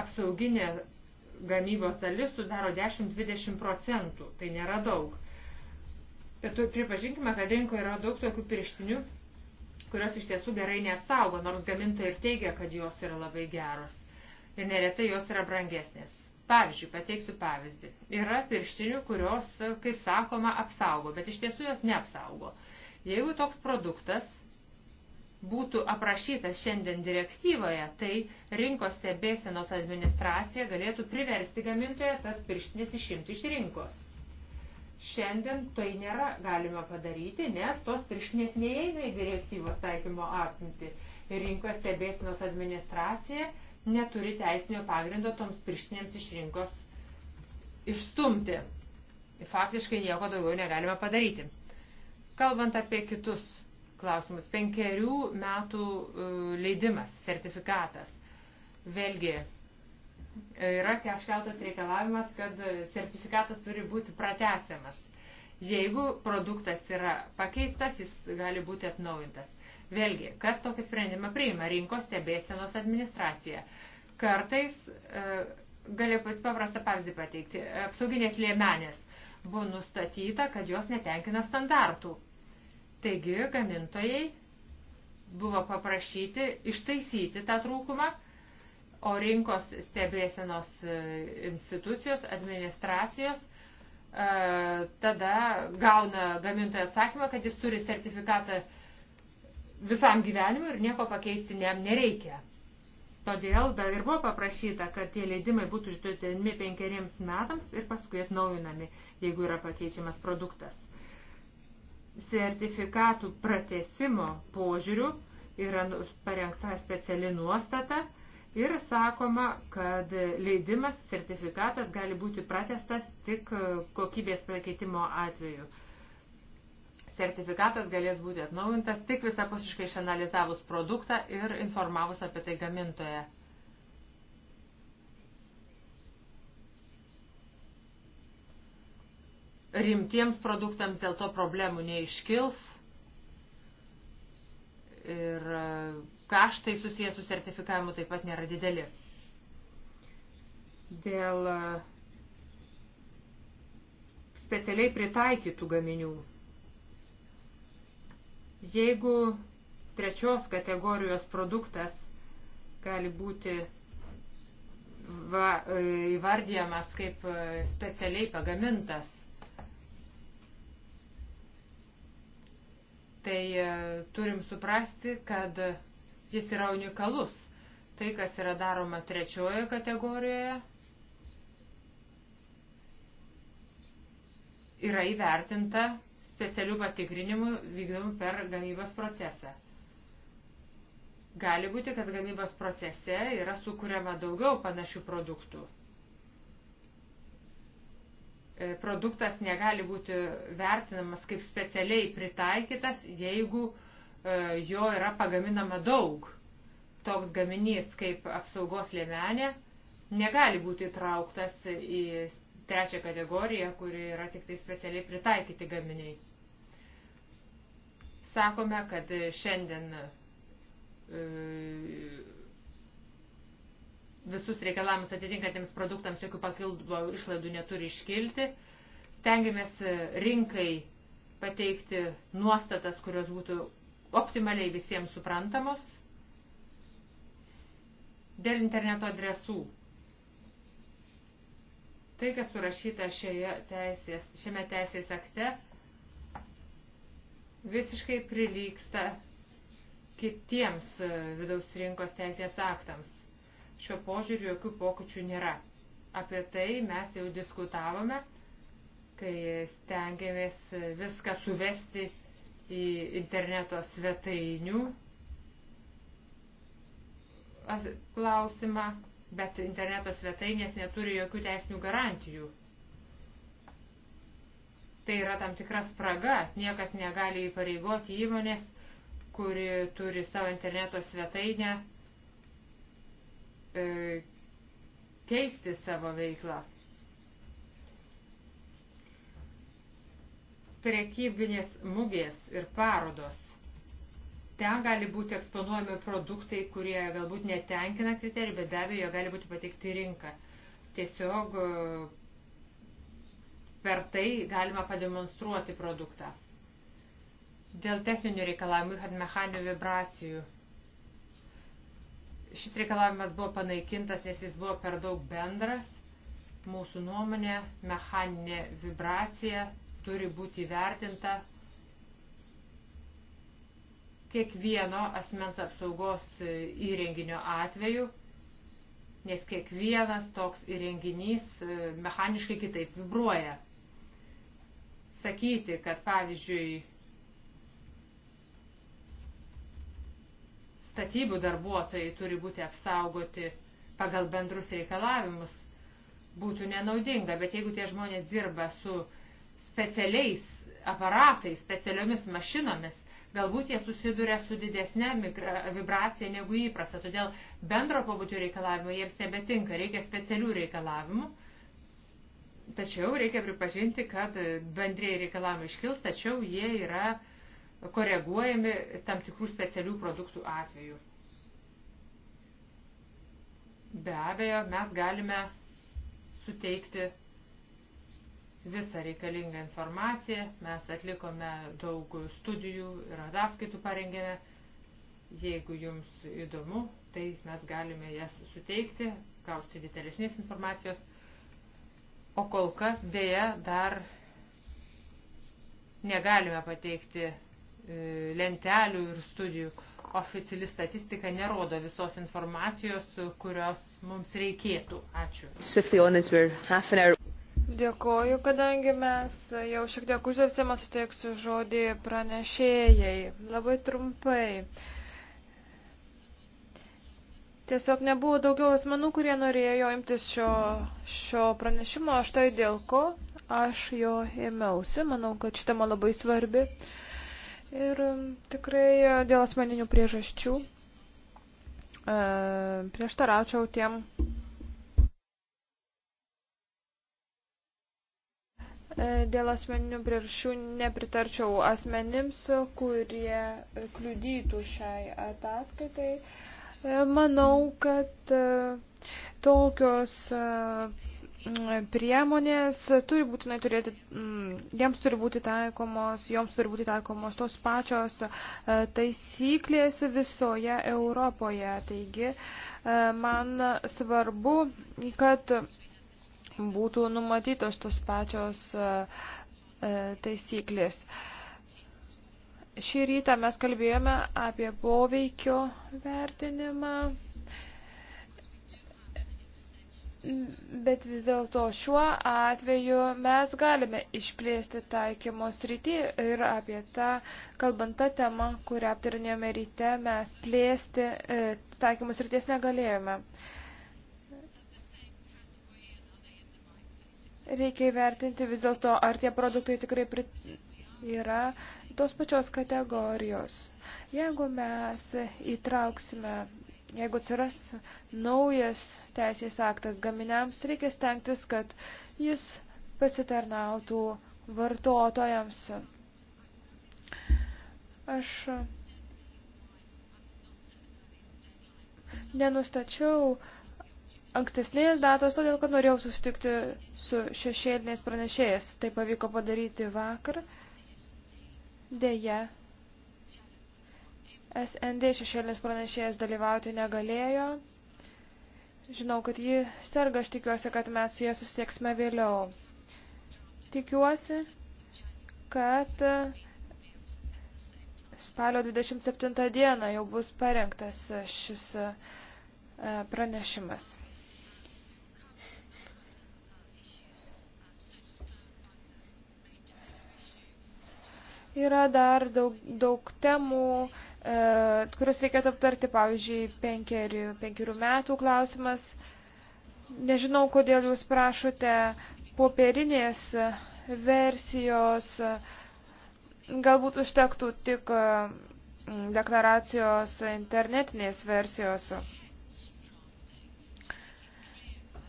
Speaker 1: apsauginė gamybos dalis sudaro 10-20 procentų. Tai nėra daug. Bet pripažinkime, kad rinkoje yra daug tokių pirštinių, kurios iš tiesų gerai neapsaugo, nors gamintojai ir teigia, kad jos yra labai geros. Ir neretai jos yra brangesnės. Pavyzdžiui, pateiksiu pavyzdį. Yra pirštinių, kurios, kaip sakoma, apsaugo, bet iš tiesų jos neapsaugo. Jeigu toks produktas būtų aprašytas šiandien direktyvoje, tai rinkos stebėsenos administracija galėtų priversti gamintoje tas pirštinės išimti iš rinkos. Šiandien tai nėra galima padaryti, nes tos pirštinės neįeina į direktyvos taikymo apimti. Ir rinkos stebėsenos administracija neturi teisinio pagrindo toms pirštinėms iš rinkos išstumti. Faktiškai nieko daugiau negalima padaryti. Kalbant apie kitus klausimus. Penkerių metų e, leidimas, sertifikatas. Vėlgi, yra keltas reikalavimas, kad sertifikatas turi būti pratesiamas. Jeigu produktas yra pakeistas, jis gali būti atnaujintas. Vėlgi, kas tokį sprendimą priima? Rinkos stebėsenos administracija. Kartais, e, galiu paprastą pavyzdį pateikti, apsauginės liemenės buvo nustatyta, kad jos netenkina standartų Taigi gamintojai buvo paprašyti ištaisyti tą trūkumą, o rinkos stebėsenos e, institucijos, administracijos e, tada gauna gamintojo atsakymą, kad jis turi sertifikatą visam gyvenimui ir nieko pakeisti jam nereikia. Todėl dar ir buvo paprašyta, kad tie leidimai būtų išduodami penkeriems metams ir paskui atnaujinami, jeigu yra pakeičiamas produktas sertifikatų pratesimo požiūrių yra nu, parengta speciali nuostata ir sakoma, kad leidimas, sertifikatas gali būti pratestas tik e, kokybės pakeitimo atveju. Sertifikatas galės būti atnaujintas tik visapusiškai išanalizavus produktą ir informavus apie tai gamintoje. rimtiems produktams dėl to problemų neiškils ir e, kaštai susijęs su sertifikavimu taip pat nėra dideli. Dėl e, specialiai pritaikytų gaminių. Jeigu trečios kategorijos produktas gali būti va, e, įvardyjamas kaip specialiai pagamintas, tai e, turim suprasti, kad jis yra unikalus. Tai, kas yra daroma trečioje kategorijoje, yra įvertinta specialių patikrinimų vykdomų per gamybos procesą. Gali būti, kad gamybos procese yra sukūriama daugiau panašių produktų. E, produktas negali būti vertinamas kaip specialiai pritaikytas, jeigu e, jo yra pagaminama daug. Toks gaminys kaip apsaugos lėmenė negali būti įtrauktas į trečią kategoriją, kuri yra tik tai specialiai pritaikyti gaminiai. Sakome, kad šiandien e, visus reikalavimus atitinkantiems produktams jokių papildomų išlaidų neturi iškilti. Tengiamės e, rinkai pateikti nuostatas, kurios būtų optimaliai visiems suprantamos. Dėl interneto adresų. Tai, kas surašyta šioje teisės, šiame teisės akte, visiškai prilyksta kitiems e, vidaus rinkos teisės aktams. Šio požiūriu jokių pokyčių nėra. Apie tai mes jau diskutavome, kai stengiamės viską suvesti į interneto svetainių klausimą, bet interneto svetainės neturi jokių teisinių garantijų. Tai yra tam tikra spraga, niekas negali įpareigoti įmonės, kuri turi savo interneto svetainę e, keisti savo veiklą. Prekybinės mugės ir parodos. Ten gali būti eksponuojami produktai, kurie galbūt netenkina kriterijų, bet be abejo gali būti pateikti rinką. Tiesiog e, per tai galima pademonstruoti produktą. Dėl techninių reikalavimų ir mechaninių vibracijų Šis reikalavimas buvo panaikintas, nes jis buvo per daug bendras. Mūsų nuomonė, mechaninė vibracija turi būti vertinta kiekvieno asmens apsaugos įrenginio atveju, nes kiekvienas toks įrenginys e, mechaniškai kitaip vibruoja. Sakyti, kad pavyzdžiui statybų darbuotojai turi būti apsaugoti pagal bendrus reikalavimus, būtų nenaudinga, bet jeigu tie žmonės dirba su specialiais aparatais, specialiomis mašinomis, galbūt jie susiduria su didesnė vibracija negu įprasta, todėl bendro pabudžio reikalavimo jiems nebetinka, reikia specialių reikalavimų. Tačiau reikia pripažinti, kad bendrėjai reikalavimai iškils, tačiau jie yra koreguojami tam tikrų specialių produktų atveju. Be abejo, mes galime suteikti visą reikalingą informaciją, mes atlikome daug studijų ir ataskaitų parengėme. Jeigu jums įdomu, tai mes galime jas suteikti, gauti didelesnės informacijos. O kol kas dėja dar negalime pateikti E, lentelių ir studijų. Oficiali statistika nerodo visos informacijos, kurios mums reikėtų. Ačiū.
Speaker 3: Dėkoju, kadangi mes jau šiek tiek uždėsime, suteiksiu žodį pranešėjai. Labai trumpai. Tiesiog nebuvo daugiau asmenų, kurie norėjo imtis šio, šio pranešimo, aš tai dėl ko aš jo ėmiausi. Manau, kad šitama labai svarbi. Uh, Ir um, tikrai e, dėl asmeninių priežasčių e, prieštaraučiau tiem e, Dėl asmeninių priežasčių nepritarčiau asmenims, kurie kliudytų šiai ataskaitai. Manau, kad tokios priemonės turi būtinai turėti, mm, jiems turi būti taikomos, joms turi būti taikomos tos pačios e, taisyklės visoje Europoje. Taigi, e, man svarbu, kad būtų numatytos tos pačios e, taisyklės. Šį rytą mes kalbėjome apie poveikio vertinimą Bet vis dėlto šiuo atveju mes galime išplėsti taikymo sritį ir apie tą, kalbant tą temą, kurią aptarinėjome ryte, mes plėsti e, taikymo srities negalėjome. Reikia įvertinti vis dėlto, ar tie produktai tikrai prit... yra tos pačios kategorijos. Jeigu mes įtrauksime jeigu atsiras naujas teisės aktas gaminiams, reikia stengtis, kad jis pasitarnautų vartotojams. Aš nenustačiau ankstesnės datos, todėl kad norėjau susitikti su šešėliniais pranešėjais. Tai pavyko padaryti vakar. Deja, SND šešėlinis pranešėjas dalyvauti negalėjo. Žinau, kad ji serga, aš tikiuosi, kad mes su jie susieksime vėliau. Tikiuosi, kad spalio 27 dieną jau bus parengtas šis e, pranešimas. Yra dar daug, daug temų, E, kuriuos reikėtų aptarti, pavyzdžiui, penkerių, penkerių metų klausimas. Nežinau, kodėl jūs prašote popierinės versijos, galbūt užtektų tik e, deklaracijos internetinės versijos.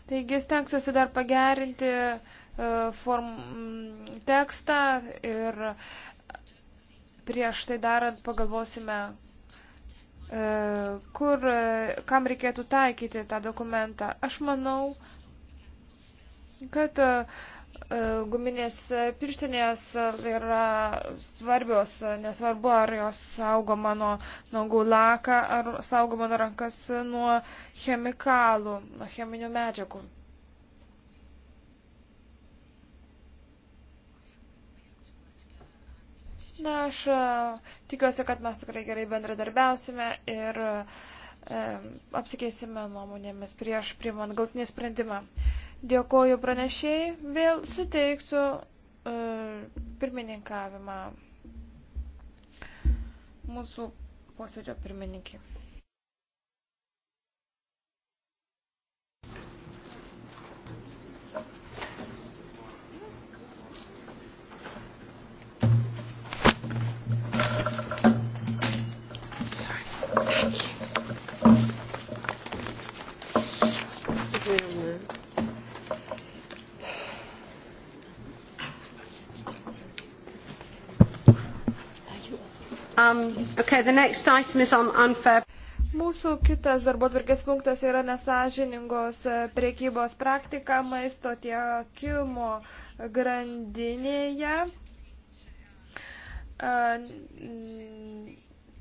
Speaker 3: Taigi stengsiuosi dar pagerinti e, form, tekstą ir prieš tai darant pagalvosime, e, kur, e, kam reikėtų taikyti tą dokumentą. Aš manau, kad e, guminės pirštinės yra svarbios, nesvarbu, ar jos saugo mano nagų laką, ar saugo mano rankas nuo chemikalų, nuo cheminių medžiagų. Na, aš e, tikiuosi, kad mes tikrai gerai bendradarbiausime ir e, apsikeisime nuomonėmis prieš priimant galtinį sprendimą. Dėkoju pranešėjai, vėl suteiksiu e, pirmininkavimą mūsų posėdžio pirmininkį. Um, okay, the next item is on unfair. Mūsų kitas darbo tvarkės punktas yra nesažiningos priekybos praktika maisto tiekimo grandinėje e,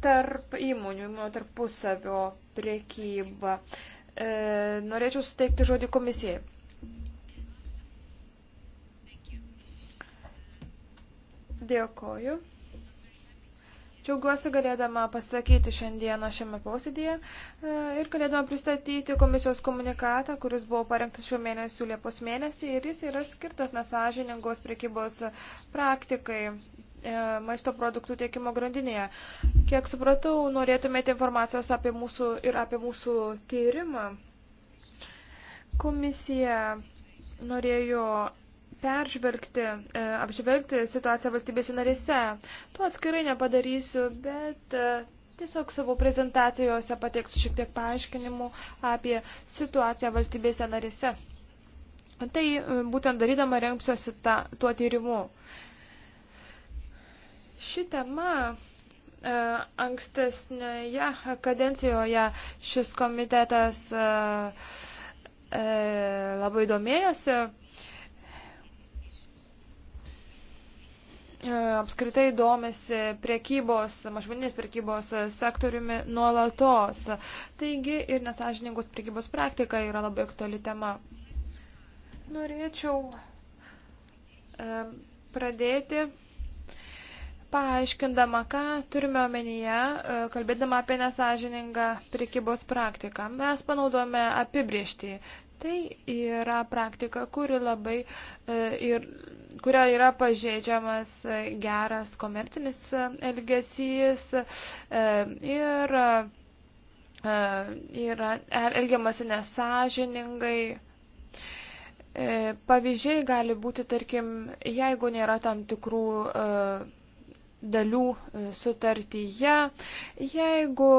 Speaker 3: tarp įmonių, įmonių nu, tarpusavio priekyba. E, norėčiau suteikti žodį komisijai. Dėkoju. Džiaugiuosi galėdama pasakyti šiandieną šiame posėdėje e, ir galėdama pristatyti komisijos komunikatą, kuris buvo parengtas šio mėnesio Liepos mėnesį ir jis yra skirtas nesažiningos prekybos praktikai e, maisto produktų tiekimo grandinėje. Kiek supratau, norėtumėte informacijos apie mūsų ir apie mūsų tyrimą. Komisija norėjo peržvelgti, e, apžvelgti situaciją valstybėse narėse. To atskirai nepadarysiu, bet e, tiesiog savo prezentacijose pateiksiu šiek tiek paaiškinimų apie situaciją valstybėse narėse. Tai e, būtent darydama remsiuosi ta, tuo tyrimu. Ši tema ankstesnėje kadencijoje šis komitetas labai domėjosi E, apskritai domisi priekybos, mažmeninės priekybos sektoriumi nuolatos. Taigi ir nesažininkos priekybos praktika yra labai aktuali tema. Norėčiau e, pradėti paaiškindama, ką turime omenyje, e, kalbėdama apie nesažiningą prekybos praktiką. Mes panaudojame apibriežtį. Tai yra praktika, kuri labai e, ir kurio yra pažeidžiamas geras komercinis elgesys e, ir e, yra elgiamasi nesažiningai. Pavyzdžiai gali būti, tarkim, jeigu nėra tam tikrų dalių sutartyje, jeigu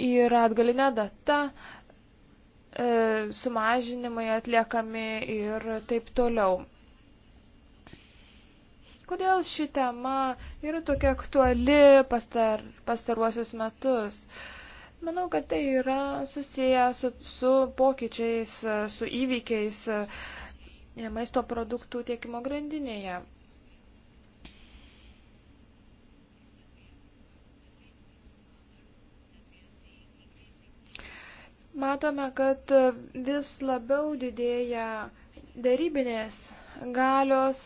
Speaker 3: yra atgalinė data, e, sumažinimai atliekami ir taip toliau. Kodėl ši tema yra tokia aktuali pastar, pastaruosius metus? Manau, kad tai yra susiję su, su pokyčiais, su įvykiais e, maisto produktų tiekimo grandinėje. Matome, kad vis labiau didėja darybinės galios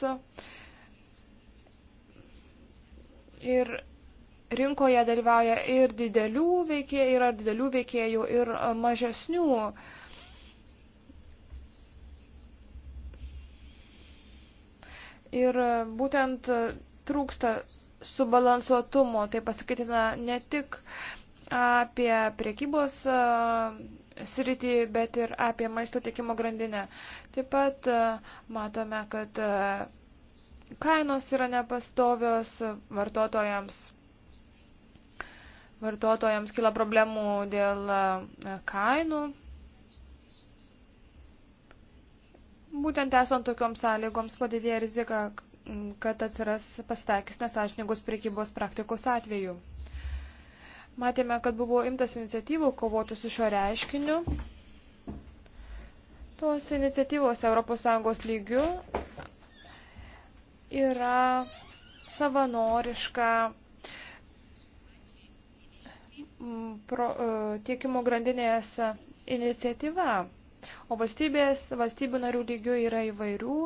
Speaker 3: ir rinkoje dalyvauja ir didelių veikėjų, yra didelių veikėjų ir mažesnių. Ir būtent trūksta subalansuotumo, tai pasakytina ne tik apie priekybos sritį, bet ir apie maisto tiekimo grandinę. Taip pat e, matome, kad e, kainos yra nepastovios vartotojams. Vartotojams kila problemų dėl e, kainų. Būtent esant tokioms sąlygoms padidėja rizika, kad atsiras pasitaikys nesažininkos priekybos praktikos atveju. Matėme, kad buvo imtas iniciatyvų kovoti su šio reiškiniu. Tos iniciatyvos ES lygių yra savanoriška mm, pro, e, tiekimo grandinės iniciatyva. O valstybės, valstybių narių lygių yra įvairių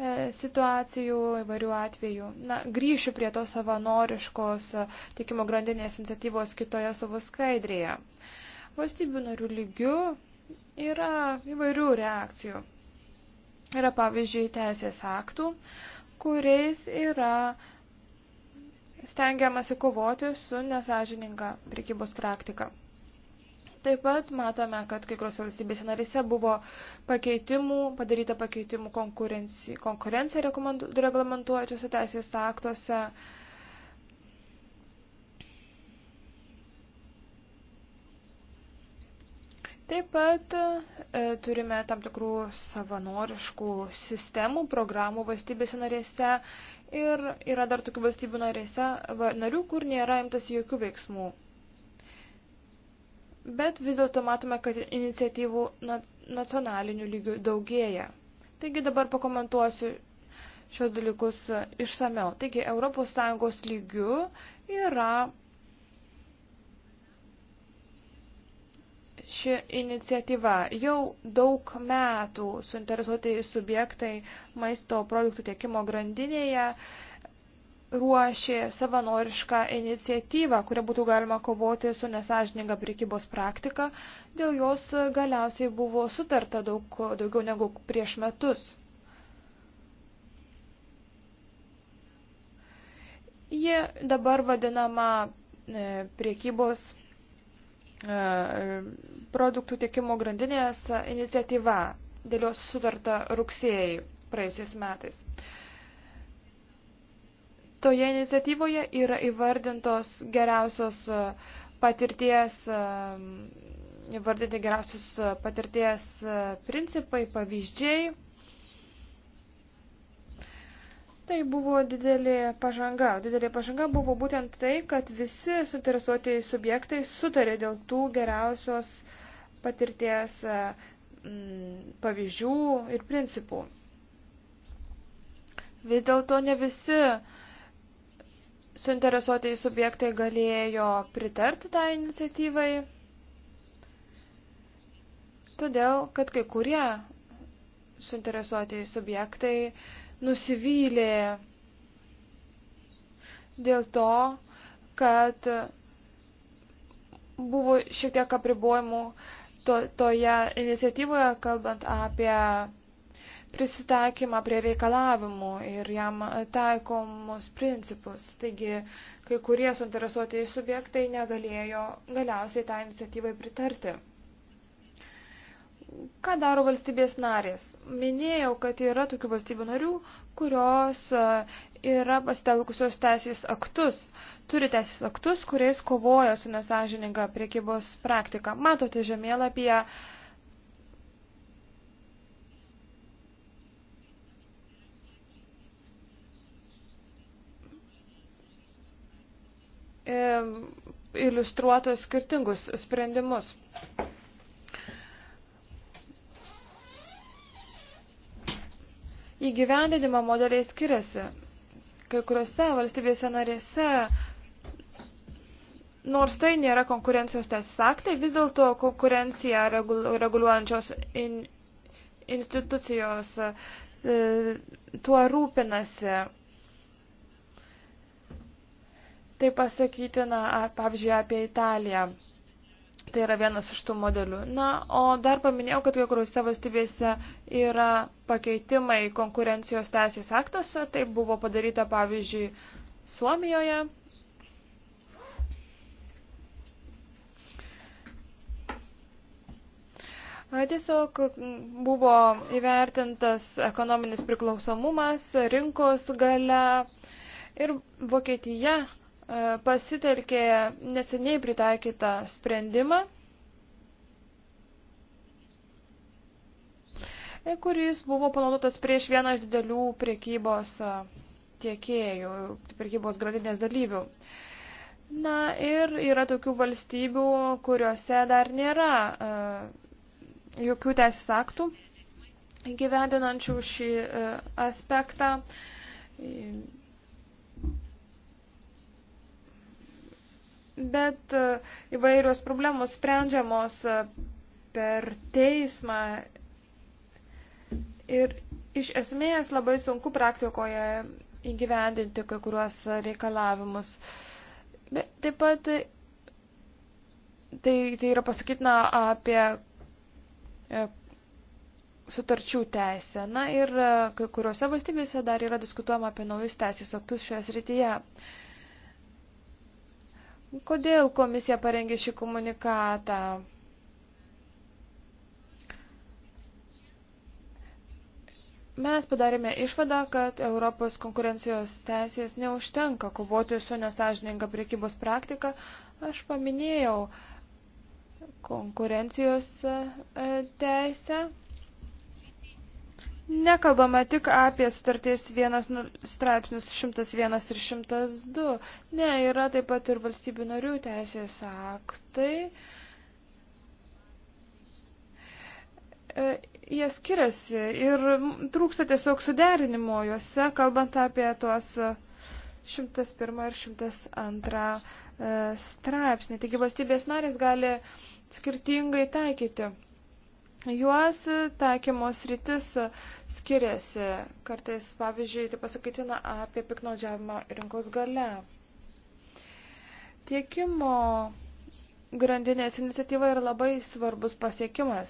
Speaker 3: E, situacijų, įvairių atvejų. Na, grįšiu prie tos savanoriškos e, tikimo grandinės iniciatyvos kitoje savo skaidrėje. Valstybių narių lygių yra įvairių reakcijų. Yra pavyzdžiui teisės aktų, kuriais yra stengiamasi kovoti su nesažininga prekybos praktika. Taip pat matome, kad kai kuriuose valstybėse narise buvo pakeitimų, padaryta pakeitimų konkurenciją reglamentuojančiuose teisės aktuose. Taip pat e, turime tam tikrų savanoriškų sistemų, programų valstybėse narėse ir yra dar tokių valstybių narėse, va, narių, kur nėra imtas jokių veiksmų bet vis dėlto matome, kad iniciatyvų nacionaliniu lygiu daugėja. Taigi dabar pakomentuosiu šios dalykus e, išsameu. Taigi ES lygiu yra ši iniciatyva. Jau daug metų suinteresuotai subjektai maisto produktų tiekimo grandinėje ruošė savanorišką iniciatyvą, kuria būtų galima kovoti su nesažininga prekybos praktika. Dėl jos galiausiai buvo sutarta daug, daugiau negu prieš metus. Ji dabar vadinama e, priekybos e, produktų tiekimo grandinės iniciatyva. Dėl jos sutarta rugsėjai praėjusiais metais. Toje iniciatyvoje yra įvardintos geriausios e, patirties, e, įvardinti geriausios e, patirties principai, pavyzdžiai. Tai buvo didelė pažanga. Didelė pažanga buvo būtent tai, kad visi suinteresuotieji subjektai sutarė dėl tų geriausios patirties pavyzdžių ir principų. Vis dėlto ne visi uh, suinteresuotieji subjektai galėjo pritarti tą tai iniciatyvai, todėl kad kai kurie suinteresuotieji subjektai nusivylė dėl to, kad buvo šiek tiek apribojimų to, toje iniciatyvoje, kalbant apie prisitaikymą prie reikalavimų ir jam taikomus principus. Taigi, kai kurie suinteresuoti subjektai negalėjo galiausiai tą tai iniciatyvai pritarti. Ką daro valstybės narės? Minėjau, kad yra tokių valstybių narių, kurios e, yra pasitelkusios teisės aktus, turi teisės aktus, kuriais kovoja su nesažininga priekybos praktika. Matote žemėlapyje, apie E, iliustruotų skirtingus sprendimus. Įgyvendinimo modeliai skiriasi. Kai kuriuose valstybėse narėse, nors tai nėra konkurencijos teisės aktai, vis dėlto konkurenciją reguliuojančios in, institucijos e, tuo rūpinasi Tai pasakytina, pavyzdžiui, apie Italiją. Tai yra vienas iš tų modelių. Na, o dar paminėjau, kad kai kuriuose valstybėse yra pakeitimai konkurencijos teisės aktuose. Tai buvo padaryta, pavyzdžiui, Suomijoje. Tiesiog buvo įvertintas ekonominis priklausomumas, rinkos gale ir Vokietija E, pasitelkė neseniai pritaikytą sprendimą, e, kuris buvo panaudotas prieš vieną iš didelių priekybos e, tiekėjų, priekybos grandinės dalyvių. Na ir yra tokių valstybių, kuriuose dar nėra jokių teisės aktų gyvendinančių šį aspektą bet e, įvairios problemos sprendžiamos e, per teismą ir iš esmės labai sunku praktikoje įgyvendinti kai kuriuos reikalavimus. Bet taip pat tai, tai yra pasakytina apie e, sutarčių teisę. Na ir kai kuriuose valstybėse dar yra diskutuojama apie naujus teisės aktus šioje srityje. Uh, Kodėl komisija parengė šį komunikatą? Mes padarėme išvadą, kad Europos konkurencijos teisės neužtenka kovoti su nesažininga priekybos praktika. Aš paminėjau konkurencijos e, teisę Nekalbama tik apie sutarties vienas nu, straipsnius 101 ir 102. Ne, yra taip pat ir valstybių narių teisės aktai. E, jie skiriasi ir trūksta tiesiog suderinimo juose, kalbant apie tuos 101 ir 102 e, straipsnį. Taigi valstybės narės gali skirtingai taikyti juos taikymos rytis skiriasi. Kartais, pavyzdžiui, tai pasakytina apie piknaudžiavimą rinkos gale. Tiekimo grandinės iniciatyva yra labai svarbus pasiekimas.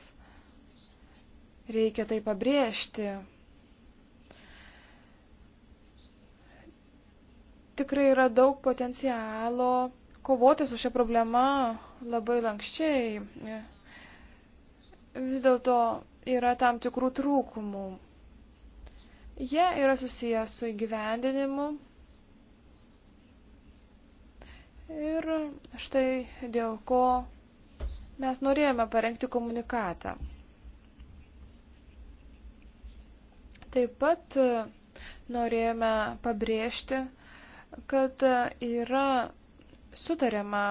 Speaker 3: Reikia tai pabrėžti. Tikrai yra daug potencialo kovoti su šia problema labai lankščiai vis dėlto yra tam tikrų trūkumų. Jie yra susijęs su įgyvendinimu. Ir štai dėl ko mes norėjome parengti komunikatą. Taip pat norėjome pabrėžti, kad yra sutariama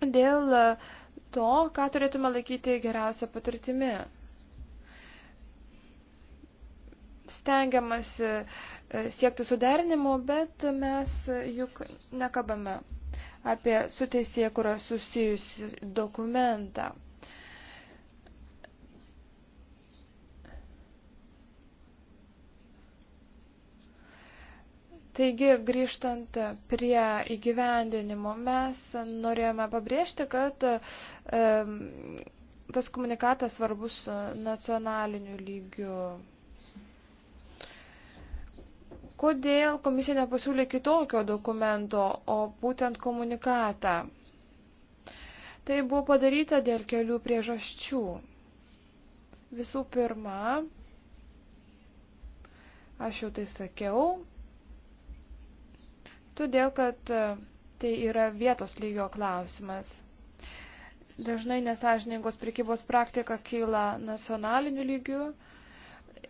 Speaker 3: dėl uh, to, ką turėtume laikyti geriausią patirtimi. Stengiamasi e, siekti suderinimo, bet mes juk nekabame apie suteisėje, kurą susijusi dokumentą. Taigi, grįžtant prie įgyvendinimo, mes norėjome pabrėžti, kad e, tas komunikatas svarbus nacionaliniu lygiu. Kodėl komisija nepasiūlė kitokio dokumento, o būtent komunikatą? Tai buvo padaryta dėl kelių priežasčių. Visų pirma, aš jau tai sakiau, todėl kad e, tai yra vietos lygio klausimas. Dažnai nesažiningos prikybos praktika kyla nacionaliniu lygiu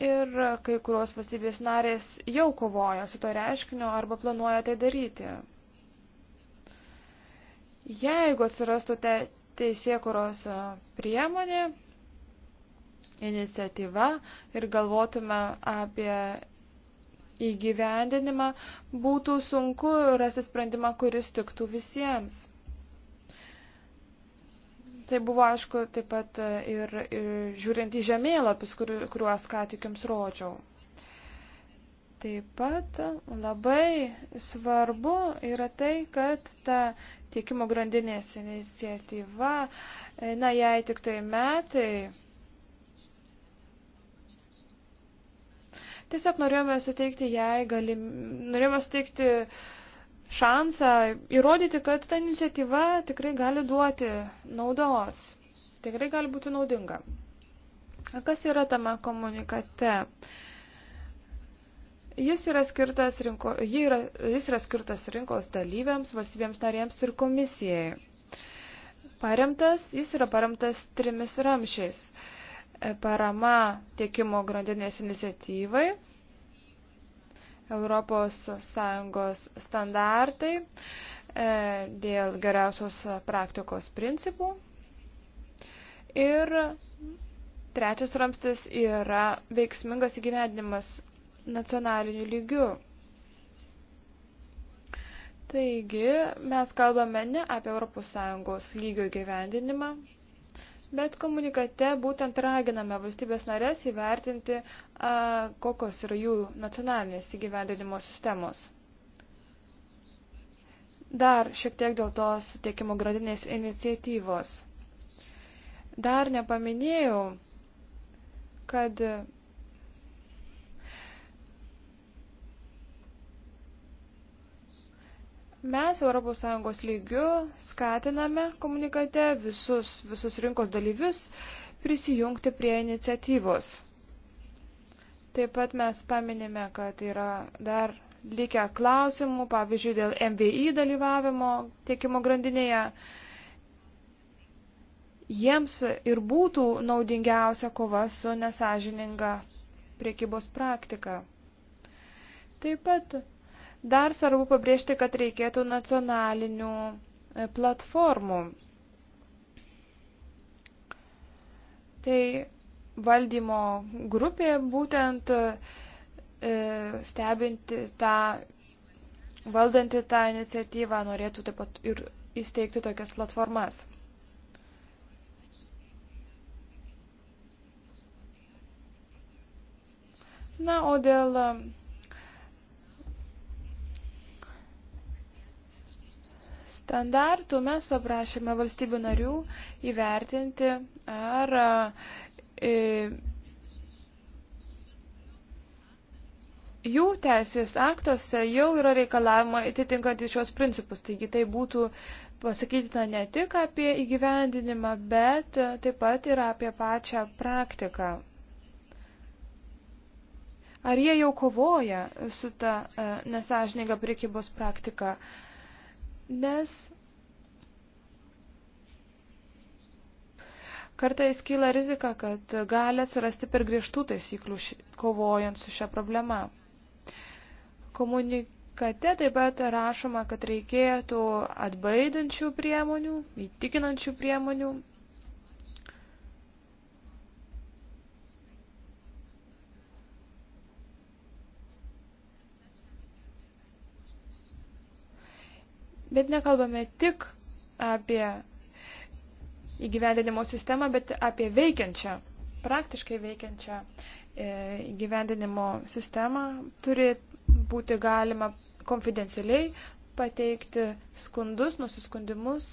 Speaker 3: ir kai kurios valstybės narės jau kovoja su to reiškiniu arba planuoja tai daryti. Jeigu atsirastų te, teisėkuros e, priemonė, iniciatyva ir galvotume apie įgyvendinimą, būtų sunku rasti sprendimą, kuris tiktų visiems. Tai buvo aišku taip pat e, ir, ir e, žiūrint į žemėlapius, kur, kuriuos ką tik jums rodžiau. Taip pat labai svarbu yra tai, kad ta tiekimo grandinės iniciatyva, e, na jei tik tai metai, Tiesiog norėjome suteikti jai, galim, norėjome suteikti šansą įrodyti, kad ta iniciatyva tikrai gali duoti naudos, tikrai gali būti naudinga. Kas yra tame komunikate? Jis yra, skirtas rinko, yra, jis yra skirtas rinkos dalyviams, valstybėms narėms ir komisijai. Paremtas, jis yra paremtas trimis ramšiais. Uh, parama tiekimo grandinės iniciatyvai, ES standartai e, dėl geriausios praktikos principų. Ir trečias ramstis yra veiksmingas įgyvendinimas nacionaliniu lygiu. Taigi mes kalbame ne apie ES lygio įgyvendinimą, Bet komunikate būtent raginame valstybės narės įvertinti, a, kokios yra jų nacionalinės įgyvendinimo sistemos. Dar šiek tiek dėl tos tiekimo gradinės iniciatyvos. Dar nepaminėjau, kad Mes ES lygiu skatiname komunikate visus, visus rinkos dalyvius prisijungti prie iniciatyvos. Taip pat mes paminime, kad yra dar likę klausimų, pavyzdžiui, dėl MVI dalyvavimo tiekimo grandinėje. Jiems ir būtų naudingiausia kova su nesažininga priekybos praktika. Taip pat Dar svarbu pabrėžti, kad reikėtų nacionalinių e, platformų. Tai valdymo grupė būtent e, stebinti tą, valdanti tą iniciatyvą norėtų taip pat ir įsteigti tokias platformas. Na, o dėl standartų mes paprašėme valstybių narių įvertinti, ar e, jų teisės aktuose jau yra reikalavimo atitinkantys šios principus. Taigi tai būtų pasakytina ne tik apie įgyvendinimą, bet taip pat ir apie pačią praktiką. Ar jie jau kovoja su ta e, nesažininga priekybos praktika? E, nes kartais kyla rizika, kad gali atsirasti per griežtų taisyklių kovojant su šią problemą. Komunikate taip pat rašoma, kad reikėtų atbaidančių priemonių, įtikinančių priemonių Bet nekalbame tik apie įgyvendinimo sistemą, bet apie veikiančią, praktiškai veikiančią e, įgyvendinimo sistemą. Turi būti galima konfidencialiai pateikti skundus, nusiskundimus.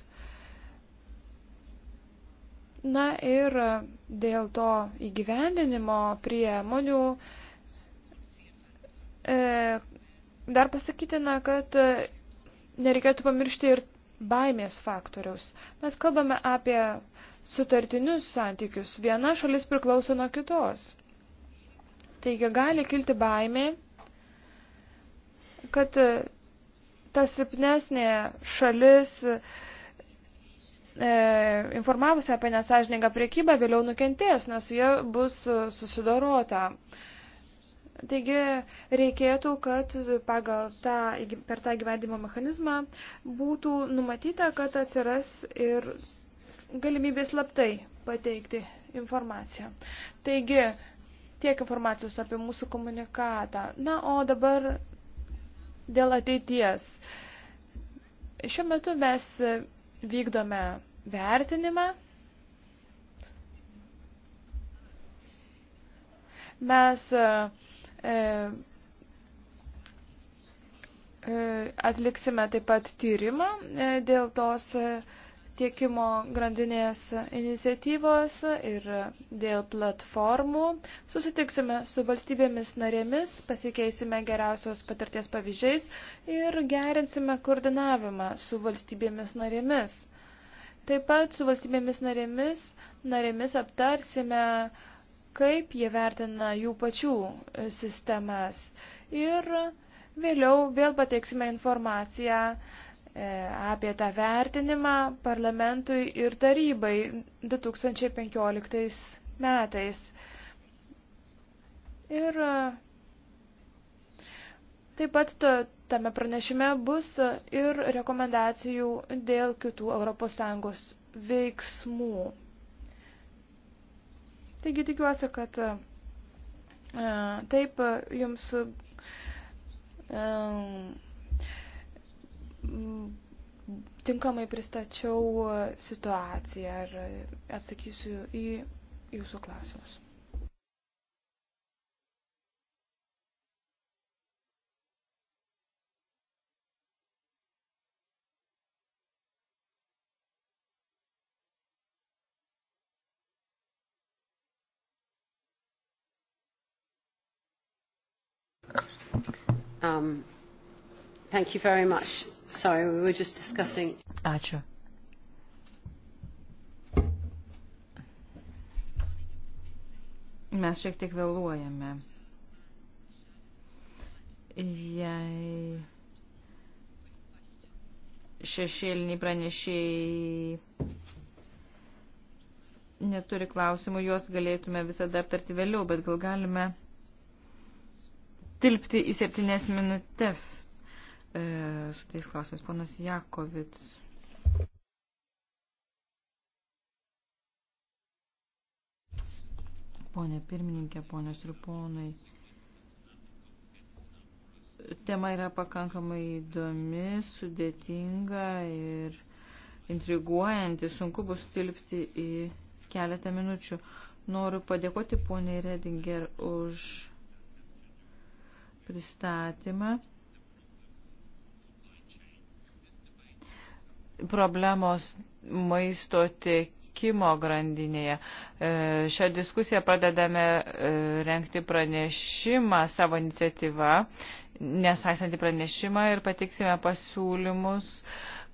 Speaker 3: Na ir dėl to įgyvendinimo priemonių e, dar pasakytina, kad nereikėtų pamiršti ir baimės faktoriaus. Mes kalbame apie sutartinius santykius. Viena šalis priklauso nuo kitos. Taigi gali kilti baimė, kad e, ta silpnesnė šalis e, informavusi apie nesažininką priekybą vėliau nukentės, nes su jie bus e, susidorota. E, Taigi reikėtų, kad pagal tą, per tą gyvendimo mechanizmą būtų numatyta, kad atsiras ir galimybė slaptai pateikti informaciją. Taigi, tiek informacijos apie mūsų komunikatą. Na, o dabar dėl ateities. Šiuo metu mes vykdome vertinimą. Mes uh, E, e, atliksime taip pat tyrimą e, dėl tos tiekimo grandinės iniciatyvos ir dėl platformų. Susitiksime su valstybėmis narėmis, pasikeisime geriausios patirties pavyzdžiais ir gerinsime koordinavimą su valstybėmis narėmis. Taip pat su valstybėmis narėmis, narėmis aptarsime uh, kaip jie vertina jų pačių e, sistemas. Ir vėliau vėl pateiksime informaciją e, apie tą vertinimą parlamentui ir tarybai 2015 metais. Ir e, taip pat to, tame pranešime bus ir rekomendacijų dėl kitų ES veiksmų. Taigi tikiuosi, kad e, taip jums e, tinkamai pristačiau e, situaciją ir atsakysiu į jūsų klausimus.
Speaker 1: Um, thank you very much. Sorry, we were just discussing.
Speaker 2: Ačiū. Mes šiek tiek vėluojame. Jei šešėliniai pranešėjai neturi klausimų, juos galėtume visada aptarti vėliau, bet gal galime tilpti į septynes minutės e, su tais klausimais. Ponas Jakovic. Pone pirmininkė, ponios ir ponai. Tema yra pakankamai įdomi, sudėtinga ir intriguojanti. Sunku bus tilpti į keletą minučių. Noriu padėkoti poniai Redinger už pristatymą. Problemos maisto tiekimo grandinėje. E, šią diskusiją pradedame e, renkti pranešimą savo iniciatyvą, nesaisantį pranešimą ir patiksime pasiūlymus,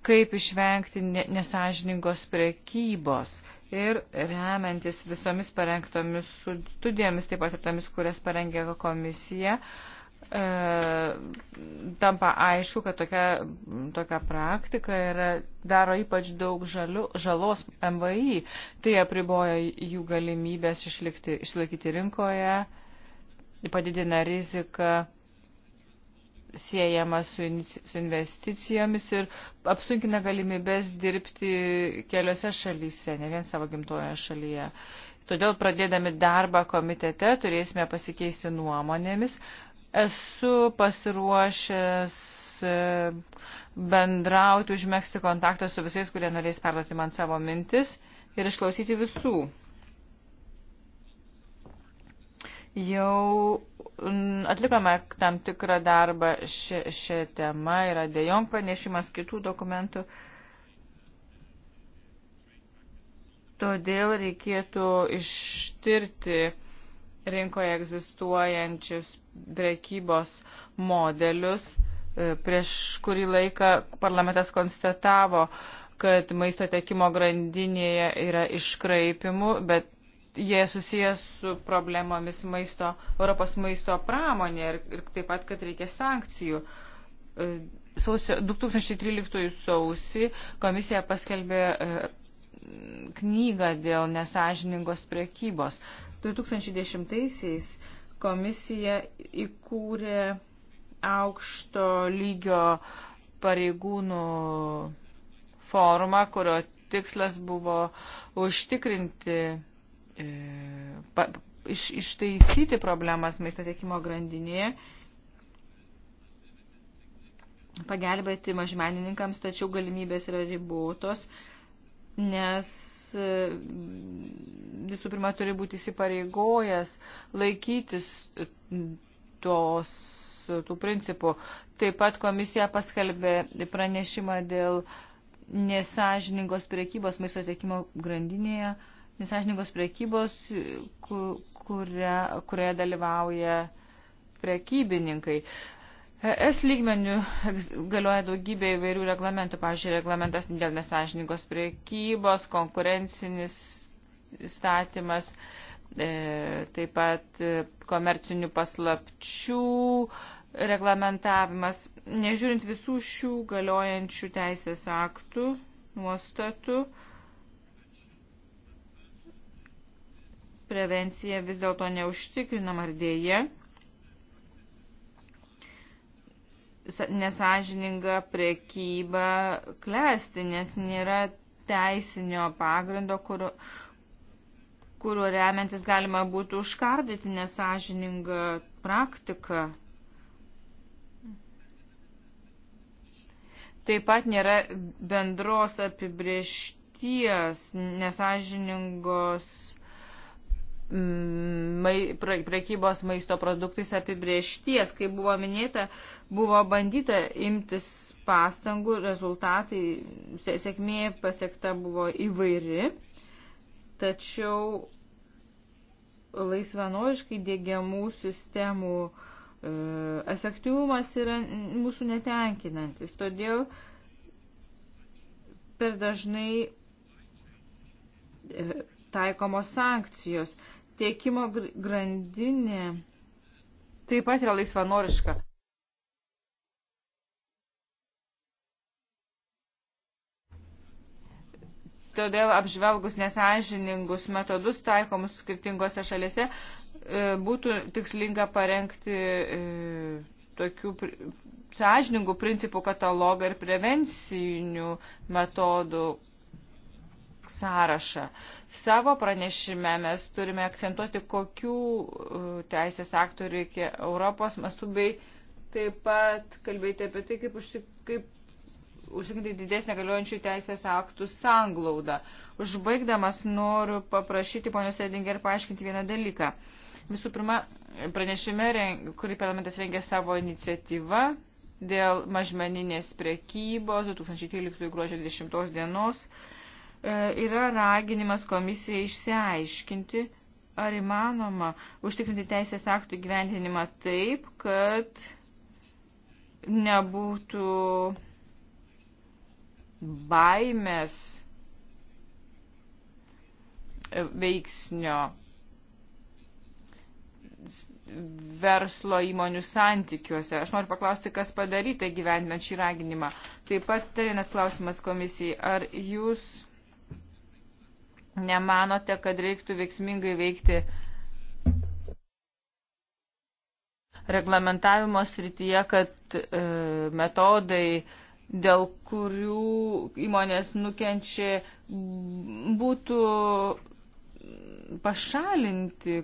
Speaker 2: kaip išvengti nesažiningos prekybos ir remiantis visomis parengtomis studijomis, taip pat ir tomis, kurias parengė komisija, uh, E, tampa aišku, kad tokia, tokia praktika yra, daro ypač daug žaliu, žalos MVI. Tai apriboja jų galimybės išlikti, išlaikyti rinkoje, padidina riziką siejama su, su investicijomis ir apsunkina galimybės dirbti keliose šalyse, ne vien savo gimtojoje šalyje. Todėl pradėdami darbą komitete turėsime pasikeisti nuomonėmis, Esu pasiruošęs e, bendrauti, užmėgsti kontaktą su visais, kurie norės perduoti man savo mintis ir išklausyti visų. Jau atlikome tam tikrą darbą šią, šią temą, yra dėjom pranešimas kitų dokumentų. Todėl reikėtų ištirti rinkoje egzistuojančius prekybos modelius. E, prieš kurį laiką parlamentas konstatavo, kad maisto tiekimo grandinėje yra iškraipimų, bet jie susijęs su problemomis maisto, Europos maisto pramonė ir, ir taip pat, kad reikia sankcijų. E, sausio, 2013 sausį komisija paskelbė e, knygą dėl nesažiningos priekybos. 2010-aisiais komisija įkūrė aukšto lygio pareigūnų forumą, kurio tikslas buvo užtikrinti, e, pa, iš, ištaisyti problemas maisto tiekimo grandinėje, pagelbėti mažmenininkams, tačiau galimybės yra ribotos, nes visų pirma turi būti įsipareigojęs laikytis tos, tų principų. Taip pat komisija paskelbė pranešimą dėl nesažiningos priekybos maisto tiekimo grandinėje, nesažiningos priekybos, kuria, kurioje dalyvauja prekybininkai. Uh, Es lygmenių galioja daugybė įvairių reglamentų, pavyzdžiui, reglamentas dėl nesažininkos priekybos, konkurencinis įstatymas, e, taip pat e, komercinių paslapčių reglamentavimas. Nežiūrint visų šių galiojančių teisės aktų, nuostatų, prevencija vis dėlto neužtikrinama ar dėje. nesažininga prekyba klesti, nes nėra teisinio pagrindo, kuriuo kuriuo remiantis galima būtų užkardyti nesažiningą praktiką. Taip pat nėra bendros apibriešties nesažiningos prekybos maisto produktais apibriešties. Kaip buvo minėta, buvo bandyta imtis pastangų, rezultatai, sėkmė pasiekta buvo įvairi, tačiau laisvanoriškai dėgiamų sistemų e, efektyvumas yra mūsų netenkinantis. Todėl per dažnai e, taikomos sankcijos. Tiekimo grandinė taip pat yra laisvanoriška. Todėl apžvelgus nesažiningus metodus taikomus skirtingose šalise e, būtų tikslinga parengti e, tokių sąžiningų principų katalogą ir prevencinių metodų sąrašą. Savo pranešime mes turime akcentuoti, kokių e, teisės aktų reikia Europos mastu, bei taip pat kalbėti apie tai, kaip, užsik, kaip užsikrinti didesnę galiojančių teisės aktų sanglaudą. Užbaigdamas noriu paprašyti ponios Edinger paaiškinti vieną dalyką. Visų pirma, pranešime, kurį parlamentas rengė savo iniciatyvą, dėl mažmeninės prekybos 2013 gruodžio 20 dienos E, yra raginimas komisijai išsiaiškinti, ar įmanoma užtikrinti teisės aktų gyventinimą taip, kad nebūtų baimės veiksnio verslo įmonių santykiuose. Aš noriu paklausti, kas padaryta gyvendinant šį raginimą. Taip pat vienas klausimas komisijai. Ar jūs Nemanote, kad reiktų veiksmingai veikti reglamentavimo srityje, kad e, metodai, dėl kurių įmonės nukenčia, būtų pašalinti,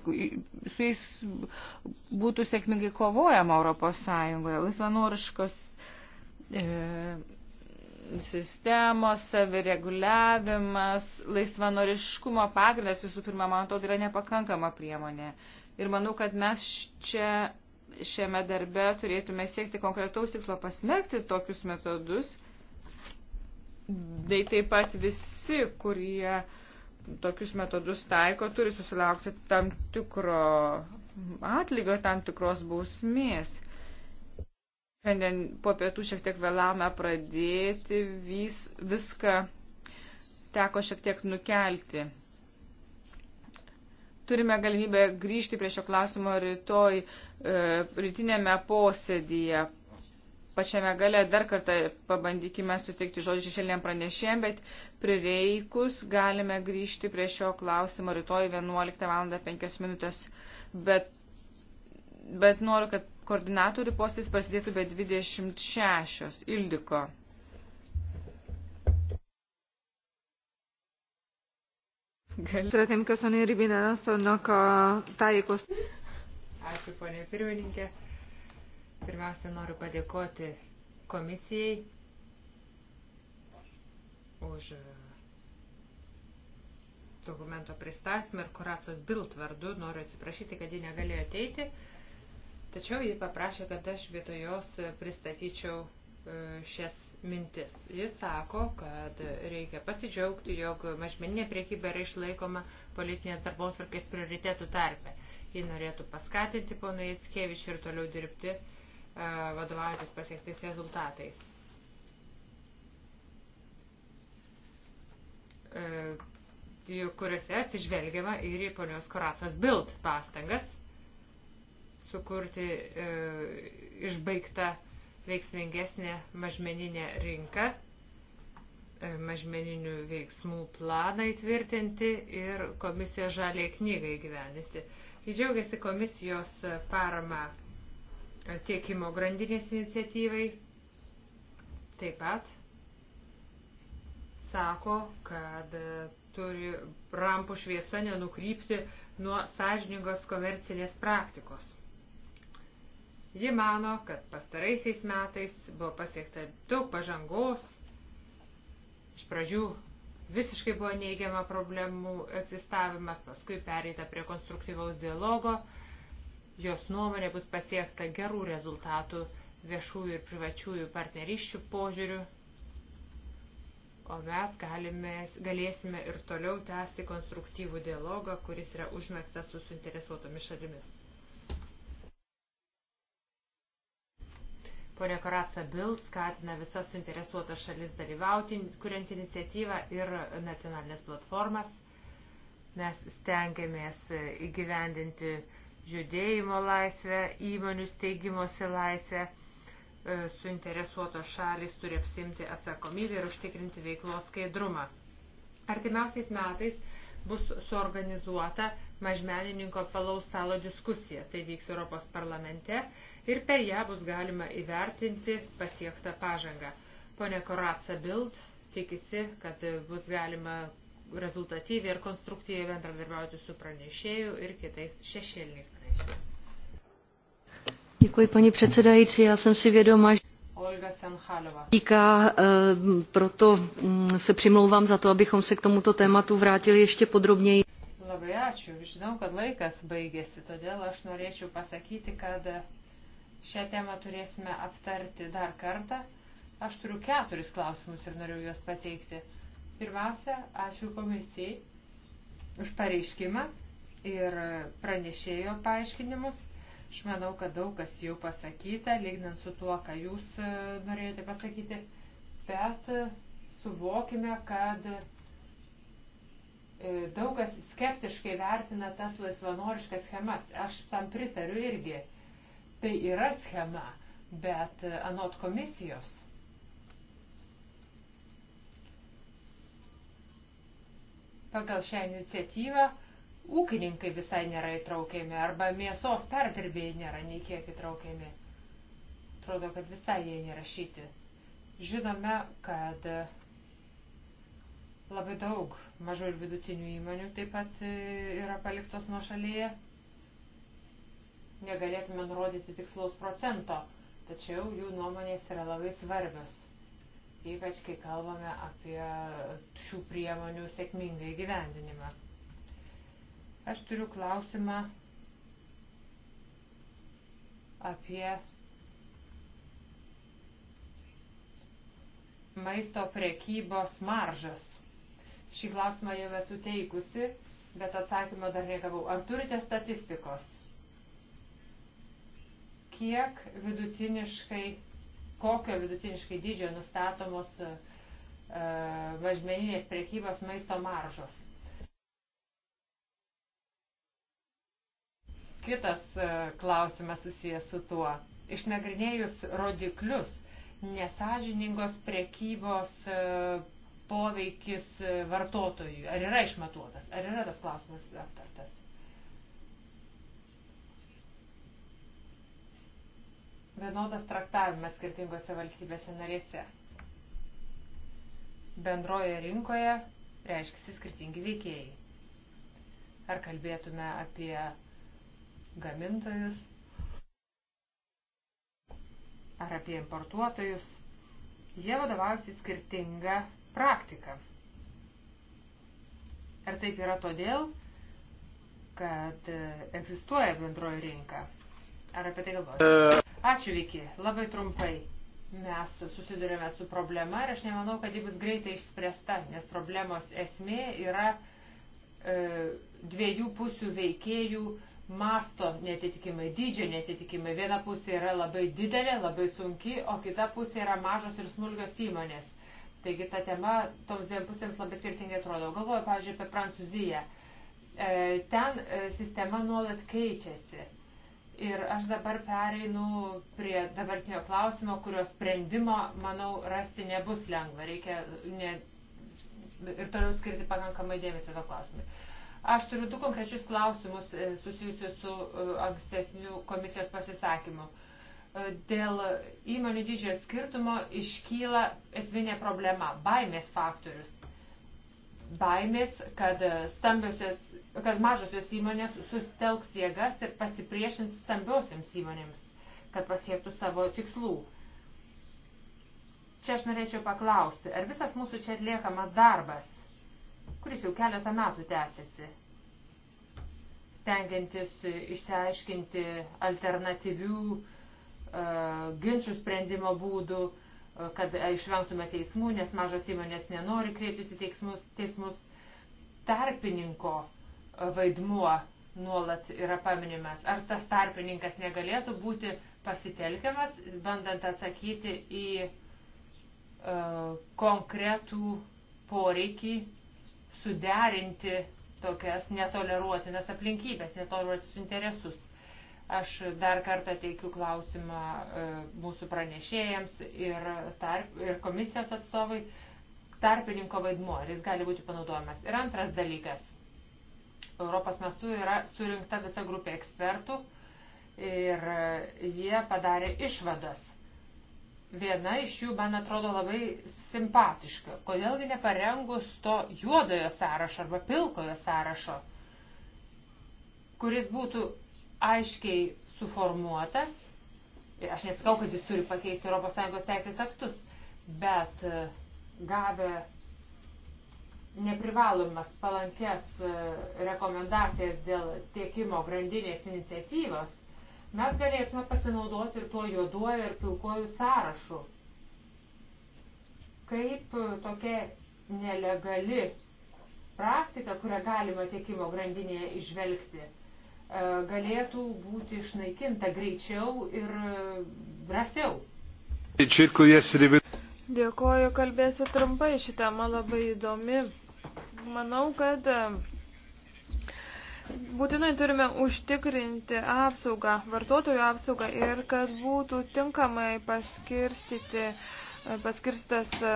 Speaker 2: su jais būtų sėkmingai kovojama Europos Sąjungoje. Laisvanoriškos e, sistemos, savireguliavimas, laisvanoriškumo pagrindas visų pirma, man atrodo, yra nepakankama priemonė. Ir manau, kad mes čia šiame darbe turėtume siekti konkretaus tikslo pasmerkti tokius metodus, bei taip pat visi, kurie tokius metodus taiko, turi susilaukti tam tikro atlygio, tam tikros bausmės. Šiandien po pietų šiek tiek vėlame pradėti, vis, viską teko šiek tiek nukelti. Turime galimybę grįžti prie šio klausimo rytoj e, rytinėme posėdyje. Pačiame gale dar kartą pabandykime suteikti žodžių šešėlėm pranešėm, bet prireikus galime grįžti prie šio klausimo rytoj 11 val. 5 minutės. Bet, bet noriu, kad Koordinatorių postis prasidėtų be 26. Ildiko. Szeretném köszönni Ribinen asszonynak
Speaker 1: a tájékoztatást. Tai Ačiū, ponė pirmininkė. Pirmiausia, noriu padėkoti komisijai už e, dokumento pristatymą ir kuracijos bild vardu. Noriu atsiprašyti, kad ji negalėjo ateiti. Tačiau ji paprašė, kad aš vietoj jos pristatyčiau e, šias mintis. Jis sako, kad reikia pasidžiaugti, jog mažmeninė priekyba yra išlaikoma politinės darbosvarkės prioritėtų tarpe. Ji norėtų paskatinti pono Jitskevič ir toliau dirbti e, vadovaujantis pasiektais rezultatais. E, kuriuose atsižvelgiama ir į ponios Koracijos Bild pastangas sukurti e, išbaigtą veiksmingesnę mažmeninę rinką, e, mažmeninių veiksmų planą įtvirtinti ir komisijos žaliai knygai gyveninti. Įdžiaugiasi komisijos parama e, tiekimo grandinės iniciatyvai. Taip pat sako, kad e, turi rampų šviesa nenukrypti nuo sąžiningos komercinės praktikos. Ji mano, kad pastaraisiais metais buvo pasiekta daug pažangos. Iš pradžių visiškai buvo neigiama problemų egzistavimas, paskui pereita prie konstruktyvaus dialogo. Jos nuomonė bus pasiekta gerų rezultatų viešųjų ir privačiųjų partneriščių požiūrių. O mes galime, galėsime ir toliau tęsti konstruktyvų dialogą, kuris yra užmėgstas su suinteresuotomis šalimis. Pone Koratsa Bild skatina visas suinteresuotas šalis dalyvauti, kuriant iniciatyvą ir nacionalinės platformas. Mes stengiamės įgyvendinti judėjimo laisvę, įmonių steigimosi laisvę. E, suinteresuotos šalis turi apsimti atsakomybę ir užtikrinti veiklos skaidrumą. Artimiausiais metais bus suorganizuota mažmenininko palaus stalo diskusija. Tai vyks Europos parlamente ir per ją bus galima įvertinti pasiektą pažangą. Pone Koratsa Bild tikisi, kad bus galima rezultatyviai ir konstruktyviai bendradarbiauti su pranešėju ir kitais šešėliniais pranešėjais. Děkuji, paní předsedající. Já jsem si vědoma, že... Olga Senchalová. Týká, eh, proto mm, se přimlouvám za to, abychom se k tomuto tématu vrátili ještě podrobněji. Labai ačiū. Žinau, kad laikas baigėsi, todėl aš norėčiau pasakyti, kad šią temą turėsime aptarti dar kartą. Aš turiu keturis klausimus ir noriu juos pateikti. Pirmiausia, ačiū komisijai už pareiškimą ir pranešėjo paaiškinimus. Aš manau, kad daug kas jau pasakyta, lygnant su tuo, ką jūs e, norėjote pasakyti, bet e, suvokime, kad e, daug kas skeptiškai vertina tas laisvanoriškas schemas. Aš tam pritariu irgi. Tai yra schema, bet anot komisijos. Pagal šią iniciatyvą ūkininkai visai nėra įtraukiami, arba mėsos perdirbėjai nėra nei kiek įtraukiami. Atrodo, kad visai jie nerašyti. Žinome, kad labai daug mažų ir vidutinių įmonių taip pat e, yra paliktos nuo šalyje. Negalėtume nurodyti tikslaus procento, tačiau jų nuomonės yra labai svarbios, ypač kai kalbame apie šių priemonių sėkmingą įgyvendinimą. Aš turiu klausimą apie maisto prekybos maržas. Šį klausimą jau esu teikusi, bet atsakymo dar negavau. Ar turite statistikos? Kiek vidutiniškai, kokio vidutiniškai didžio nustatomos uh, mažmeninės prekybos maisto maržos? Kitas e, klausimas susijęs su tuo. Išnagrinėjus rodiklius, nesažiningos prekybos e, poveikis e, vartotojui, ar yra išmatuotas, ar yra tas klausimas aptartas? Vienodas traktavimas skirtingose valstybėse narėse. Bendroje rinkoje reiškisi skirtingi veikėjai. Ar kalbėtume apie gamintojus ar apie importuotojus, jie vadovausi skirtingą praktiką. Ir taip yra todėl, kad egzistuoja bendroji rinka. Ar apie tai galvojate? Ačiū, Viki. Labai trumpai. Mes susidurėme su problema ir aš nemanau, kad ji bus greitai išspręsta, nes problemos esmė yra e, dviejų pusių veikėjų e, masto netitikimai, dydžio netitikimai. Viena pusė yra labai didelė, labai sunki, o kita pusė yra mažos ir smulkios įmonės. Taigi ta tema toms dviem pusėms labai skirtingai atrodo. Galvoju, pavyzdžiui, apie Prancūziją. E, ten e, sistema nuolat keičiasi. Ir aš dabar pereinu prie dabartinio klausimo, kurio sprendimo, manau, rasti nebus lengva. Reikia ne, ir toliau skirti pakankamai dėmesio to klausimui. Aš turiu du konkrečius klausimus e, susijusius su e, ankstesniu komisijos pasisakymu. E, dėl įmonių didžiojo skirtumo iškyla esminė problema - baimės faktorius. Baimės, kad, kad mažosios įmonės sustelks jėgas ir pasipriešins stambiosiams įmonėms, kad pasiektų savo tikslų. Čia aš norėčiau paklausti, ar visas mūsų čia atliekamas darbas kuris jau keletą metų tęsiasi, stengiantis išsiaiškinti alternatyvių e, ginčių sprendimo būdų, e, kad e, išvengtume teismų, nes mažos įmonės nenori kreiptis į teismus. teismus. Tarpininko e, vaidmuo nuolat yra paminimas. Ar tas tarpininkas negalėtų būti pasitelkiamas, bandant atsakyti į e, konkretų poreikį suderinti tokias netoleruotinas aplinkybės, netoleruotis interesus. Aš dar kartą teikiu klausimą e, mūsų pranešėjams ir, tarp, ir komisijos atstovai, tarpininko vaidmuo, ar jis gali būti panaudojamas. Ir antras dalykas. Europos mastu yra surinkta visa grupė ekspertų ir e, jie padarė išvadas Viena iš jų, man atrodo, labai simpatiška. Kodėlgi neparengus to juodojo sąrašo arba pilkojo sąrašo, kuris būtų aiškiai suformuotas. Aš nesakau, kad jis turi pakeisti ES teisės aktus, bet e, gavę neprivalomas palankės e, rekomendacijas dėl tiekimo grandinės iniciatyvos, Mes galėtume pasinaudoti ir tuo juoduoju ir pilkoju sąrašu. Kaip tokia nelegali praktika, kurią galima tiekimo grandinėje išvelgti, e, galėtų būti išnaikinta greičiau ir e, drąsiau.
Speaker 3: Dėkuoju, kalbėsiu trumpai, ši tema labai įdomi. Manau, kad e, Būtinai turime užtikrinti apsaugą, vartotojų apsaugą ir kad būtų tinkamai paskirstyti, paskirstas e,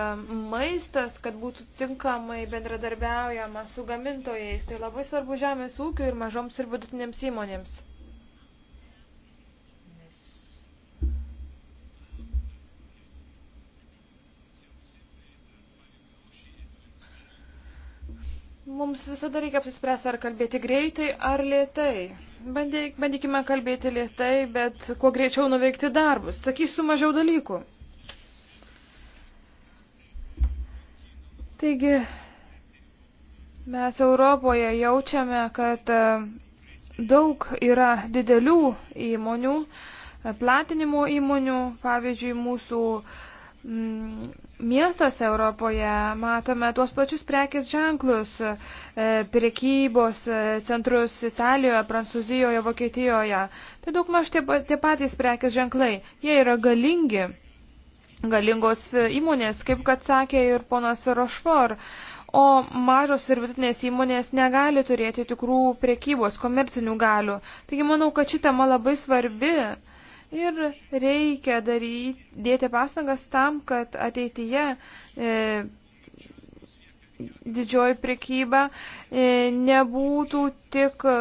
Speaker 3: maistas, kad būtų tinkamai bendradarbiaujama su gamintojais. Tai labai svarbu žemės ūkiu ir mažoms ir vidutinėms įmonėms. Mums visada reikia apsispręsti, ar kalbėti greitai, ar lėtai. Bandyk, bandykime kalbėti lėtai, bet kuo greičiau nuveikti darbus. Sakysiu mažiau dalykų. Taigi, mes Europoje jaučiame, kad e, daug yra didelių įmonių, e, platinimo įmonių, pavyzdžiui, mūsų uh, Mm, miestuose Europoje matome tuos pačius prekės ženklus, e, prekybos e, centrus Italijoje, Prancūzijoje, Vokietijoje. Tai daug maž tie, tie patys prekės ženklai. Jie yra galingi, galingos e, įmonės, kaip kad sakė ir ponas Rošfor. O mažos ir vidutinės įmonės negali turėti tikrų prekybos, komercinių galių. Taigi manau, kad ši tema labai svarbi Ir reikia daryti, dėti pastangas tam, kad ateityje e, didžioji prekyba e, nebūtų tik e,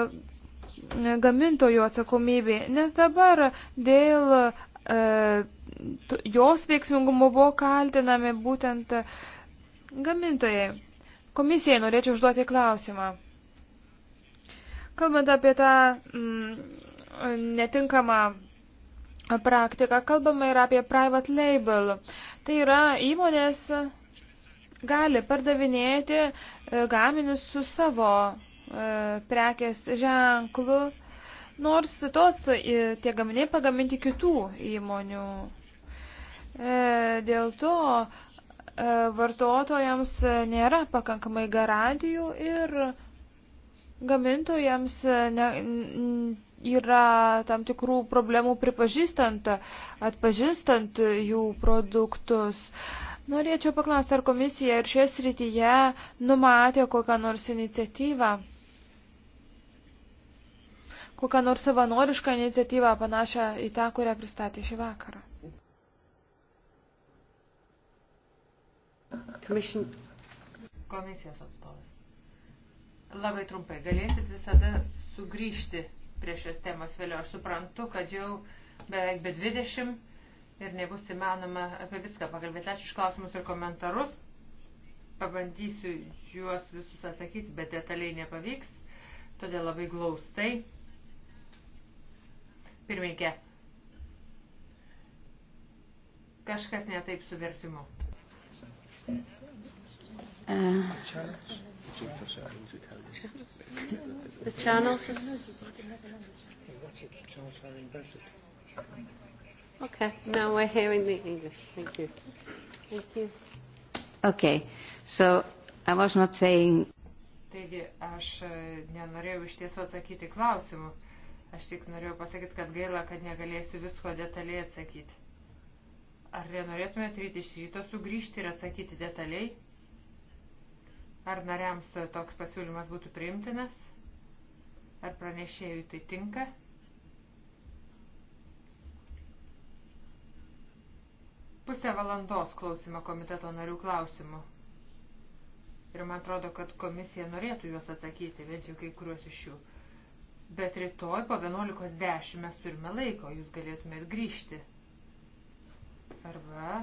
Speaker 3: gamintojų atsakomybė, nes dabar dėl e, jos veiksmingumo buvo kaltinami būtent gamintojai. Komisijai norėčiau užduoti klausimą. Kalbant apie tą mm, netinkamą praktiką. Kalbame ir apie private label. Tai yra įmonės gali pardavinėti e, gaminius su savo e, prekės ženklu, nors tos e, tie gaminiai pagaminti kitų įmonių. Dėl to vartotojams nėra pakankamai garantijų ir gamintojams ne, yra tam tikrų problemų pripažįstant, atpažįstant jų produktus. Norėčiau paklausti, ar komisija ir šioje srityje numatė kokią nors iniciatyvą, kokią nors savanorišką iniciatyvą panašią į tą, kurią pristatė šį vakarą.
Speaker 1: Komisijos atstovas. Labai trumpai, galėsit visada sugrįžti prie šios temos vėliau. Aš suprantu, kad jau beveik be 20 ir nebus įmanoma apie viską pakalbėti. Ačiū iš klausimus ir komentarus. Pabandysiu juos visus atsakyti, bet detaliai nepavyks. Todėl labai glaustai. Pirminkė, kažkas netaip su vertimu.
Speaker 3: Uh. The channels is...
Speaker 1: Okay, now we're hearing the English. Thank you. Thank you.
Speaker 2: Okay, so I was not saying...
Speaker 1: Taigi, aš e, nenorėjau iš tiesų atsakyti klausimų. Aš tik norėjau pasakyti, kad gaila, kad negalėsiu visko detaliai atsakyti. Ar nenorėtumėte ryte iš ryto sugrįžti ir atsakyti detaliai? Ar nariams toks pasiūlymas būtų priimtinas? Ar pranešėjui tai tinka? Pusę valandos klausime komiteto narių klausimų. Ir man atrodo, kad komisija norėtų juos atsakyti, bent jau kai kuriuos iš jų. Bet rytoj po 11.10 mes turime laiko, jūs galėtumėt grįžti. Arba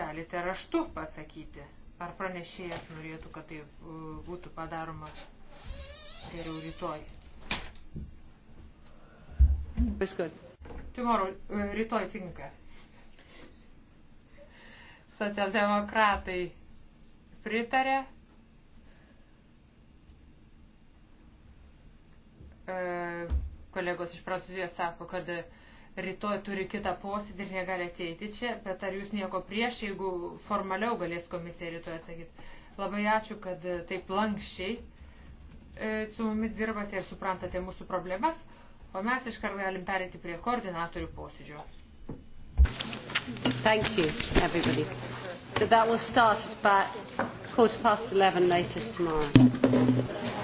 Speaker 1: galite raštu pasakyti. Ar pranešėjas norėtų, kad tai uh, būtų padaroma geriau rytoj? Paskui.
Speaker 3: Timoro, uh, rytoj tinka.
Speaker 1: Socialdemokratai pritarė. Uh, kolegos iš Prancūzijos sako, kad rytoj turi kitą posėdį ir negali ateiti čia, bet ar jūs nieko prieš, jeigu formaliau galės komisija rytoj atsakyti. Labai ačiū, kad e, taip lankščiai e, su mumis dirbate ir suprantate mūsų problemas, o mes iškart galim perėti prie koordinatorių posėdžio. Thank you, everybody. So that will start at about quarter past 11 latest tomorrow.